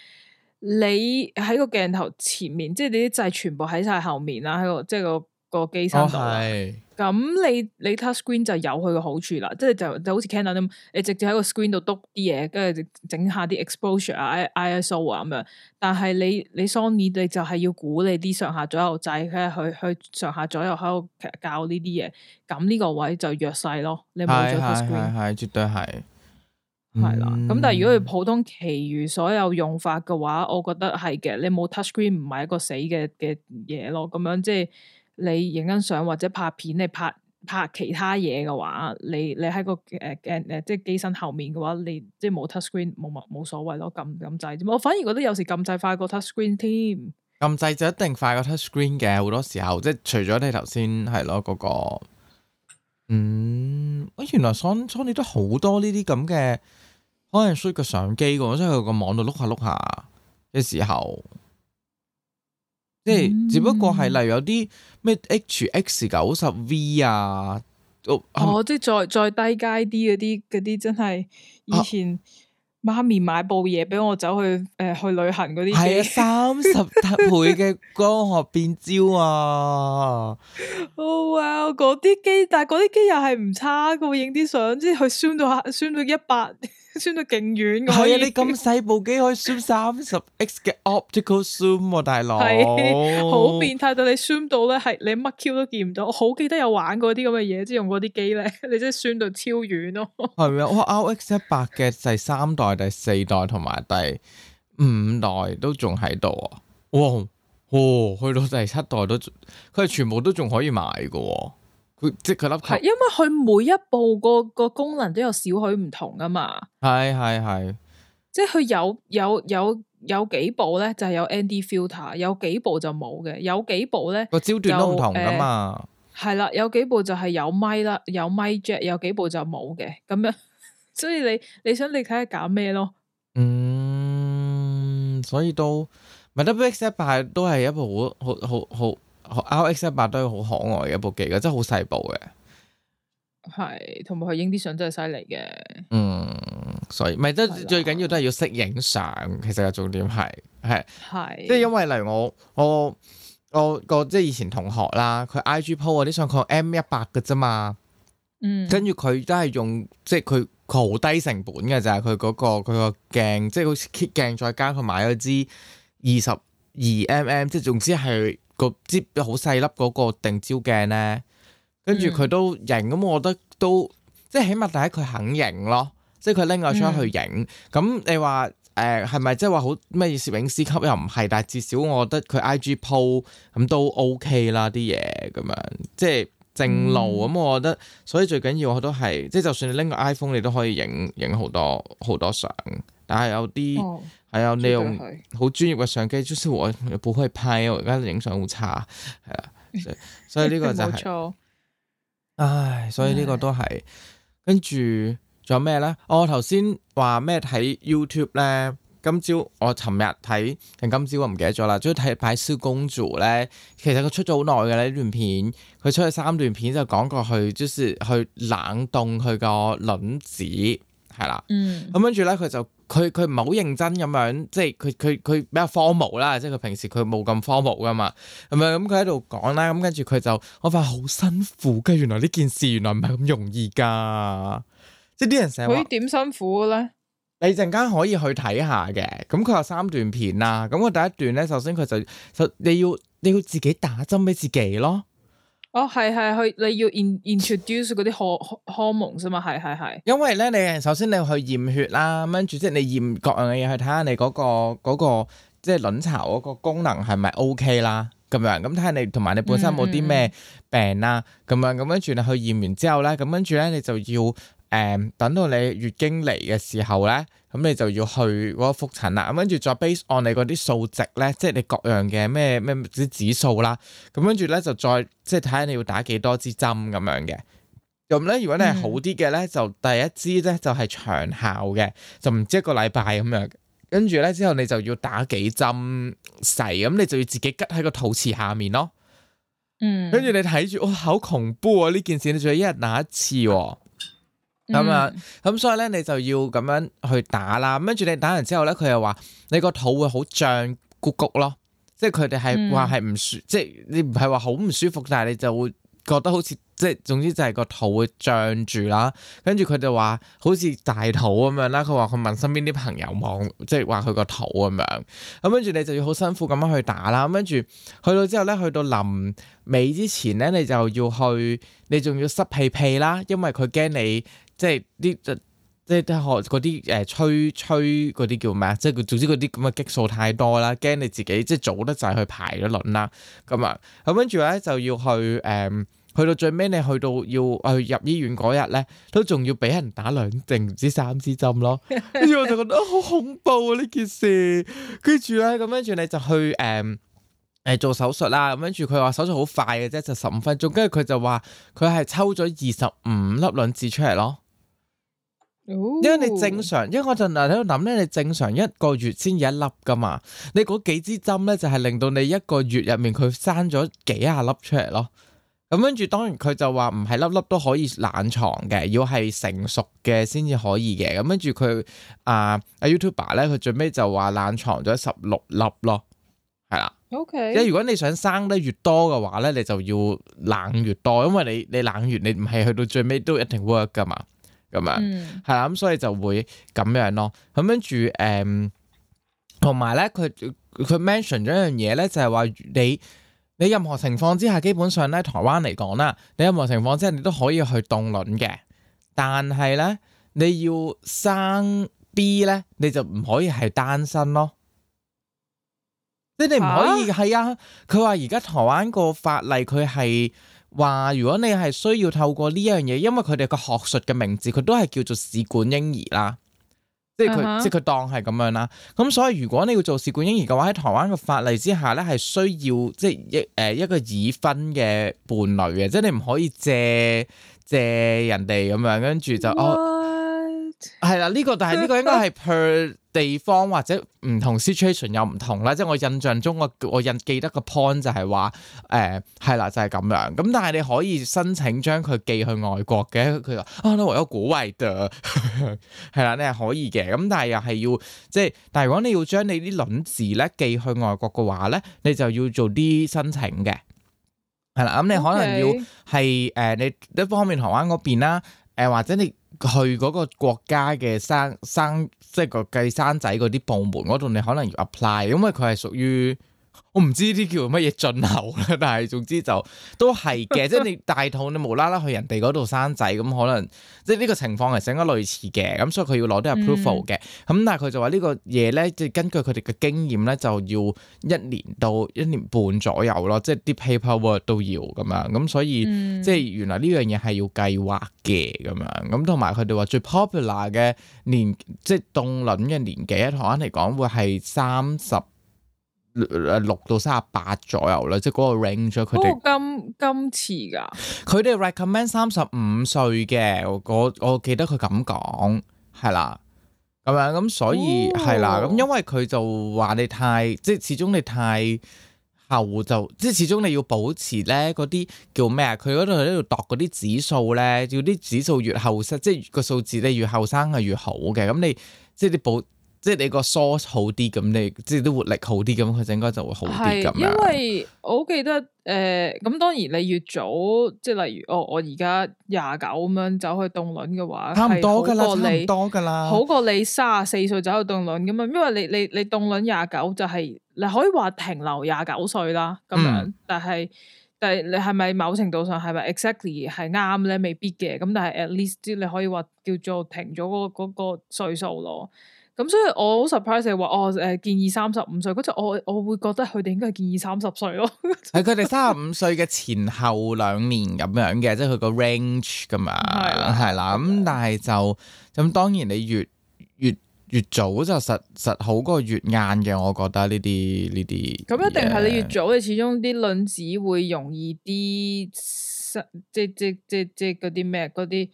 你喺個鏡頭前面，即係你啲掣全部喺晒後面啦，喺、個即係個個機身度。哦咁你你 touch screen 就有佢嘅好處啦，即係就就好似 Canon 咁，你直接喺個 screen 度督啲嘢，跟住整下啲 exposure 啊、ISO 啊咁樣。但係你你 Sony 你就係要鼓你啲上下左右掣，佢去去上下左右喺度教呢啲嘢。咁呢個位就弱勢咯，你冇咗 touch screen，係絕對係係啦。咁但係如果佢普通，其餘所有用法嘅話，我覺得係嘅。你冇 touch screen 唔係一個死嘅嘅嘢咯。咁樣即係。你影跟相或者拍片，你拍拍其他嘢嘅話，你你喺個誒誒、啊啊啊、即係機身後面嘅話，你即係冇 touch screen 冇冇冇所謂咯，撳撳掣啫我反而覺得有時撳掣快過 touch screen 添。撳掣就一定快過 touch screen 嘅，好多時候即係除咗你頭先係咯嗰、那個，嗯，哎，原來 s o n s o y 都好多呢啲咁嘅可能需 u i 相機噶，即係佢個網度碌下碌下嘅時候。即係、嗯、只不過係例如有啲咩 HX90V 啊，嗯、哦，即、就、係、是、再再低階啲嗰啲嗰啲真係以前媽、啊、咪買部嘢俾我走去誒、呃、去旅行嗰啲係啊三十倍嘅光學變焦啊，哦哇，嗰啲機，但係嗰啲機又係唔差嘅，影啲相即係佢酸到酸到一百。 酸到勁遠，係啊！你咁細部機可以酸三十 X 嘅 optical zoom，大佬，好變態！但係 zoom 到咧，係你乜 Q 都見唔到。我好記得有玩過啲咁嘅嘢，即係用嗰啲機咧， 你真係酸到超遠咯、喔。係咪？我 RX 一百嘅第三代、第四代同埋第五代都仲喺度啊！哇，哇，哇去到第七代都，佢係全部都仲可以買噶。佢即佢粒係，因為佢每一部個個功能都有少許唔同噶嘛。係係係，即係佢有有有有，有幾部咧，就係、是、有 ND filter，有幾部就冇嘅，有幾部咧個焦段都唔同噶嘛。係、欸、啦，有幾部就係有咪啦，有咪 jack，有幾部就冇嘅咁樣。所以你你想你睇下揀咩咯。嗯，所以都 my W X F 派都係一部好好好好。好好好 R X 一百都係好可愛嘅一部機嘅，細真係好細部嘅，係同埋佢影啲相真係犀利嘅。嗯，所以咪都的最緊要都係要識影相，其實嘅重點係係係，是即係因為例如我我我個即係以前同學啦，佢 I G 鋪嗰啲相佢 M 一百嘅啫嘛，嗯，跟住佢真係用即係佢好低成本嘅就咋，佢嗰、嗰個佢個鏡即係好似 Kit 鏡，再加佢買咗支二十二 M M，即係總之係。個支好細粒嗰個定焦鏡呢，跟住佢都影，咁我覺得都即係起碼第一佢肯影咯，即係佢拎個出去影。咁、嗯、你話誒係咪即係話好咩攝影師級又唔係，但係至少我覺得佢 I G 鋪咁都 O、OK、K 啦啲嘢咁樣，即係正路。咁、嗯、我覺得所以最緊要我都係即係就算你拎個 iPhone 你都可以影影好多好多相，但係有啲。哦係啊，利用好專業嘅相機，即、就、使、是、我又不會拍，我而家影相好差，係啊，所以呢個就係、是， 錯唉，所以個呢個都係。跟住仲有咩咧？我頭先話咩睇 YouTube 咧？今朝我尋日睇，定今朝我唔記得咗啦。主要睇白雪公主咧，其實佢出咗好耐嘅呢段片，佢出咗三段片，就講過去，就是去冷凍佢個卵子。係啦，咁、嗯、跟住咧，佢就佢佢唔係好認真咁樣，即係佢佢佢比較 formal 啦，即係佢平時佢冇咁 formal 噶嘛，咁樣咁佢喺度講啦，咁、嗯、跟住佢就我發覺好辛苦嘅，原來呢件事原來唔係咁容易噶，即係啲人成日點辛苦咧？你陣間可以去睇下嘅，咁佢有三段片啦，咁我第一段咧，首先佢就就你要你要自己打針俾自己咯。哦，係係去你要 introduce 嗰啲荷荷蒙啫嘛，係係係。因為咧，你首先你要去驗血啦，跟住即係你驗各樣嘢去睇下你嗰、嗰個、嗰個即係卵巢嗰個功能係咪 O K 啦，咁樣咁睇下你同埋你本身冇啲咩病啦、啊，咁、mm hmm. 樣咁樣你去驗完之後咧，咁跟住咧你就要。誒、嗯，等到你月經嚟嘅時候咧，咁你就要去嗰個復診啦。咁跟住再 based on 你嗰啲數值咧，即係你各樣嘅咩咩啲指數啦。咁跟住咧就再即係睇下你要打幾多支針咁樣嘅。咁咧如果你係好啲嘅咧，就第一支咧就係、是、長效嘅，就唔止一個禮拜咁樣。跟住咧之後你就要打幾針細，咁你就要自己吉喺個肚臍下面咯。嗯，跟住你睇住，哇、哦，好恐怖啊、哦！呢件事你仲要一日打一次、哦。咁啊，咁、嗯嗯嗯、所以咧，你就要咁樣去打啦。跟住你打完之後咧，佢又話你個肚會好脹谷谷咯，即係佢哋係話係唔舒，嗯、即係你唔係話好唔舒服，但係你就會覺得好似即係總之就係個肚會脹住啦。跟住佢就話好似大肚咁樣啦。佢話佢問身邊啲朋友望，即係話佢個肚咁樣。咁跟住你就要好辛苦咁樣去打啦。咁跟住去到之後咧，去到臨尾之前咧，你就要去，你仲要濕屁屁啦，因為佢驚你。即係啲即係啲學嗰啲誒，催催嗰啲叫咩啊？即係總之嗰啲咁嘅激素太多啦，驚你自己即係早得滯去排咗卵啦。咁啊，咁跟住咧就要去誒、嗯，去到最尾，你去到要去入醫院嗰日咧，都仲要俾人打兩定唔知三支針咯。跟住我就覺得好恐怖啊！呢 件事，跟住咧咁跟住你就去誒誒、嗯、做手術啦。咁跟住佢話手術好快嘅啫，就十五分鐘。跟住佢就話佢係抽咗二十五粒卵子出嚟咯。因為你正常，因為我就嗱喺度諗咧，你正常一個月先有一粒噶嘛，你嗰幾支針咧就係、是、令到你一個月入面佢生咗幾下粒出嚟咯。咁跟住當然佢就話唔係粒粒都可以冷藏嘅，要係成熟嘅先至可以嘅。咁跟住佢啊啊 YouTuber 咧，佢、呃、最尾就話冷藏咗十六粒咯，係啦。OK。即如果你想生得越多嘅話咧，你就要冷越多，因為你你冷完，你唔係去到最尾都一定 work 噶嘛。咁樣，係啦、嗯，咁所以就會咁樣咯。咁樣住誒，同埋咧，佢佢 mention 咗一樣嘢咧，就係話你你任何情況之下，基本上咧台灣嚟講啦，你任何情況之下你都可以去凍卵嘅，但係咧你要生 B 咧，你就唔可以係單身咯。你哋唔可以係啊？佢話而家台灣個法例佢係。話如果你係需要透過呢一樣嘢，因為佢哋個學術嘅名字，佢都係叫做試管嬰兒啦，即係佢、uh huh. 即係佢當係咁樣啦。咁所以如果你要做試管嬰兒嘅話，喺台灣嘅法例之下咧，係需要即係一誒、呃、一個已婚嘅伴侶嘅，即係你唔可以借借人哋咁樣，跟住就、uh huh. 哦。係啦，呢、這個但係呢個應該係 per 地方或者唔同 situation 又唔同啦。即係我印象中個我印記得個 point 就係話誒係啦，就係、是、咁樣咁。但係你可以申請將佢寄去外國嘅。佢話啊，你為咗鼓勵嘅係啦，你係可以嘅。咁但係又係要即係，但係如果你要將你啲輪字咧寄去外國嘅話咧，你就要做啲申請嘅係啦。咁、嗯、你可能要係誒 Okay.、呃、你一方面台灣嗰邊啦，誒、呃、或者你。去嗰個國家嘅生生，即係個計生仔嗰啲部門嗰度，你可能要 apply，因為佢係屬於。我唔知呢啲叫乜嘢進口啦，但係總之就都係嘅，即係 你大肚你無啦啦去人哋嗰度生仔咁，可能即係呢個情況係相當類似嘅，咁所以佢要攞啲 approval 嘅。咁、嗯、但係佢就話呢個嘢咧，即係根據佢哋嘅經驗咧，就要一年到一年半左右咯，即係啲 paperwork 都要咁樣。咁所以、嗯、即係原來呢樣嘢係要計劃嘅咁樣。咁同埋佢哋話最 popular 嘅年即係凍卵嘅年紀，喺台灣嚟講會係三十。誒，六到三十八左右啦，即係嗰個 range。咗。佢哋金金次噶，佢哋 recommend 三十五歲嘅。我我記得佢咁講係啦，咁樣咁所以係、哦、啦。咁因為佢就話你太，即係始終你太後就，即係始終你要保持咧嗰啲叫咩啊？佢嗰度喺度度嗰啲指數咧，要啲指數越後生，即係個數字咧越後生係越好嘅。咁你即係你保。即係你個 source 好啲咁，你即係啲活力好啲咁，佢就應該就會好啲咁樣。係，因為我記得誒，咁、呃、當然你越早，即係例如、哦、我我而家廿九咁樣走去凍卵嘅話，差唔多噶啦，差唔多噶啦，好過你卅四歲走去凍卵咁啊，因為你你你凍卵廿九就係、是、你可以話停留廿九歲啦咁樣，嗯、但係但係你係咪某程度上係咪 exactly 係啱咧？未必嘅，咁但係 at least，你可以話叫做停咗嗰嗰個歲數咯。咁所以我好 surprise 係話哦，誒、呃、建議三十五歲，嗰陣我我會覺得佢哋應該係建議三十歲咯。係佢哋三十五歲嘅前後兩年咁樣嘅， 即係佢個 range 噶嘛，係啦。咁但係就咁、嗯，當然你越越越早就實實好過越晏嘅，我覺得呢啲呢啲。咁一定係你越早，你始終啲卵子會容易啲，即即即即嗰啲咩嗰啲。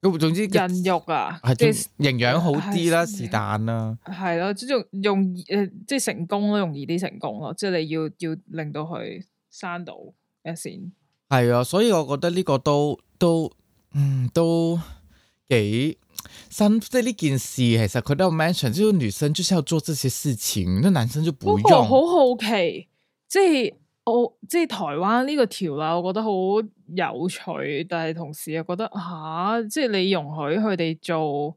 咁總之，孕育啊，即係營養好啲啦，哎呀啊、是但、啊、啦。係咯，即係用，誒，即係成功都容易啲成功咯，即係你要要令到佢生到一線。係啊，所以我覺得呢個都都，嗯，都幾新。即係呢件事，其實佢都有 mention，就女生就是要做這些事情，那男生就不用。我好好奇，即係。哦、即係台灣呢個條例，我覺得好有趣，但係同時又覺得吓、啊，即係你容許佢哋做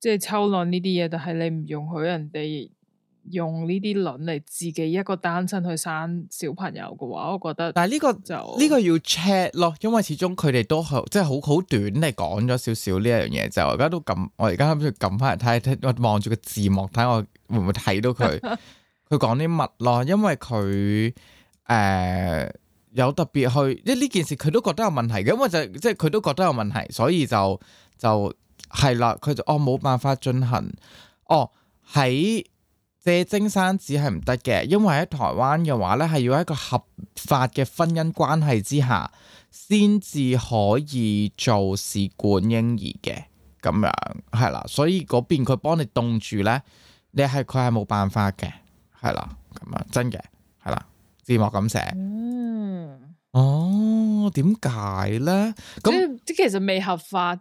即係抽卵呢啲嘢，但係你唔容許人哋用呢啲卵嚟自己一個單身去生小朋友嘅話，我覺得。但係、呢、呢個就呢、呢個要 check 咯，因為始終佢哋都係即係好好短嚟講咗少少呢一樣嘢就，而家都撳我而家諗住撳翻嚟睇睇，我望住個字幕睇我會唔會睇到佢佢講啲乜咯，因為佢。誒、uh, 有特別去，因為呢件事佢都覺得有問題嘅，因為就即係佢都覺得有問題，所以就就係啦，佢就哦冇辦法進行。哦喺借精生子係唔得嘅，因為喺台灣嘅話咧，係要一個合法嘅婚姻關係之下，先至可以做試管嬰兒嘅。咁樣係啦，所以嗰邊佢幫你凍住咧，你係佢係冇辦法嘅，係啦，咁樣真嘅，係啦。字幕咁寫，嗯、哦，點解咧？咁即,即其實未合法，誒，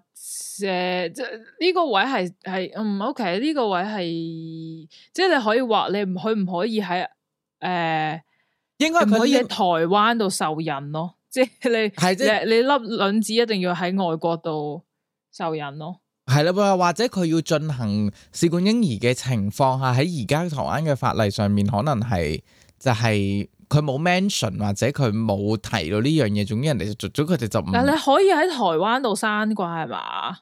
即係呢個位係係唔 OK，呢個位係即係你可以話你，佢唔可以喺誒，呃、應該唔可以喺台灣度受孕咯，即係你係即係你粒卵子一定要喺外國度受孕咯，係啦，或者佢要進行試管嬰兒嘅情況下，喺而家台灣嘅法例上面，可能係就係、是。佢冇 mention 或者佢冇提到呢樣嘢，總之人哋就，總之佢哋就。唔。但你可以喺台灣度生啩，係嘛？誒、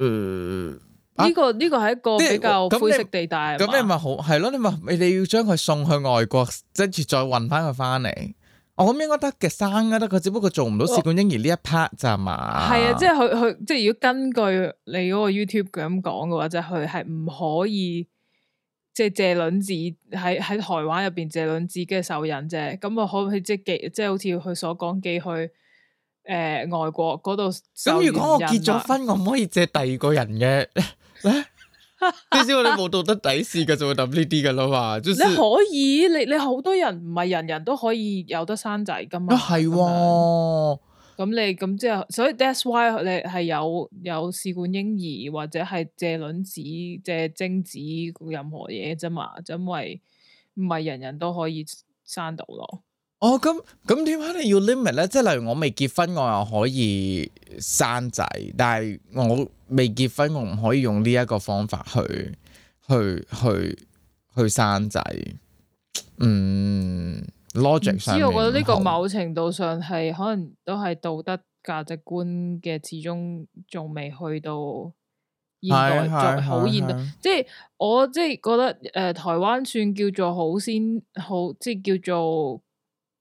嗯，呢、啊這個呢、這個係一個比較灰色地帶啊。咁你咪吧好係咯？你咪你要將佢送去外國，跟住再運翻佢翻嚟。我諗應該得嘅，生刪得，佢只不過做唔到試管嬰兒呢一 part 咋嘛？係哇啊，即係佢佢即係如果根據你嗰個 YouTube 咁講嘅話，就係佢係唔可以。即係借卵子喺喺台灣入邊借卵子嘅受人啫，咁我可唔可以即係寄，即係好似佢所講寄去誒、呃、外國嗰度。咁如果我結咗婚，我唔可以借第二個人嘅？呢 啲 我哋冇道德底線嘅，就會諗呢啲噶啦嘛。你可以，你你好多人唔係人人都可以有得生仔噶嘛。係、哦。咁你咁即係，所以 that's why 你係有有試管嬰兒或者係借卵子、借精子任何嘢啫嘛，因為唔係人人都可以生到咯。哦，咁咁點解你要 limit 咧？即係例如我未結婚，我又可以生仔，但係我未結婚，我唔可以用呢一個方法去去去去生仔。嗯。Logic，唔知，上面 我覺得呢個某程度上係好可能都係道德價值觀嘅，始終仲未去到現代，好對現代。對對對，即係我即係覺得，誒、呃、台灣算叫做好先，好即係叫做。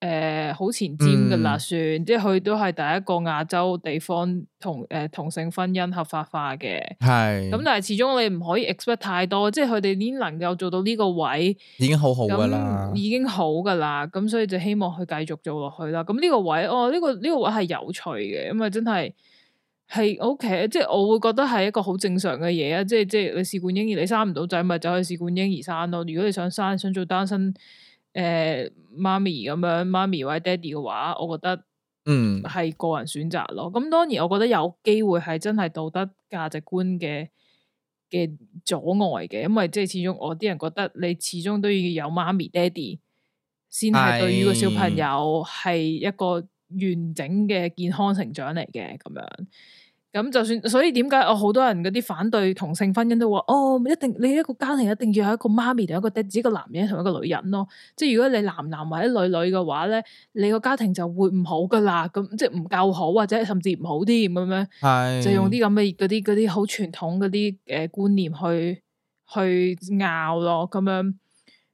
誒，好、呃、前瞻嘅啦，算，嗯、即係佢都係第一個亞洲地方同誒同性婚姻合法化嘅，係。咁但係始終你唔可以 expect 太多，即係佢哋已經能夠做到呢個位，已經好好噶啦，已經好噶啦，咁所以就希望佢繼續做落去啦。咁呢個位，哦，呢個呢個位係有趣嘅，因為真係係 OK，即係我會覺得係一個好正常嘅嘢啊。即係即係你試管嬰兒你生唔到仔，咪就去試管嬰兒生咯。如果你想生，想做單身。誒，媽咪咁樣，媽咪或者爹哋嘅話，我覺得，嗯，係個人選擇咯。咁、嗯、當然，我覺得有機會係真係道德價值觀嘅嘅阻礙嘅，因為即係始終我啲人覺得，你始終都要有媽咪爹哋，先係對於個小朋友係一個完整嘅健康成長嚟嘅咁樣。咁就算，所以點解有好多人嗰啲反對同性婚姻都話，哦，一定你一個家庭一定要有一個媽咪同一個爹哋，一個男人同一個女人咯。即係如果你男男或者女女嘅話咧，你個家庭就會唔好噶啦。咁即係唔夠好或者甚至唔好啲咁樣，是就用啲咁嘅嗰啲嗰啲好傳統嗰啲誒觀念去去拗咯，咁樣。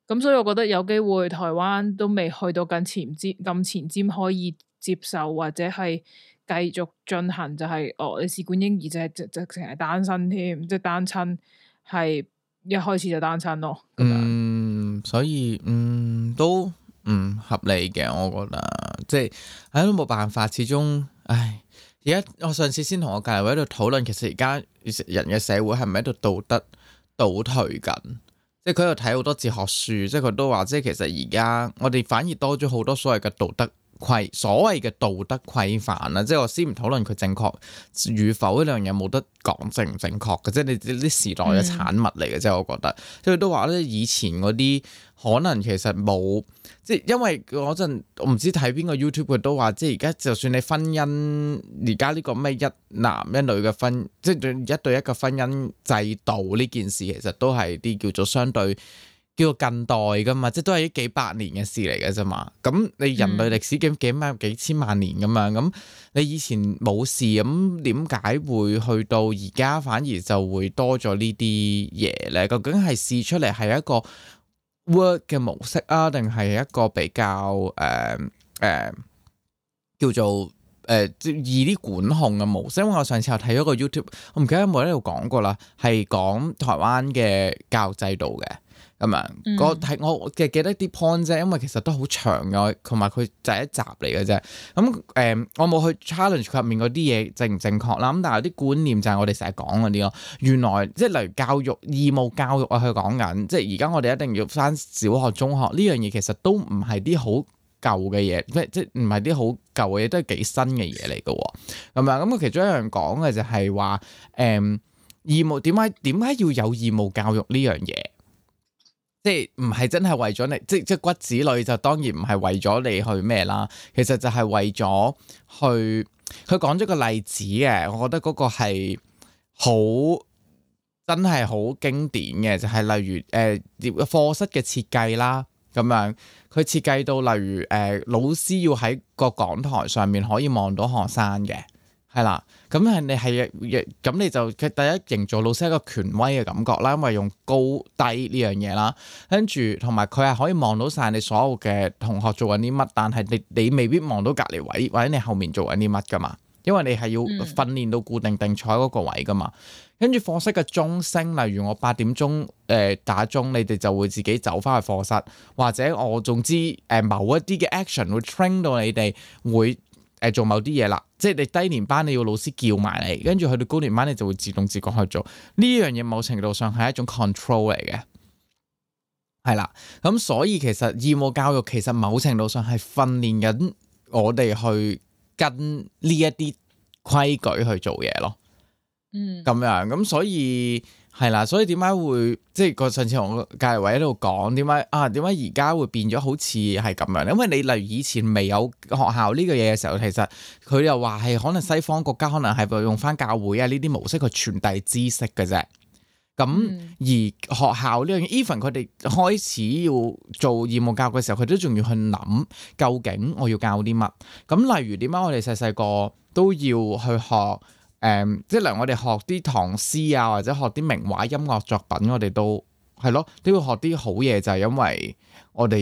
咁所以我覺得有機會台灣都未去到咁前瞻，咁前瞻可以接受或者係。繼續進行就係、是、哦，你試管嬰兒就係即即成係單身添，即單親係一開始就單身咯。嗯，所以嗯都唔合理嘅，我覺得即係唉、哎、都冇辦法，始終唉而家我上次先同我隔籬位喺度討論，其實而家人嘅社會係咪喺度道德倒退緊？即佢喺度睇好多哲學書，即佢都話即其實而家我哋反而多咗好多所謂嘅道德。規所謂嘅道德規範啦，即係我先唔討論佢正確與否，呢兩樣嘢冇得講正唔正確嘅，即係你啲時代嘅產物嚟嘅啫。我覺得即係都話咧，以前嗰啲可能其實冇，即係因為嗰陣我唔知睇邊個 YouTube 佢都話，即係而家就算你婚姻而家呢個咩一男一女嘅婚，即係一對一嘅婚姻制度呢件事，其實都係啲叫做相對。叫近代噶嘛，即係都係依幾百年嘅事嚟嘅啫嘛。咁你人類歷史幾幾萬、嗯、幾千萬年咁樣，咁你以前冇事，咁點解會去到而家反而就會多咗呢啲嘢咧？究竟係試出嚟係一個 work 嘅模式啊，定係一個比較誒誒、呃呃、叫做誒易啲管控嘅模式？因為我上次我睇咗個 YouTube，我唔記得有冇喺度講過啦，係講台灣嘅教育制度嘅。咁啊，是是嗯、我我記記得啲 point 啫，因為其實都好長嘅，同埋佢就一集嚟嘅啫。咁、嗯、誒，我冇去 challenge 入面嗰啲嘢正唔正確啦。咁但係啲觀念就係我哋成日講嗰啲咯。原來即係例如教育義務教育啊，佢講緊即係而家我哋一定要返小學、中學呢樣嘢，其實都唔係啲好舊嘅嘢，即即唔係啲好舊嘅嘢，都係幾新嘅嘢嚟㗎。係咪咁？佢、嗯、其中一樣講嘅就係話誒義務，點解點解要有義務教育呢樣嘢？即係唔係真係為咗你，即即骨子裏就當然唔係為咗你去咩啦。其實就係為咗去，佢講咗個例子嘅，我覺得嗰個係好真係好經典嘅，就係例如誒，課室嘅設計啦，咁樣佢設計到例如誒，老師要喺個講台上面可以望到學生嘅。係啦，咁係你係亦咁你就佢第一營造老師一個權威嘅感覺啦，因為用高低呢樣嘢啦，跟住同埋佢係可以望到晒你所有嘅同學做緊啲乜，但係你你未必望到隔離位或者你後面做緊啲乜㗎嘛，因為你係要訓練到固定定坐喺嗰個位㗎嘛。跟住課室嘅鐘聲，例如我八點鐘誒、呃、打鐘，你哋就會自己走返去課室，或者我總之誒、呃、某一啲嘅 action 會 train 到你哋會。誒，做某啲嘢啦，即係你低年班你要老師叫埋你，跟住去到高年班你就會自動自覺去做呢樣嘢。某程度上係一種 control 嚟嘅，係啦。咁所以其實義務教育其實某程度上係訓練緊我哋去跟呢一啲規矩去做嘢咯。嗯，咁樣咁所以。係啦，所以點解會即係個上次同個教育喺度講點解啊？點解而家會變咗好似係咁樣？因為你例如以前未有學校呢個嘢嘅時候，其實佢又話係可能西方國家可能係用翻教會啊呢啲模式去傳遞知識嘅啫。咁、嗯、而學校呢樣 even 佢哋開始要做義務教育嘅時候，佢都仲要去諗究竟我要教啲乜？咁例如點解我哋細細個都要去學？誒、嗯，即係嚟我哋學啲唐詩啊，或者學啲名畫、音樂作品，我哋都係咯。都要學啲好嘢，就係、是、因為我哋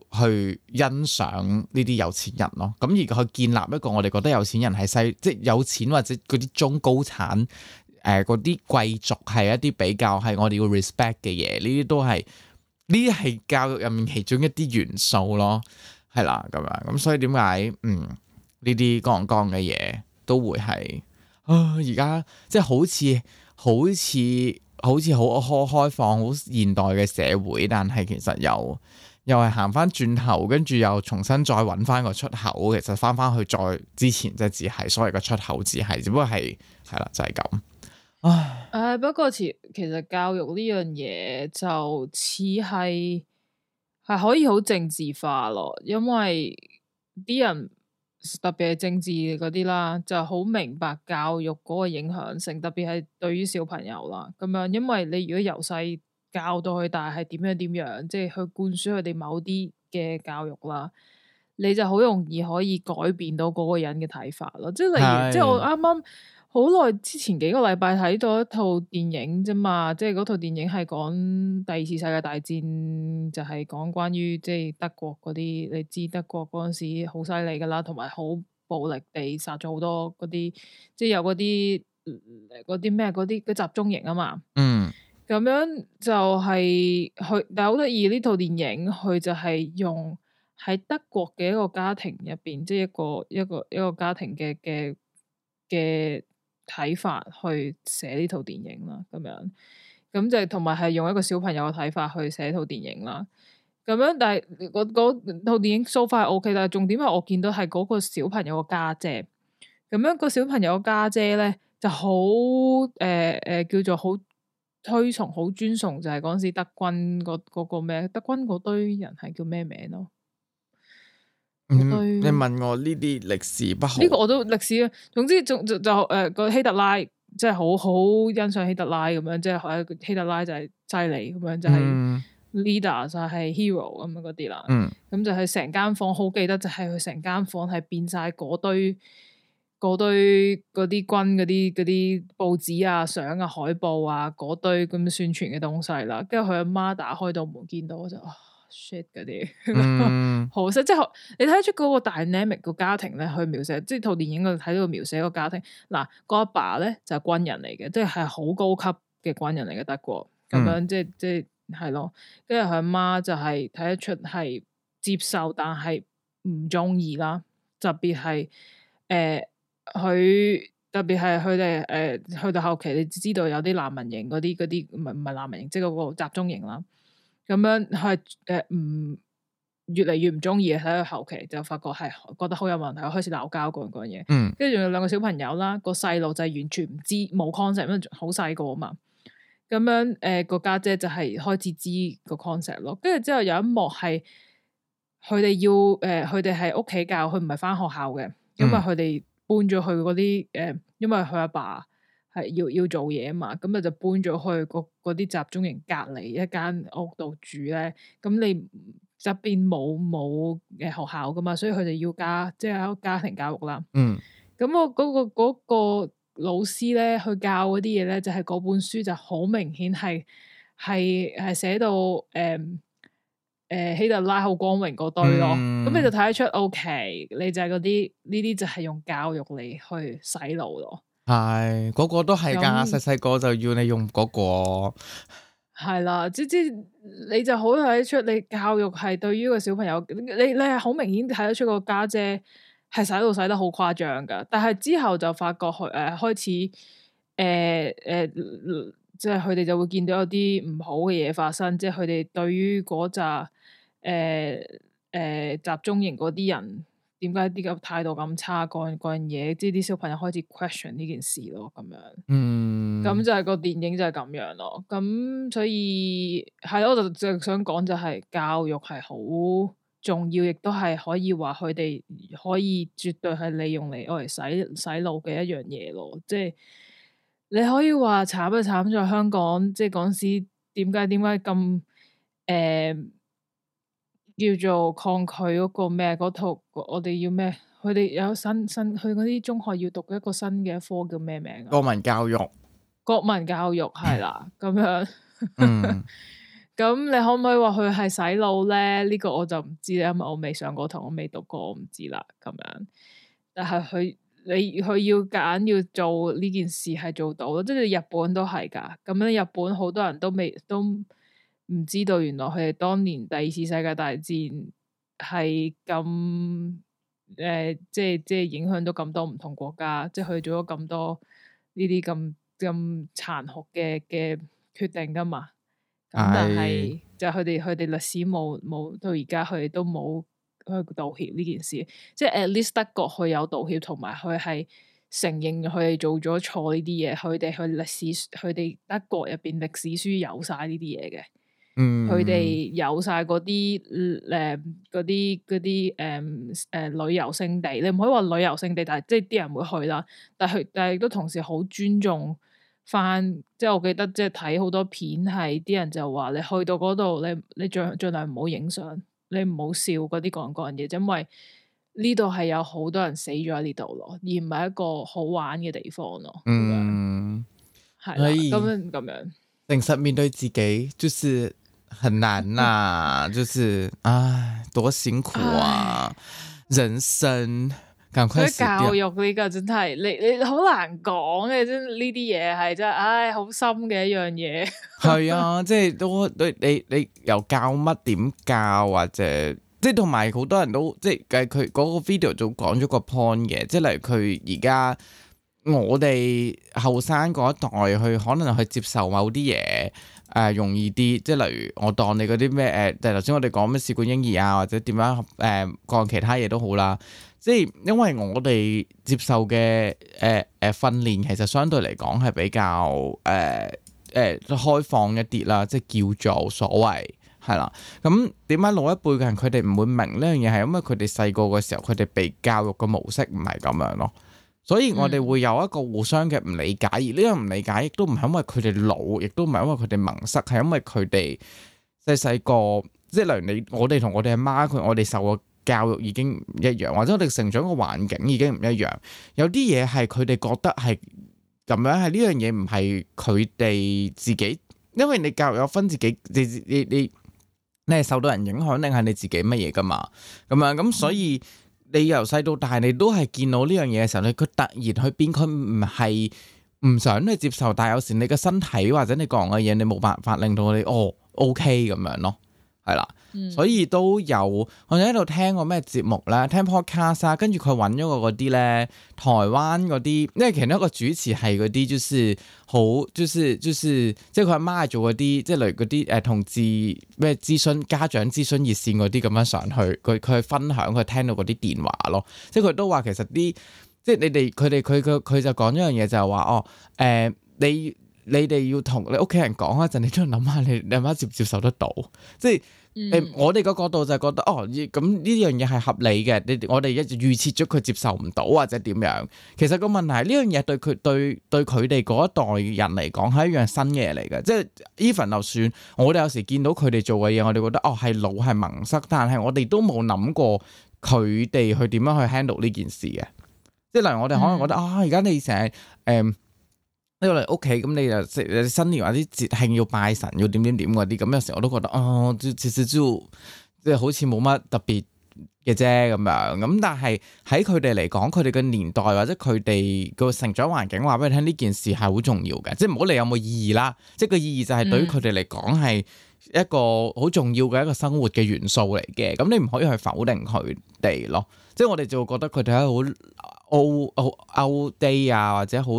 要去欣賞呢啲有錢人咯。咁而佢建立一個我哋覺得有錢人係西即係有錢或者嗰啲中高產誒嗰啲貴族係一啲比較係我哋要 respect 嘅嘢。呢啲都係呢啲係教育入面其中一啲元素咯，係啦咁樣咁。所以點解嗯呢啲光光嘅嘢都會係？啊！而家即係好似好似好似好開放、好現代嘅社會，但係其實又又係行翻轉頭，跟住又重新再揾翻個出口。其實翻翻去再之前、就是，即係只係所謂嘅出口只，只係只不過係係啦，就係、是、咁。唉唉、啊，不過其其實教育呢樣嘢就似係係可以好政治化咯，因為啲人。特別係政治嗰啲啦，就好明白教育嗰個影響性，特別係對於小朋友啦，咁樣，因為你如果由細教到佢大，係點樣點樣，即係去灌輸佢哋某啲嘅教育啦，你就好容易可以改變到嗰個人嘅睇法咯，即係例如，是即係我啱啱。好耐之前幾個禮拜睇咗一套電影啫嘛，即係嗰套電影係講第二次世界大戰，就係、是、講關於即係德國嗰啲，你知德國嗰陣時好犀利噶啦，同埋好暴力地殺咗好多嗰啲，即係有嗰啲嗰啲咩嗰啲集中營啊嘛。嗯，咁樣就係、是、佢，但係好得意呢套電影，佢就係用喺德國嘅一個家庭入邊，即係一個一個一個家庭嘅嘅嘅睇法去寫呢套電影啦，咁樣咁就同埋係用一個小朋友嘅睇法去寫套電影啦。咁樣，但係套電影 so far 係 OK，但係重點係我見到係嗰個小朋友嘅家姐咁樣個小朋友嘅家姐咧就好誒誒叫做好推崇好尊崇，就係、係、嗰時德軍、嗰個嗰個咩德軍嗰堆人係叫咩名咯？那嗯、你問我呢啲歷史不好？呢個我都歷史，啊。總之就，就誒個、呃、希特拉，即係好好欣賞希特拉咁樣，即係希特拉就係犀利咁樣，嗯、就係 leader 就係 hero 咁樣嗰啲啦。嗯，咁就係成間房好、嗯、記得，就係佢成間房係變晒嗰堆，嗰堆啲軍嗰啲嗰啲報紙啊、相啊、海報啊，嗰堆咁宣傳嘅東西啦。跟住佢阿媽打開道門，見到我就。shit 嗰啲、mm. 可惜即係你睇得出嗰個 dynamic 個家庭咧，去描寫即係套電影嗰度睇到描寫個家庭。嗱，個阿爸咧就係、是、軍人嚟嘅，即係係好高級嘅軍人嚟嘅德國咁樣，即係即係係咯。跟住佢阿媽就係睇得出係接受，但係唔中意啦。特別係誒佢特別係佢哋誒去到後期，你知道有啲難民營嗰啲嗰啲唔係唔係難民營，即係嗰個集中營啦。咁樣係誒唔，越嚟越唔中意喺，佢後期就發覺係覺得好有問題，開始鬧交嗰樣嘢。嗯，跟住仲有兩個小朋友啦，個細路就係完全唔知冇 concept，因為好細個啊嘛。咁樣誒個家姐就係開始知個 concept 咯。跟住之後有一幕係佢哋要誒，佢哋係屋企教，佢唔係返學校嘅，因為佢哋搬咗去嗰啲誒，因為佢阿爸。係要要做嘢嘛，咁啊就搬咗去嗰啲集中營隔離一間屋度住咧，咁你側邊冇冇嘅學校噶嘛，所以佢就要加即係喺家庭教育啦。嗯，咁我嗰、嗰個、嗰個老師咧，去教嗰啲嘢咧，就係、係、嗰本書就好明顯係係係寫到誒誒、嗯呃、希特拉好光榮嗰堆咯，咁、嗯 okay，你就睇得出，OK，你就係嗰啲呢啲就係用教育嚟去洗腦咯。係，嗰、哎那個都係噶，細細個就要你用嗰、那個。係啦，即係你就好睇得出，你教育係對於個小朋友，你你係好明顯睇得出個家姐係使到使得好誇張噶。但係之後就發覺佢誒、呃、開始誒誒、呃呃，即係佢哋就會見到有啲唔好嘅嘢發生，即係佢哋對於嗰扎誒誒集中營嗰啲人。點解啲咁態度咁差，嗰樣嘢，即係啲小朋友開始 question 呢件事咯，咁樣，咁、嗯、就係個電影就係咁樣咯。咁所以係咯，我就想就想講就係教育係好重要，亦都係可以話佢哋可以絕對係利用嚟你嚟洗洗腦嘅一樣嘢咯。即係你可以話慘就慘在香港，即係嗰時點解點解咁誒。叫做抗拒嗰個咩？嗰套我哋要咩？佢哋有新新去嗰啲中學要讀一個新嘅科叫咩名？國民教育。國民教育係啦，咁樣。 嗯。咁 你可唔可以話佢係洗腦咧？呢、這個我就唔知啦，因為我未上過堂，我未讀過，我唔知啦。咁樣。但係佢你佢要揀要做呢件事係做到，即、就、係、是、日本都係噶。咁樣日本好多人都未都。唔知道原來佢哋當年第二次世界大戰係咁，誒，即係即係影響到咁多唔同國家，即係佢哋做咗咁多呢啲咁咁殘酷嘅嘅決定㗎嘛。咁但係，哎、就佢哋佢哋歷史冇冇到而家佢哋都冇去道歉呢件事。即係 at least 德國佢有道歉同埋佢係承認佢哋做咗錯呢啲嘢。佢哋佢歷史佢哋德國入邊歷史書有晒呢啲嘢嘅。佢哋、嗯、有晒嗰啲誒，啲啲誒誒旅遊勝地，你唔可以話旅遊勝地，但係即係啲人會去啦。但係但係都同時好尊重翻，即係我記得即係睇好多片，係啲人就話你去到嗰度，你你盡盡量唔好影相，你唔好笑嗰啲講講嘢，因為呢度係有好多人死咗喺呢度咯，而唔係一個好玩嘅地方咯。嗯，係咁樣咁樣，誠實面對自己，就是。很難啦、啊， 就是，唉，多辛苦啊！唉人生，趕快教育呢個真係你你好難講嘅，真呢啲嘢係真係，唉，好深嘅一樣嘢。係 啊，即、就、係、是、都你你你又教乜點教或者，即係同埋好多人都即係佢嗰個 video 仲講咗個 point 嘅，即、就、係、是、例如佢而家我哋後生嗰一代去可能去接受某啲嘢。誒、呃、容易啲，即係例如我當你嗰啲咩誒，就頭先我哋講咩試管嬰兒啊，或者點樣誒講、呃、其他嘢都好啦。即係因為我哋接受嘅誒誒訓練，其實相對嚟講係比較誒誒、呃呃、開放一啲啦，即係叫做所謂係啦。咁點解老一輩嘅人佢哋唔會明呢樣嘢，係因為佢哋細個嘅時候，佢哋被教育嘅模式唔係咁樣咯。所以我哋會有一個互相嘅唔理解，而呢個唔理解亦都唔係因為佢哋老，亦都唔係因為佢哋蒙塞，係因為佢哋細細個，即係例如你，我哋同我哋阿媽，佢我哋受嘅教育已經唔一樣，或者我哋成長嘅環境已經唔一樣，有啲嘢係佢哋覺得係咁樣，係呢樣嘢唔係佢哋自己，因為你教育有分自己，你你你，你，你係受到人影響定係你自己乜嘢噶嘛？咁樣咁，所以。嗯你由細到大，你都係見到呢樣嘢嘅時候咧，佢突然去變，佢唔係唔想去接受，但係有時你嘅身體或者你講嘅嘢，你冇辦法令到你哦，OK 咁樣咯，係啦。所以都有，我哋喺度聽過咩節目啦，聽 podcast 跟、啊、住佢揾咗個嗰啲咧，台灣嗰啲，因為其中一個主持係嗰啲，就是好，就是、就是、就是，即係佢阿媽做嗰啲，即係例如嗰啲誒同志咩諮詢家長諮詢熱線嗰啲咁樣上去，佢佢分享佢聽到嗰啲電話咯，即係佢都話其實啲，即係你哋佢哋佢佢佢就講咗樣嘢就係話哦，誒、呃、你你哋要同你屋企人講一陣，你都要諗下你阿媽接唔接受得到，即係。誒，我哋個角度就係覺得，哦，咁呢樣嘢係合理嘅。你我哋一預設咗佢接受唔到或者點樣，其實個問題係呢樣嘢對佢對對佢哋嗰一代人嚟講係一樣新嘅嘢嚟嘅。即係 even 就算我哋有時見到佢哋做嘅嘢，我哋覺得哦係老係盲塞，但係我哋都冇諗過佢哋去點樣去 handle 呢件事嘅。即係例如我哋可能覺得啊，而家你成日誒。喺我嚟屋企咁，你又新年或者節慶要拜神要點點點嗰啲，咁有時候我都覺得哦，即係好似冇乜特別嘅啫咁樣。咁但係喺佢哋嚟講，佢哋嘅年代或者佢哋個成長環境話俾你聽呢件事係好重要嘅，即係唔好理有冇意義啦。即係個意義就係對於佢哋嚟講係一個好重要嘅一個生活嘅元素嚟嘅。咁、嗯、你唔可以去否定佢哋咯。即係我哋就會覺得佢哋係好 old old day 啊，或者好。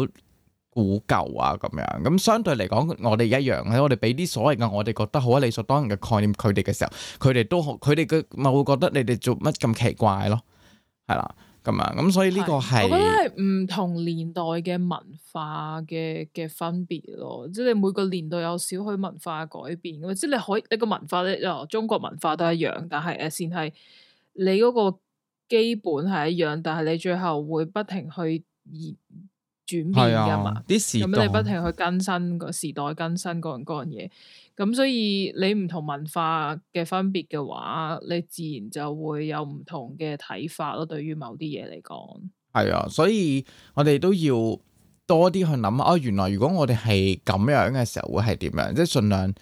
古舊啊，咁樣咁相對嚟講，我哋一樣咧。我哋俾啲所謂嘅我哋覺得好理所當然嘅概念佢哋嘅時候，佢哋都好佢哋嘅咪會覺得你哋做乜咁奇怪咯，係啦咁啊咁，咁樣咁所以呢個係我覺得係唔同年代嘅文化嘅嘅分別咯。即你每個年代有少許文化改變，即係你可以你個文化咧，中國文化都一樣，但係誒，先係你嗰個基本係一樣，但係你最後會不停去。轉變噶嘛，啲、啊、時代，咁你不停去更新個時代，更新嗰樣嗰樣嘢，咁所以你唔同文化嘅分別嘅話，你自然就會有唔同嘅睇法咯。對於某啲嘢嚟講，係啊，所以我哋都要多啲去諗哦，原來如果我哋係咁樣嘅時候，會係點樣？即係盡量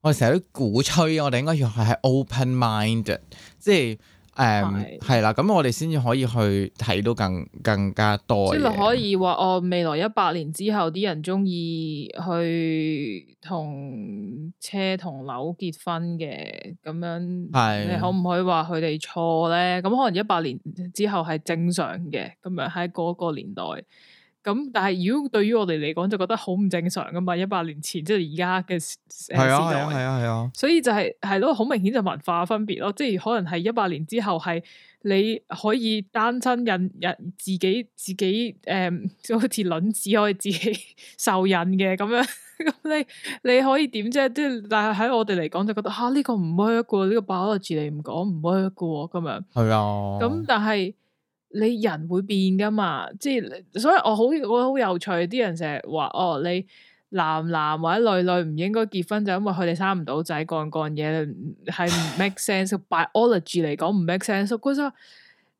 我哋成日都鼓吹，我哋應該要係 open mind，即係。誒係啦，咁、um, 的我哋先至可以去睇到更更加多。即係咪可以話我、哦、未來一百年之後啲人鍾意去同車同樓結婚嘅咁樣？係的，你可唔可以話佢哋錯咧？咁可能一百年之後係正常嘅，咁樣喺嗰個年代。咁但係如果對於我哋嚟講就覺得好唔正常噶嘛？一百年前即係而家嘅時代，係啊係啊係啊，啊啊啊所以就係係咯，好明顯就文化分別咯。即係可能係一百年之後係你可以單身忍忍自己自己誒，就、呃、好似卵子可以自己 受孕嘅咁樣。咁 你你可以點啫？即係但係喺我哋嚟講就覺得吓呢、啊這個唔 work、這個呢個 biology 嚟唔講唔 work 個咁樣。係啊。咁、嗯、但係。你人會變㗎嘛？即係所以我好我好有趣，啲人成日話哦，你男男或者女女唔應該結婚，就因為佢哋生唔到仔，干干嘢係唔 make sense。biology 嚟講唔 make sense。嗰陣 Bi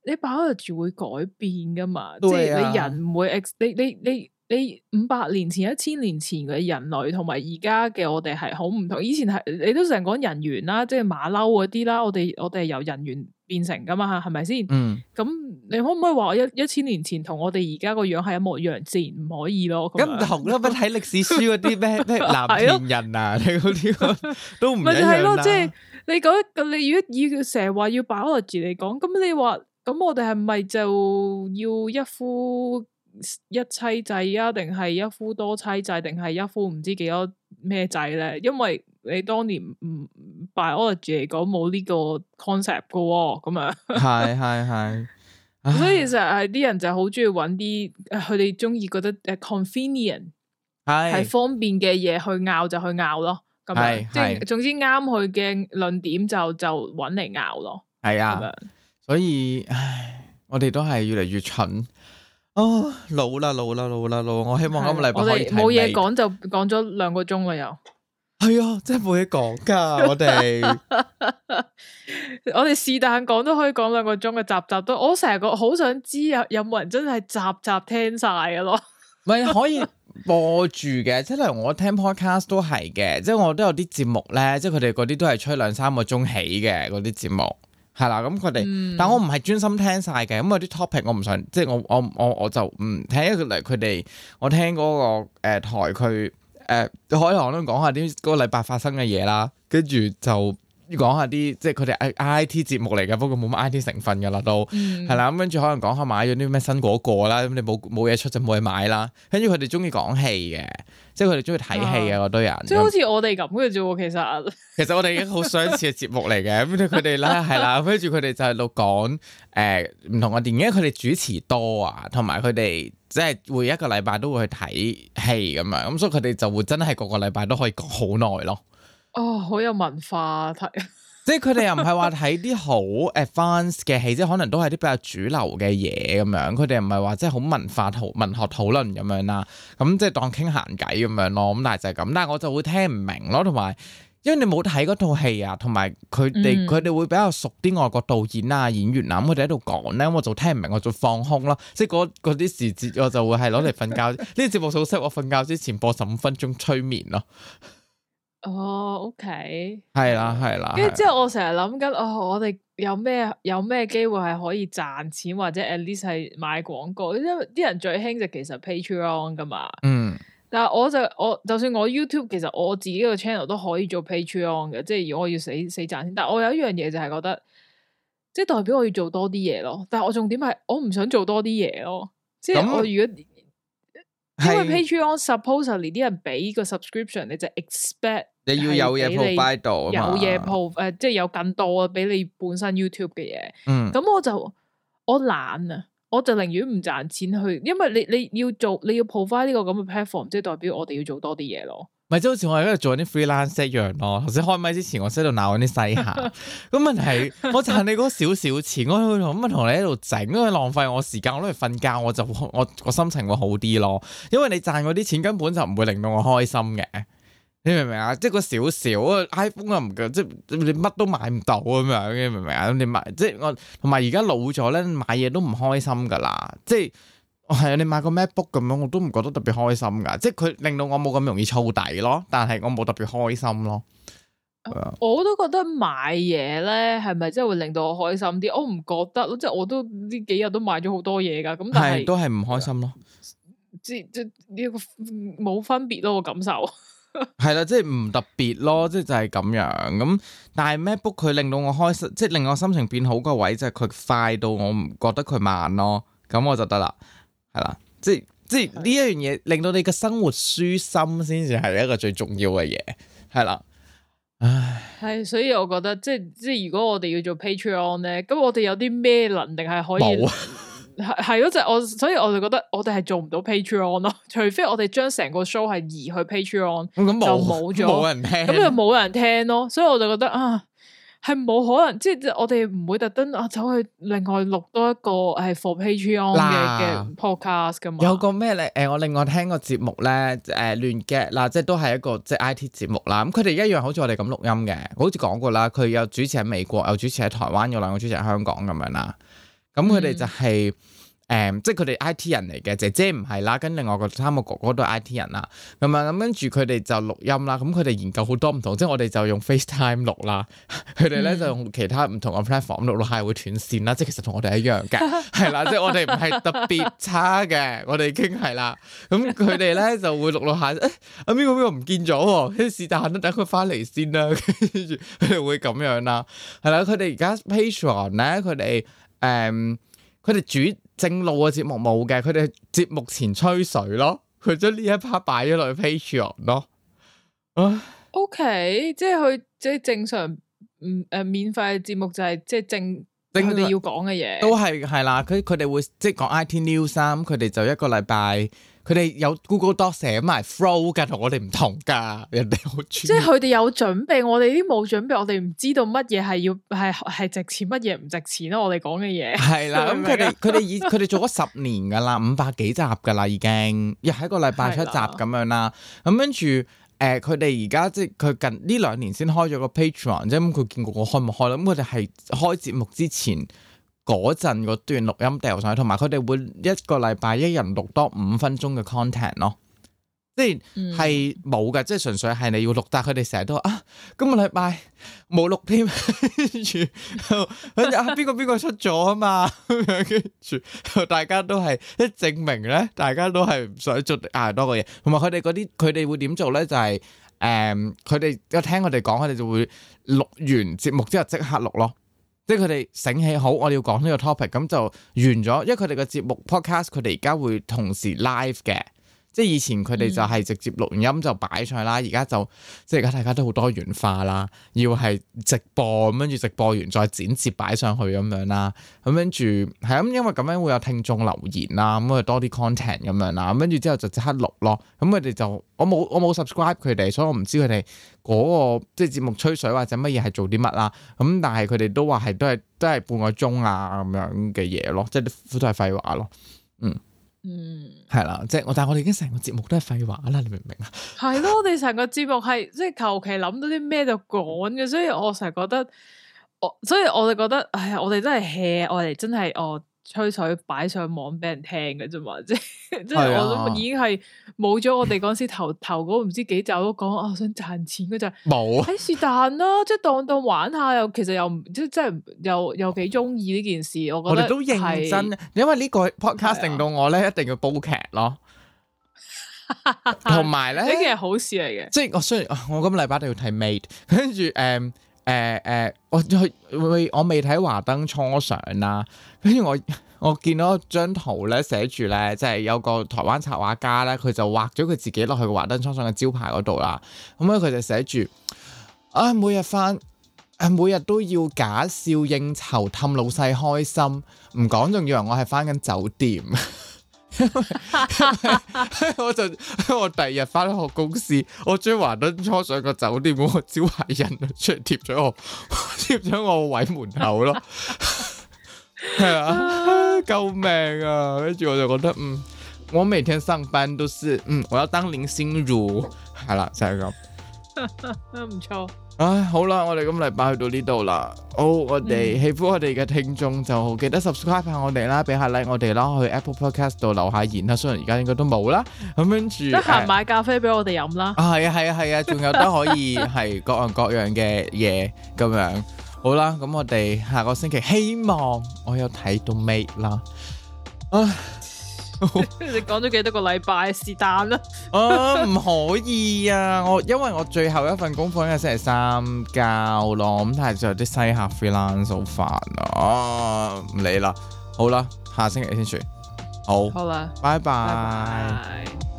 你 biology 會改變㗎嘛？啊、即係你人唔會 ex，你你你。你你你五百年前、一千年前嘅人類同埋而家嘅我哋係好唔同。以前係你都成日講人猿啦，即係馬騮嗰啲啦。我哋我哋由人猿變成噶嘛，係咪先？嗯。咁你可唔可以話一一千年前同我哋而家個樣係一,一模一樣？自然唔可以咯。咁同啦，咪睇歷史書嗰啲咩咩藍田人啊，嗰啲都唔一樣啦。咪就係咯，即係你講，你如果要成日話要把握住嚟講，咁你話咁、嗯、我哋係咪就要一副？一妻制啊，定係一夫多妻制，定係一夫唔知幾多咩制咧？因為你當年唔、嗯、biology 嚟講冇呢個 concept 噶，咁啊，係係係， 所以其實係啲人就好中意揾啲佢哋中意覺得誒 convenient 係係是方便嘅嘢去拗就去拗咯，咁啊，即係總之啱佢嘅論點就就揾嚟拗咯，係啊，所以唉，我哋都係越嚟越蠢。哦老啦老啦老啦老！我希望今個禮拜可以冇嘢講就講咗兩個鐘啦，又係啊，真係冇嘢講噶我哋，我哋是但講都可以講兩個鐘嘅集集都，我成日個好想知有有冇人真係集集聽晒噶咯，唔係可以播住嘅， 即係例如我聽 podcast 都係嘅，即係我都有啲節目咧，即係佢哋嗰啲都係吹兩三個鐘起嘅嗰啲節目。係啦，咁佢哋，嗯、但我唔係專心聽晒嘅，咁有啲 topic 我唔想，即係我我我我就唔、嗯、聽，因為佢哋，我聽嗰、嗰個、呃、台佢誒、呃、海航都講下啲嗰個禮拜發生嘅嘢啦，跟住就。講下啲即係佢哋 I T 節目嚟嘅，不過冇乜 I T 成分㗎啦，都係啦。咁跟住可能講下買咗啲咩新嗰個啦，咁、嗯、你冇冇嘢出就冇嘢買啦。跟住佢哋中意講戲嘅，即係佢哋中意睇戲嘅嗰、啊、堆人。即係好似我哋咁嘅啫喎，其實 其實我哋已經好相似嘅節目嚟嘅。咁佢哋咧係啦，跟住佢哋就喺度講誒唔同嘅電影。佢哋主持多啊，同埋佢哋即係會每一個禮拜都會去睇戲咁樣，咁所以佢哋就會真係個個禮拜都可以講好耐咯。哦，oh, 好有文化睇 ，即係佢哋又唔係話睇啲好 advance 嘅戲，即係可能都係啲比較主流嘅嘢咁樣。佢哋又唔係話即係好文化、好文學討論咁樣啦。咁即係當傾閒偈咁樣咯。咁但係就係咁，但係我就會聽唔明咯，同埋因為你冇睇嗰套戲啊，同埋佢哋佢哋會比較熟啲外國導演啊、演員啊，咁佢哋喺度講咧，我就聽唔明，我就放空咯。即係嗰嗰啲時節，我就會係攞嚟瞓覺。呢 個節目組織，我瞓覺之前播十五分鐘催眠咯。哦、oh，OK，係啦係啦，跟住之後我成日諗緊，哦，我哋有咩有咩機會係可以賺錢，或者 at least 係買廣告，因為啲人最興就其實 Patreon 噶嘛。嗯，但係我就我就算我 YouTube 其實我自己個 channel 都可以做 Patreon 嘅，即係如果我要死死賺錢，但係我有一樣嘢就係覺得，即係代表我要做多啲嘢咯。但係我重點係我唔想做多啲嘢咯，即係我如果、嗯、因為 Patreon supposedly 啲人俾個 subscription 你就 expect。你要有嘢 provide 到啊嘛，有嘢 pro 誒，即係有更多俾你本身 YouTube 嘅嘢。嗯，咁我就我懶啊，我就寧願唔賺錢去，因為你你要做你要 provide 呢個咁嘅 platform，即係代表我哋要做多啲嘢咯。咪即好似我喺度做緊啲 freelance 一樣咯。頭先開咪之前我喺度鬧緊啲西霞，咁 問題我賺你嗰少少錢， 我去同咁同你喺度整，咁啊浪費我時間，我攞嚟瞓覺，我就我個心情會好啲咯。因為你賺嗰啲錢根本就唔會令到我開心嘅。你明唔明啊？即係個少少啊，iPhone 又唔夠，即係你乜都買唔到咁樣，你明唔明啊？你買，即係我同埋而家老咗咧，買嘢都唔開心噶啦。即係，係你買個 MacBook 咁樣，我都唔覺得特別開心噶。即係佢令到我冇咁容易燥底咯，但係我冇特別開心咯。我都覺得買嘢咧係咪即係會令到我開心啲？我唔覺得咯，即係我都呢幾日都買咗好多嘢噶，咁但係都係唔開心咯。即即呢個冇分別咯，我感受。係啦， 即係唔特別咯，即係就係咁樣咁。但係 MacBook 佢令到我開心，即係令我心情變好個位就係佢快到我唔覺得佢慢咯，咁我就得啦。係啦，即係即係呢一樣嘢令到你嘅生活舒心先至係一個最重要嘅嘢。係啦，唉，係所以我覺得即係即係如果我哋要做 Patreon 咧，咁我哋有啲咩能力係可以？沒有 係係咯，就我 所以我就覺得我哋係做唔到 Patreon 咯，除非我哋將成個 show 係移去 Patreon，、嗯嗯、就冇咗冇人聽，咁就冇人聽咯。所以我就覺得啊，係冇可能，即係我哋唔會特登啊，走去另外錄多一個係 for Patreon 嘅、嗯、podcast 噶嘛。有個咩咧？誒、呃，我另外聽個節目咧，誒、呃，亂 get 啦，即係都係一個即係 IT 節目啦。咁佢哋一樣好似我哋咁錄音嘅，好似講過啦。佢有主持喺美國，有主持喺台灣，有兩個主持喺香港咁樣啦。咁佢哋就係、是、誒、呃，即係佢哋 I T 人嚟嘅，姐姐唔係啦，跟另外個三個哥哥都 I T 人啦。咁、嗯、啊，咁跟住佢哋就錄音啦。咁佢哋研究好多唔同，即係我哋就用 FaceTime 錄啦。佢哋咧就用其他唔同嘅 platform 錄錄下，會斷線啦。即係其實同我哋一樣嘅，係 啦。即係我哋唔係特別差嘅， 我哋已經係啦。咁佢哋咧就會錄錄下，誒阿邊個邊個唔見咗喎？跟住是但等等佢翻嚟先啦、啊。佢 哋會咁樣啦、啊。係啦，佢哋而家 Patreon 咧，佢哋。誒，佢哋，um, 主正路嘅節目冇嘅，佢哋節目前吹水咯，佢將呢一 part 擺咗落去 Patreon 咯。啊，OK，即係佢即係正常，嗯、呃、誒，免費嘅節目就係、是、即係正定你要講嘅嘢，都係係啦。佢佢哋會即係講 IT news，佢哋就一個禮拜。佢哋有 Google Docs 寫埋 flow 噶，我同我哋唔同噶，人哋好專。即係佢哋有準備，我哋啲冇準備，我哋唔知道乜嘢係要係係值錢，乜嘢唔值錢咯。我哋講嘅嘢。係啦的，咁佢哋佢哋已佢哋做咗十年噶啦，五百幾集噶啦，已經又係一個禮拜出集咁樣啦。咁跟住誒，佢哋而家即係佢近呢兩年先開咗個 Patreon，即係佢見過我開唔開啦。咁佢哋係開節目之前。嗰陣嗰段錄音掉上去，同埋佢哋會一個禮拜一人錄多五分鐘嘅 content 咯，即係冇嘅，嗯、即係純粹係你要錄。但係佢哋成日都話啊，今個禮拜冇錄添，跟 住啊邊個邊個出咗啊嘛，咁樣跟住大家都係即係證明咧，大家都係唔想做啊多個嘢。同埋佢哋嗰啲，佢哋會點做咧？就係、是、誒，佢哋一聽佢哋講，佢哋就會錄完節目之後即刻錄咯。即係佢哋醒起好，我哋要講呢個 topic，咁就完咗。因為佢哋嘅節目 podcast，佢哋而家會同時 live 嘅。即係以前佢哋就係直接錄音就擺上去啦，而家、嗯、就即係而家大家都好多元化啦，要係直播咁跟住直播完再剪接擺上去咁樣啦，咁跟住係咁，因為咁樣會有聽眾留言啦、啊，咁咪多啲 content 咁樣啦，咁跟住之後就即刻錄咯。咁佢哋就我冇我冇 subscribe 佢哋，所以我唔知佢哋嗰個即係節目吹水或者乜嘢係做啲乜啦。咁但係佢哋都話係都係都係半個鐘啊咁樣嘅嘢咯，即係都係廢話咯，嗯。嗯，係啦，即係我，但係我哋已經成個節目都係廢話啦，你明唔明啊？係咯，我哋成個節目係即係求其諗到啲咩就講嘅，所以我成日覺得，我所以我哋覺得，哎呀，我哋真係 hea，我哋真係我。喔吹水擺上網俾人聽嘅啫嘛，即、就、即、是、 我都已經係冇咗我哋嗰時 頭頭嗰唔知幾集都講啊，想賺錢嗰陣冇，喺沒有、 係是但啦，即當當玩下又其實又唔即即又又幾中意呢件事，我覺得我哋都認真，因為呢個 podcast 令到我咧一定要煲劇咯，同埋咧呢件係好事嚟嘅，即我 雖然我今禮拜都要睇 mate，跟住誒誒誒，我去、呃呃呃呃、未我未睇華燈初上啦。啊啊啊啊啊跟住我，我見到張圖咧，寫住咧，即係有個台灣插畫家咧，佢就畫咗佢自己落去華燈初上嘅招牌嗰度啦。咁咧佢就寫住啊，每日翻，每日都要假笑應酬，氹老細開心。唔講仲以為我係翻緊酒店， 因為我就我第二日翻學公司，我將華燈初上嘅酒店個招牌印出嚟貼咗我，貼咗我，我位門口咯。 係啊，救命啊！跟住我就覺得，嗯，我每天上班都是，嗯，我要當林心如。係啦，就係咁，唔錯。唉，好啦，我哋今禮拜去到呢度啦。好，我哋喜歡我哋嘅聽眾就記得 subscribe 下我哋啦，俾下 like 我哋啦，去 Apple Podcast 度留下言啦。雖然而家應該都冇啦，咁跟住得閒買咖啡俾我哋飲啦。係啊係啊係啊，仲有都可以係各樣各樣嘅嘢咁樣。好啦，咁我哋下個星期希望我有睇到尾啦。啊，你講咗幾多個禮拜是但啦？啊，唔可以啊！我因為我最後一份功課應該星期三交咯，咁但係就有啲西客 freelance 好煩啊，唔理啦。好啦，下星期先算。好，好啦，拜拜。